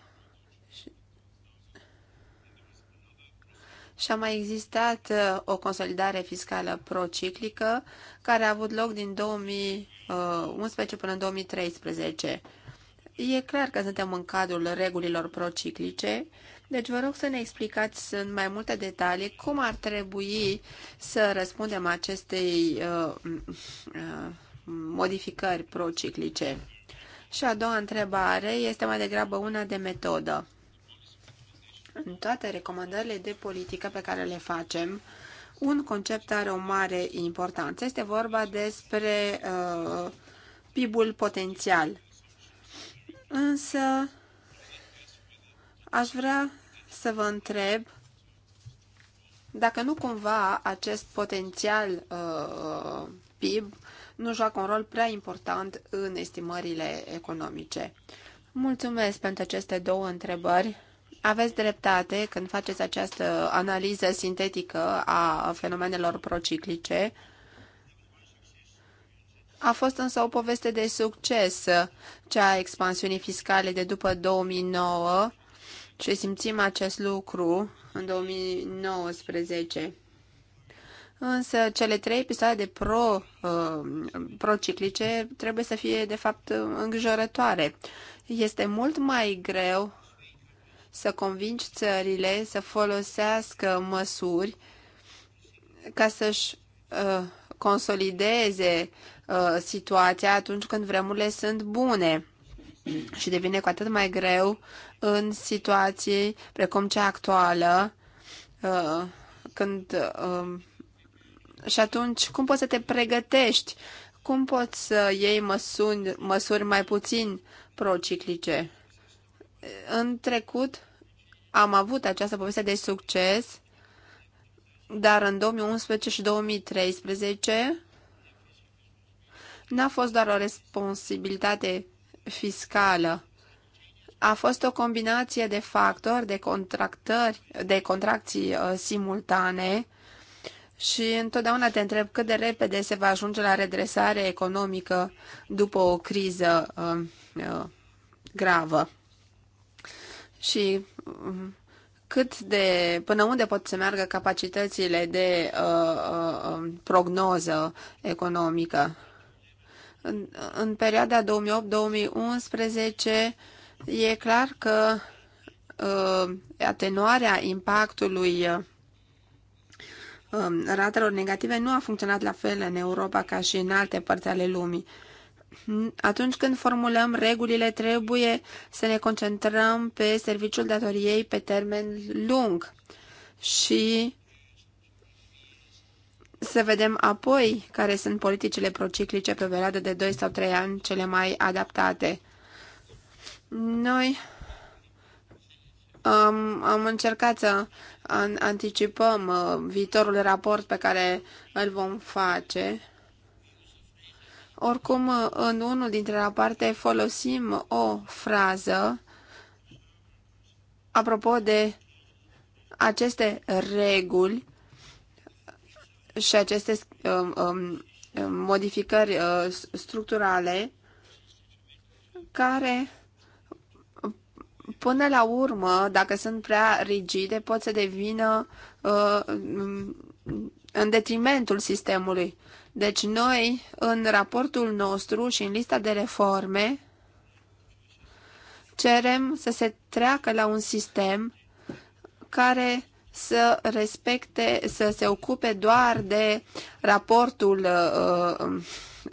și a mai existat uh, o consolidare fiscală prociclică care a avut loc din 2011 uh, până în 2013. E clar că suntem în cadrul regulilor prociclice, deci vă rog să ne explicați în mai multe detalii cum ar trebui să răspundem acestei uh, uh, modificări prociclice. Și a doua întrebare este mai degrabă una de metodă în toate recomandările de politică pe care le facem, un concept are o mare importanță. Este vorba despre uh, PIB-ul potențial. Însă, aș vrea să vă întreb dacă nu cumva acest potențial uh, PIB nu joacă un rol prea important în estimările economice. Mulțumesc pentru aceste două întrebări. Aveți dreptate când faceți această analiză sintetică a fenomenelor prociclice. A fost însă o poveste de succes, cea a expansiunii fiscale de după 2009 și simțim acest lucru în 2019. Însă cele trei episoade pro, uh, prociclice trebuie să fie, de fapt, îngrijorătoare. Este mult mai greu să convingi țările să folosească măsuri ca să-și uh, consolideze uh, situația atunci când vremurile sunt bune și devine cu atât mai greu în situații precum cea actuală, uh, când uh, și atunci cum poți să te pregătești, cum poți să iei măsuri, măsuri mai puțin prociclice. În trecut am avut această poveste de succes, dar în 2011 și 2013 n-a fost doar o responsabilitate fiscală, a fost o combinație de factori, de contractări, de contracții uh, simultane și întotdeauna te întreb cât de repede se va ajunge la redresare economică după o criză uh, uh, gravă și mm, cât de, până unde pot să meargă capacitățile de uh, uh, um, prognoză economică. În, în perioada 2008-2011 e clar că uh, atenuarea impactului uh, ratelor negative nu a funcționat la fel în Europa ca și în alte părți ale lumii. Uh, atunci când formulăm regulile, trebuie să ne concentrăm pe serviciul datoriei pe termen lung și să vedem apoi care sunt politicile prociclice pe perioadă de 2 sau 3 ani cele mai adaptate. Noi um, am încercat să anticipăm uh, viitorul raport pe care îl vom face oricum, în unul dintre rapoarte folosim o frază apropo de aceste reguli și aceste um, um, um, modificări uh, structurale care până la urmă, dacă sunt prea rigide, pot să devină uh, în detrimentul sistemului. Deci noi, în raportul nostru și în lista de reforme, cerem să se treacă la un sistem care să respecte, să se ocupe doar de raportul uh,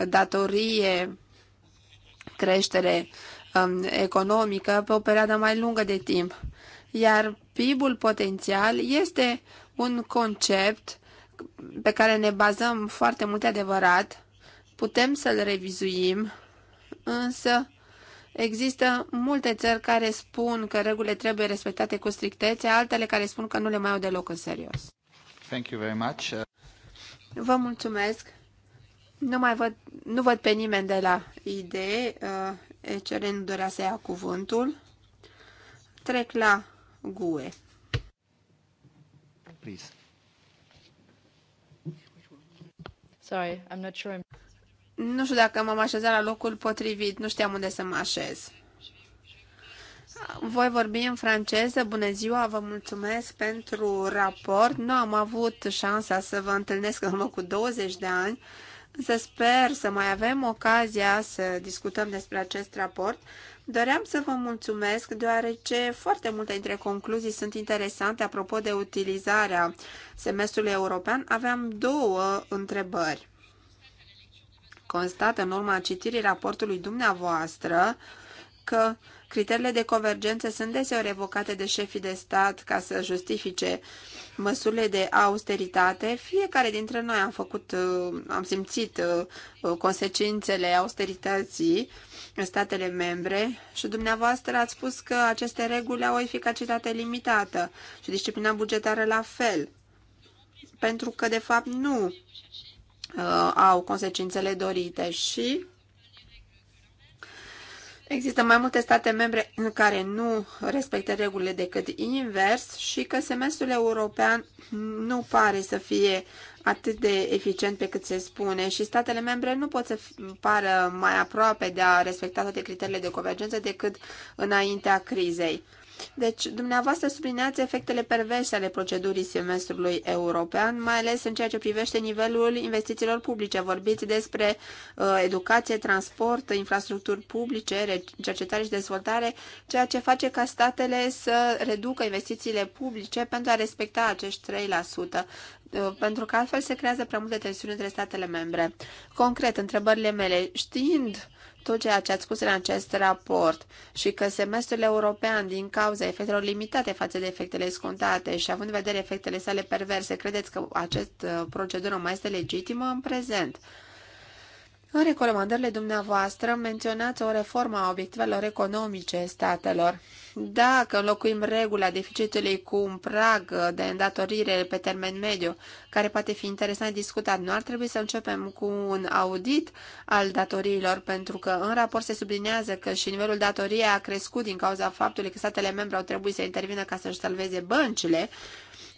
datorie creștere um, economică pe o perioadă mai lungă de timp. Iar PIB-ul potențial este un concept pe care ne bazăm foarte mult adevărat, putem să-l revizuim, însă există multe țări care spun că regulile trebuie respectate cu strictețe, altele care spun că nu le mai au deloc în serios. Thank you very much. Vă mulțumesc. Nu mai văd, nu văd pe nimeni de la idee. Uh, ECR nu dorea să ia cuvântul. Trec la GUE. Please. Sorry, I'm not sure. I'm... Nu știu dacă m-am așezat la locul potrivit, nu știam unde să mă așez. Voi vorbi în franceză, bună ziua, vă mulțumesc pentru raport. Nu am avut șansa să vă întâlnesc în urmă cu 20 de ani, să sper să mai avem ocazia să discutăm despre acest raport Doream să vă mulțumesc deoarece foarte multe dintre concluzii sunt interesante apropo de utilizarea semestrului european. Aveam două întrebări. Constat în urma citirii raportului dumneavoastră că criteriile de convergență sunt deseori evocate de șefii de stat ca să justifice măsurile de austeritate. Fiecare dintre noi am făcut, am simțit uh, consecințele austerității în statele membre și dumneavoastră ați spus că aceste reguli au o eficacitate limitată și disciplina bugetară la fel, pentru că de fapt nu uh, au consecințele dorite și Există mai multe state membre în care nu respectă regulile decât invers și că semestrul european nu pare să fie atât de eficient pe cât se spune și statele membre nu pot să pară mai aproape de a respecta toate criteriile de convergență decât înaintea crizei. Deci, dumneavoastră sublineați efectele perverse ale procedurii semestrului european, mai ales în ceea ce privește nivelul investițiilor publice. Vorbiți despre uh, educație, transport, infrastructuri publice, cercetare și dezvoltare, ceea ce face ca statele să reducă investițiile publice pentru a respecta acești 3% uh, pentru că altfel se creează prea multe tensiuni între statele membre. Concret, întrebările mele, știind tot ceea ce ați spus în acest raport și că semestrul european, din cauza efectelor limitate față de efectele scontate și având în vedere efectele sale perverse, credeți că această uh, procedură mai este legitimă în prezent? În recomandările dumneavoastră menționați o reformă a obiectivelor economice statelor. Dacă înlocuim regula deficitului cu un prag de îndatorire pe termen mediu, care poate fi interesant discutat, nu ar trebui să începem cu un audit al datoriilor, pentru că în raport se sublinează că și nivelul datoriei a crescut din cauza faptului că statele membre au trebuit să intervină ca să-și salveze băncile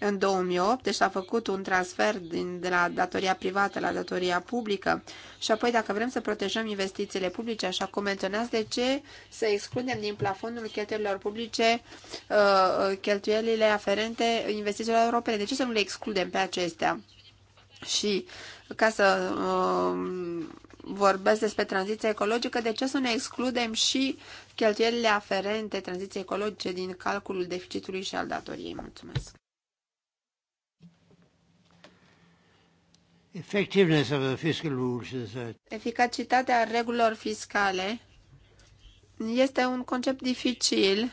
în 2008, deci s-a făcut un transfer din, de la datoria privată la datoria publică și apoi dacă vrem să protejăm investițiile publice, așa cum menționați, de ce să excludem din plafonul cheltuielilor publice uh, uh, cheltuielile aferente investițiilor europene? De ce să nu le excludem pe acestea? Și ca să uh, vorbesc despre tranziția ecologică, de ce să ne excludem și cheltuielile aferente tranziției ecologice din calculul deficitului și al datoriei? Mulțumesc! Effectiveness of the fiscal rules is Eficacitatea regulilor fiscale este un concept dificil.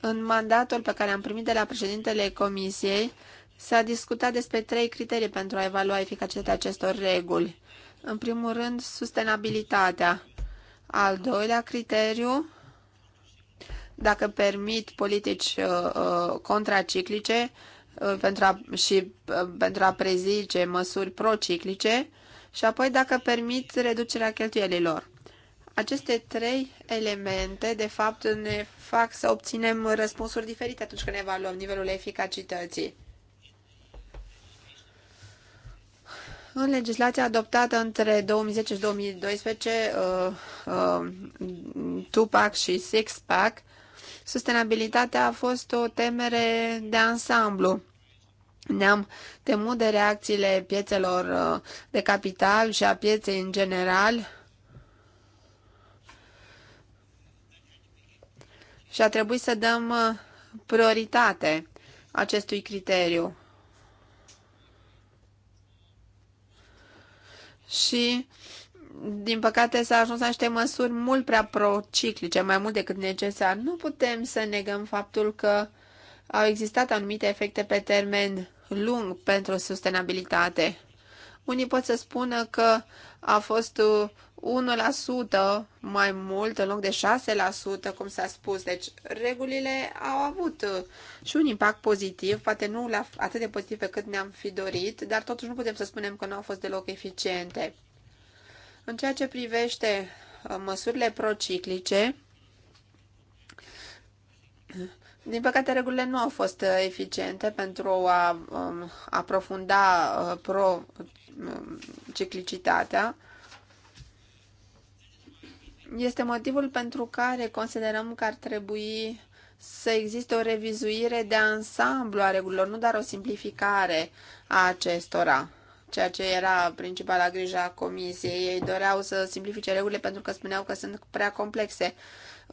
În mandatul pe care am primit de la președintele Comisiei s-a discutat despre trei criterii pentru a evalua eficacitatea acestor reguli. În primul rând, sustenabilitatea. Al doilea criteriu, dacă permit politici uh, uh contraciclice, uh, Uh, pentru a, și uh, pentru a prezice măsuri prociclice și apoi dacă permit reducerea cheltuielilor. Aceste trei elemente, de fapt, ne fac să obținem răspunsuri diferite atunci când evaluăm nivelul eficacității. În legislația adoptată între 2010 și 2012, uh, uh, Tupac și Sixpack, Sustenabilitatea a fost o temere de ansamblu. Ne-am temut de reacțiile piețelor uh, de capital și a pieței în general și a trebuit să dăm uh, prioritate acestui criteriu. Și din păcate s-a ajuns la niște măsuri mult prea prociclice, mai mult decât necesar. Nu putem să negăm faptul că au existat anumite efecte pe termen lung pentru sustenabilitate. Unii pot să spună că a fost 1% uh, mai mult în loc de 6%, cum s-a spus. Deci regulile au avut uh, și un impact pozitiv, poate nu la atât de pozitiv pe cât ne-am fi dorit, dar totuși nu putem să spunem că nu au fost deloc eficiente. În ceea ce privește uh, măsurile prociclice, din păcate, regulile nu au fost uh, eficiente pentru a a um, aprofunda uh, prociclicitatea. Um, pro-ciclicitatea. Este motivul pentru care considerăm că ar trebui să existe o revizuire de ansamblu a regulilor, nu doar o simplificare a acestora ceea ce era principala grijă a comisiei. Ei doreau să simplifice regulile pentru că spuneau că sunt prea complexe.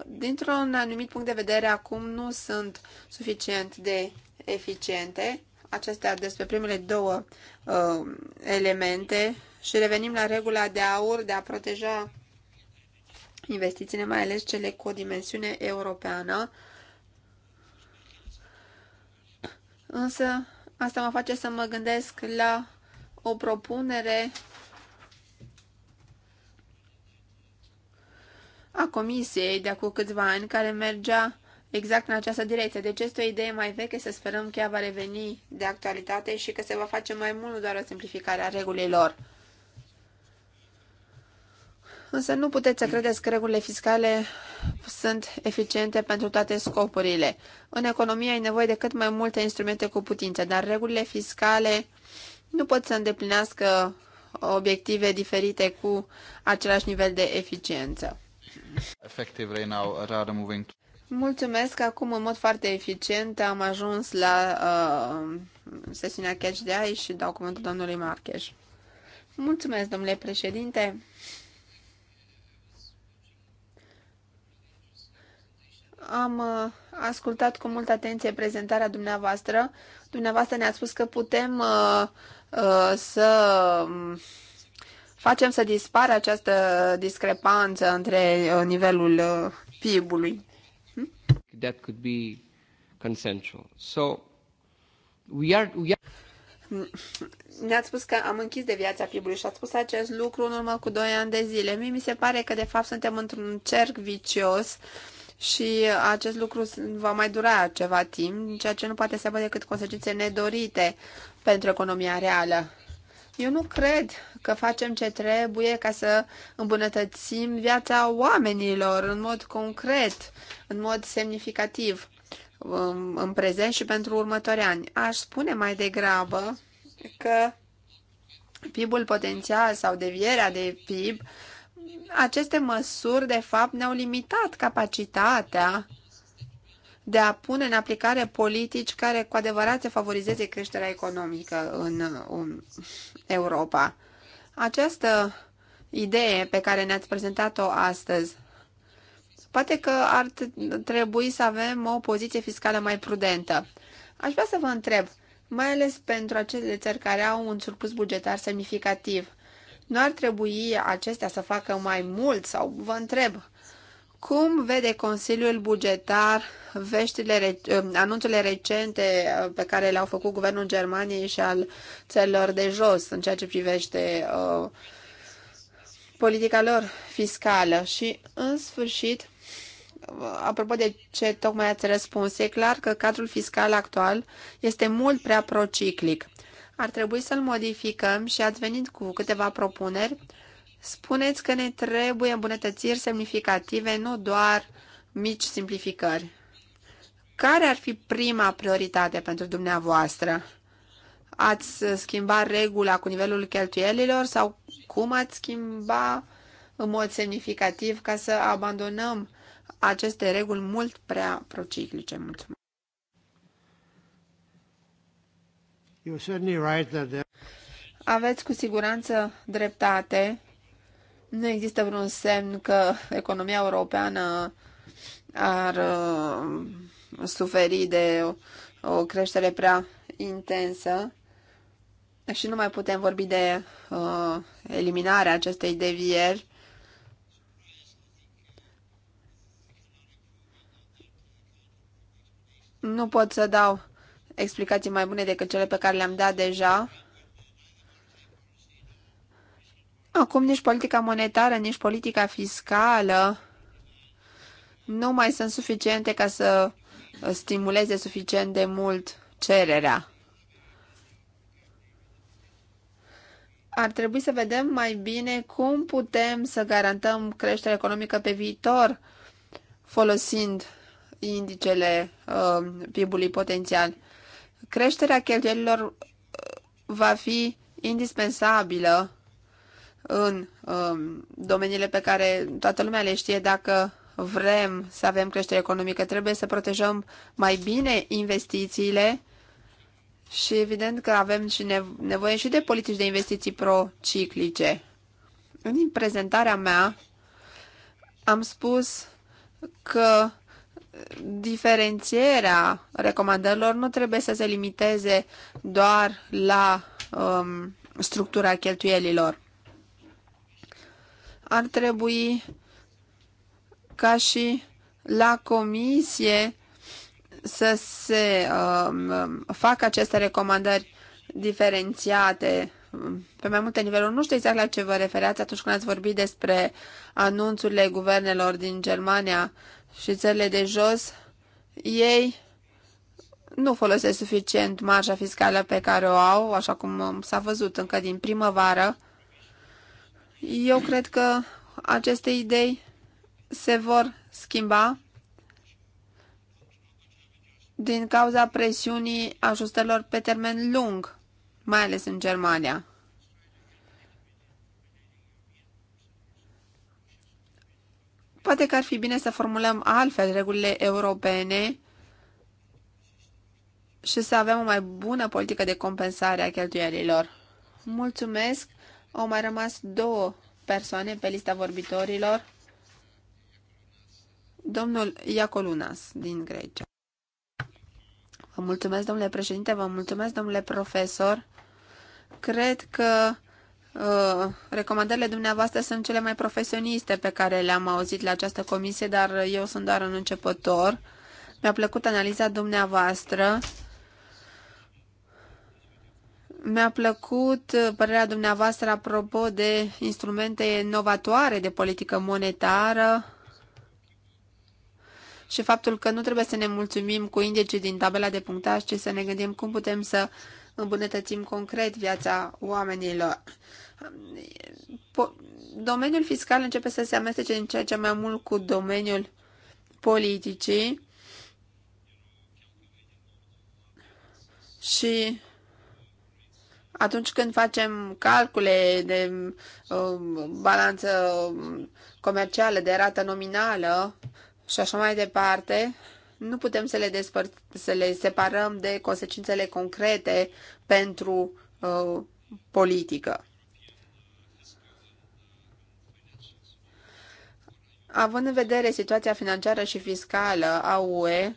Dintr-un anumit punct de vedere, acum nu sunt suficient de eficiente. Acestea despre primele două uh, elemente și revenim la regula de aur de a proteja investițiile, mai ales cele cu o dimensiune europeană. Însă asta mă face să mă gândesc la o propunere a comisiei de acum câțiva ani care mergea exact în această direcție. Deci este o idee mai veche, să sperăm că ea va reveni de actualitate și că se va face mai mult doar o simplificare a regulilor. Însă nu puteți să credeți că regulile fiscale sunt eficiente pentru toate scopurile. În economie ai nevoie de cât mai multe instrumente cu putință, dar regulile fiscale nu pot să îndeplinească obiective diferite cu același nivel de eficiență. Mulțumesc, acum în mod foarte eficient am ajuns la uh, sesiunea Catch de aici și dau cuvântul domnului Marcheș. Mulțumesc, domnule președinte. Am uh, ascultat cu multă atenție prezentarea dumneavoastră. Dumneavoastră ne-a spus că putem uh, Uh, să um, facem să dispare această discrepanță între uh, nivelul uh, PIB-ului. Hm? That could be consensual. So we are, we are... Ne-ați spus că am închis de viața PIB-ului și ați spus acest lucru în urmă cu 2 ani de zile. Mie mi se pare că de fapt suntem într-un cerc vicios uh, și acest lucru va mai dura ceva timp, ceea ce nu poate să aibă decât consecințe nedorite pentru economia reală. Eu nu cred că facem ce trebuie ca să îmbunătățim viața oamenilor în mod concret, în mod semnificativ în prezent și pentru următorii ani. Aș spune mai degrabă că PIB-ul potențial sau devierea de PIB aceste măsuri, de fapt, ne-au limitat capacitatea de a pune în aplicare politici care cu adevărat să favorizeze creșterea economică în, în Europa. Această idee pe care ne-ați prezentat-o astăzi, poate că ar trebui să avem o poziție fiscală mai prudentă. Aș vrea să vă întreb, mai ales pentru acele țări care au un surplus bugetar semnificativ – nu ar trebui acestea să facă mai mult sau vă întreb cum vede Consiliul Bugetar veștile, ă, anunțurile recente ă, pe care le-au făcut guvernul Germaniei și al țărilor de jos în ceea ce privește ă, politica lor fiscală? Și, în sfârșit, apropo de ce tocmai ați răspuns, e clar că cadrul fiscal actual este mult prea prociclic ar trebui să-l modificăm și ați venit cu câteva propuneri. Spuneți că ne trebuie îmbunătățiri semnificative, nu doar mici simplificări. Care ar fi prima prioritate pentru dumneavoastră? Ați schimba regula cu nivelul cheltuielilor sau cum ați schimba în mod semnificativ ca să abandonăm aceste reguli mult prea prociclice? Mulțumesc! Aveți cu siguranță dreptate. Nu există vreun semn că economia europeană ar uh, suferi de o creștere prea intensă și nu mai putem vorbi de uh, eliminarea acestei devieri. Nu pot să dau explicații mai bune decât cele pe care le-am dat deja. Acum nici politica monetară, nici politica fiscală nu mai sunt suficiente ca să stimuleze suficient de mult cererea. Ar trebui să vedem mai bine cum putem să garantăm creșterea economică pe viitor folosind indicele uh, PIB-ului potențial. Creșterea cheltuielilor uh, va fi indispensabilă în um, domeniile pe care toată lumea le știe dacă vrem să avem creștere economică. Trebuie să protejăm mai bine investițiile și evident că avem și nevoie și de politici de investiții prociclice. În prezentarea mea am spus că diferențierea recomandărilor nu trebuie să se limiteze doar la um, structura cheltuielilor. Ar trebui ca și la comisie să se um, facă aceste recomandări diferențiate um, pe mai multe niveluri. Nu știu exact la ce vă referați atunci când ați vorbit despre anunțurile guvernelor din Germania și țările de jos, ei nu folosesc suficient marja fiscală pe care o au, așa cum s-a văzut încă din primăvară. Eu cred că aceste idei se vor schimba din cauza presiunii ajustelor pe termen lung, mai ales în Germania. Poate că ar fi bine să formulăm altfel regulile europene și să avem o mai bună politică de compensare a cheltuielilor. Mulțumesc! Au mai rămas două persoane pe lista vorbitorilor. Domnul Iacolunas din Grecia. Vă mulțumesc, domnule președinte, vă mulțumesc, domnule profesor. Cred că Uh, recomandările dumneavoastră sunt cele mai profesioniste pe care le-am auzit la această comisie, dar eu sunt doar un începător. Mi-a plăcut analiza dumneavoastră. Mi-a plăcut părerea dumneavoastră apropo de instrumente inovatoare de politică monetară și faptul că nu trebuie să ne mulțumim cu indicii din tabela de punctaj, ci să ne gândim cum putem să îmbunătățim concret viața oamenilor domeniul fiscal începe să se amestece în ceea ce mai mult cu domeniul politicii și atunci când facem calcule de uh, balanță comercială, de rată nominală și așa mai departe, nu putem să le, despăr- să le separăm de consecințele concrete pentru uh, politică. Având în vedere situația financiară și fiscală a UE,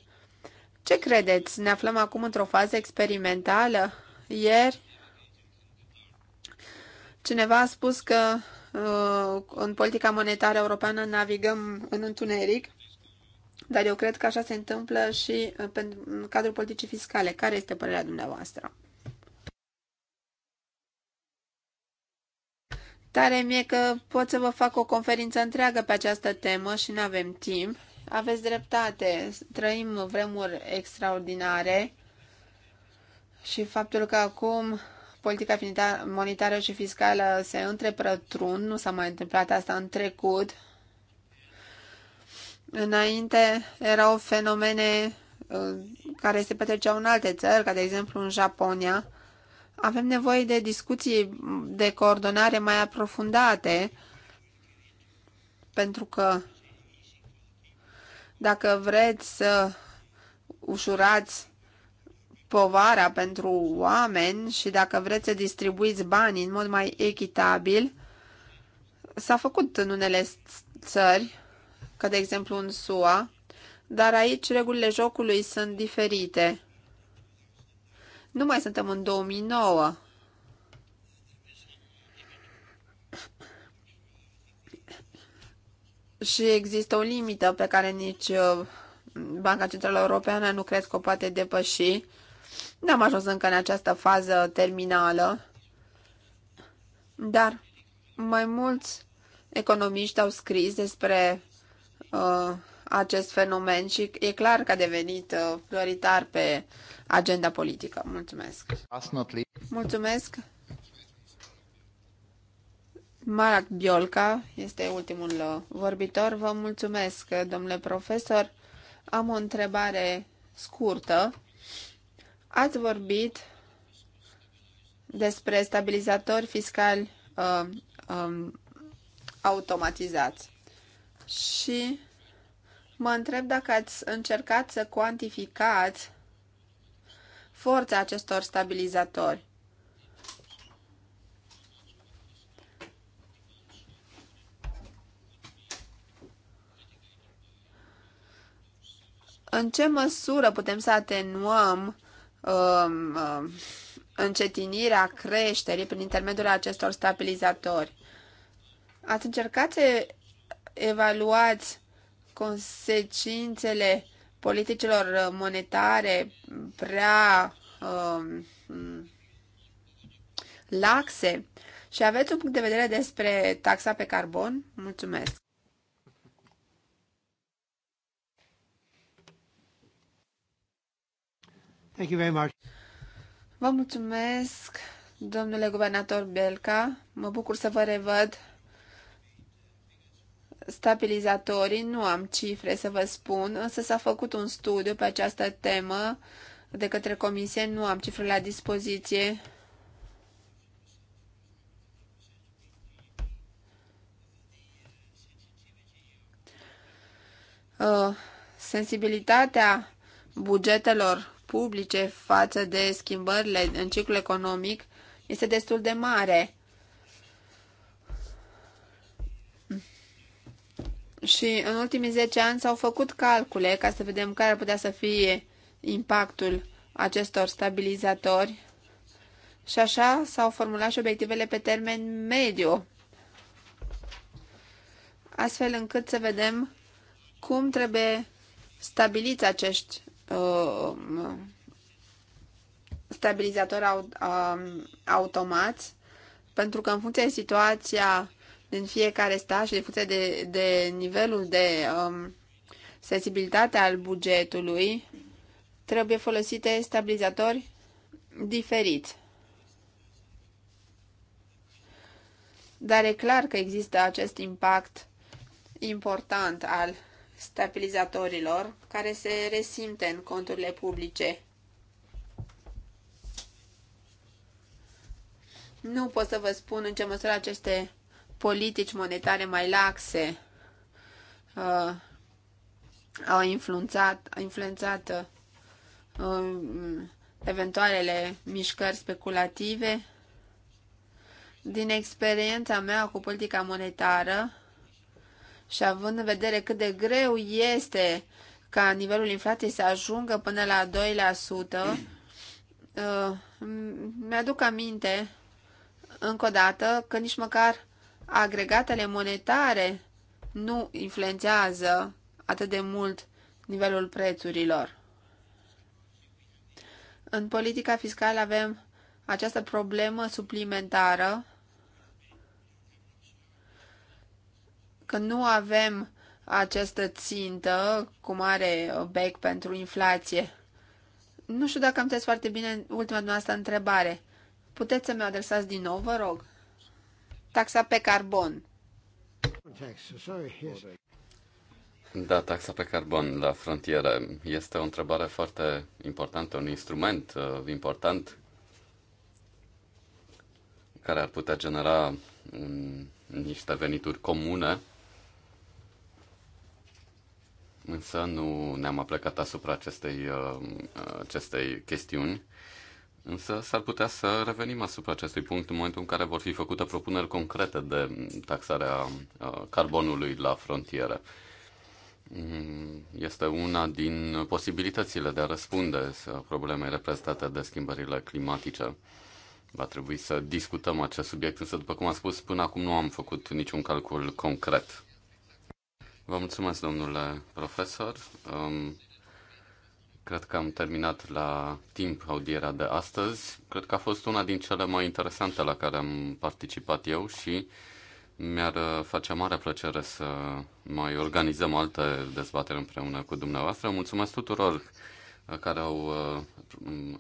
ce credeți? Ne aflăm acum într-o fază experimentală? Ieri cineva a spus că uh, în politica monetară europeană navigăm în întuneric, dar eu cred că așa se întâmplă și uh, în cadrul politicii fiscale. Care este părerea dumneavoastră? Tare mie că pot să vă fac o conferință întreagă pe această temă și nu avem timp. Aveți dreptate, trăim vremuri extraordinare și faptul că acum politica monetară și fiscală se întreprătrun, nu s-a mai întâmplat asta în trecut. Înainte erau fenomene uh, care se petreceau în alte țări, ca de exemplu în Japonia, avem nevoie de discuții de coordonare mai aprofundate, pentru că dacă vreți să ușurați povara pentru oameni și dacă vreți să distribuiți bani în mod mai echitabil, s-a făcut în unele țări, ca de exemplu în SUA, dar aici regulile jocului sunt diferite. Nu mai suntem în 2009. Și există o limită pe care nici uh, Banca Centrală Europeană nu cred că o poate depăși. Nu am ajuns încă în această fază terminală, dar mai mulți economiști au scris despre uh, acest fenomen și e clar că a devenit uh, prioritar pe agenda politică. Mulțumesc! Mulțumesc! Marac Biolca este ultimul uh, vorbitor. Vă mulțumesc, domnule profesor. Am o întrebare scurtă. Ați vorbit despre stabilizatori fiscali uh, um, automatizați și Mă întreb dacă ați încercat să cuantificați forța acestor stabilizatori. În ce măsură putem să atenuăm um, um, încetinirea creșterii prin intermediul acestor stabilizatori? Ați încercat să evaluați consecințele politicilor monetare prea um, laxe și aveți un punct de vedere despre taxa pe carbon? Mulțumesc! Thank you very much. Vă mulțumesc, domnule guvernator Belca. Mă bucur să vă revăd stabilizatorii, nu am cifre să vă spun, însă s-a făcut un studiu pe această temă de către comisie, nu am cifre la dispoziție. Uh, sensibilitatea bugetelor publice față de schimbările în ciclul economic este destul de mare Și în ultimii 10 ani s-au făcut calcule ca să vedem care ar putea să fie impactul acestor stabilizatori și așa s-au formulat și obiectivele pe termen mediu, astfel încât să vedem cum trebuie stabiliți acești uh, stabilizatori au, uh, automați, pentru că în funcție de situația în fiecare stat și funcție de, de nivelul de um, sensibilitate al bugetului, trebuie folosite stabilizatori diferiți. Dar e clar că există acest impact important al stabilizatorilor care se resimte în conturile publice. Nu pot să vă spun în ce măsură aceste politici monetare mai laxe uh, au influențat, au influențat uh, eventualele mișcări speculative. Din experiența mea cu politica monetară și având în vedere cât de greu este ca nivelul inflației să ajungă până la 2%, uh, mi-aduc aminte încă o dată că nici măcar agregatele monetare nu influențează atât de mult nivelul prețurilor. În politica fiscală avem această problemă suplimentară că nu avem această țintă cu mare bec pentru inflație. Nu știu dacă am înțeles foarte bine ultima noastră întrebare. Puteți să-mi adresați din nou, vă rog? taxa pe carbon. Da, taxa pe carbon la frontiere este o întrebare foarte importantă, un instrument uh, important care ar putea genera un, um, niște venituri comune, însă nu ne-am aplecat asupra acestei, uh, acestei chestiuni Însă s-ar putea să revenim asupra acestui punct în momentul în care vor fi făcute propuneri concrete de taxarea uh, carbonului la frontiere. Mm, este una din posibilitățile de a răspunde problemei reprezentate de schimbările climatice. Va trebui să discutăm acest subiect, însă, după cum am spus, până acum nu am făcut niciun calcul concret. Vă mulțumesc, domnule profesor. Um, Cred că am terminat la timp audierea de astăzi. Cred că a fost una din cele mai interesante la care am participat eu și mi-ar face mare plăcere să mai organizăm alte dezbateri împreună cu dumneavoastră. Mulțumesc tuturor care au,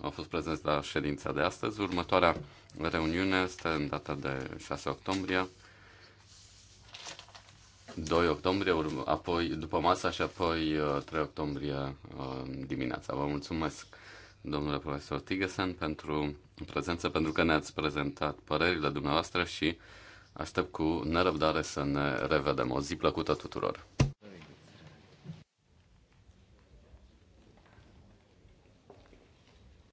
au fost prezenți la ședința de astăzi. Următoarea reuniune este în data de 6 octombrie. 2 octombrie, urmă, apoi după masa și apoi 3 uh, octombrie uh, dimineața. Vă mulțumesc, domnule profesor Tigesen, pentru prezență, pentru că ne-ați prezentat părerile dumneavoastră și aștept cu nerăbdare să ne revedem. O zi plăcută tuturor!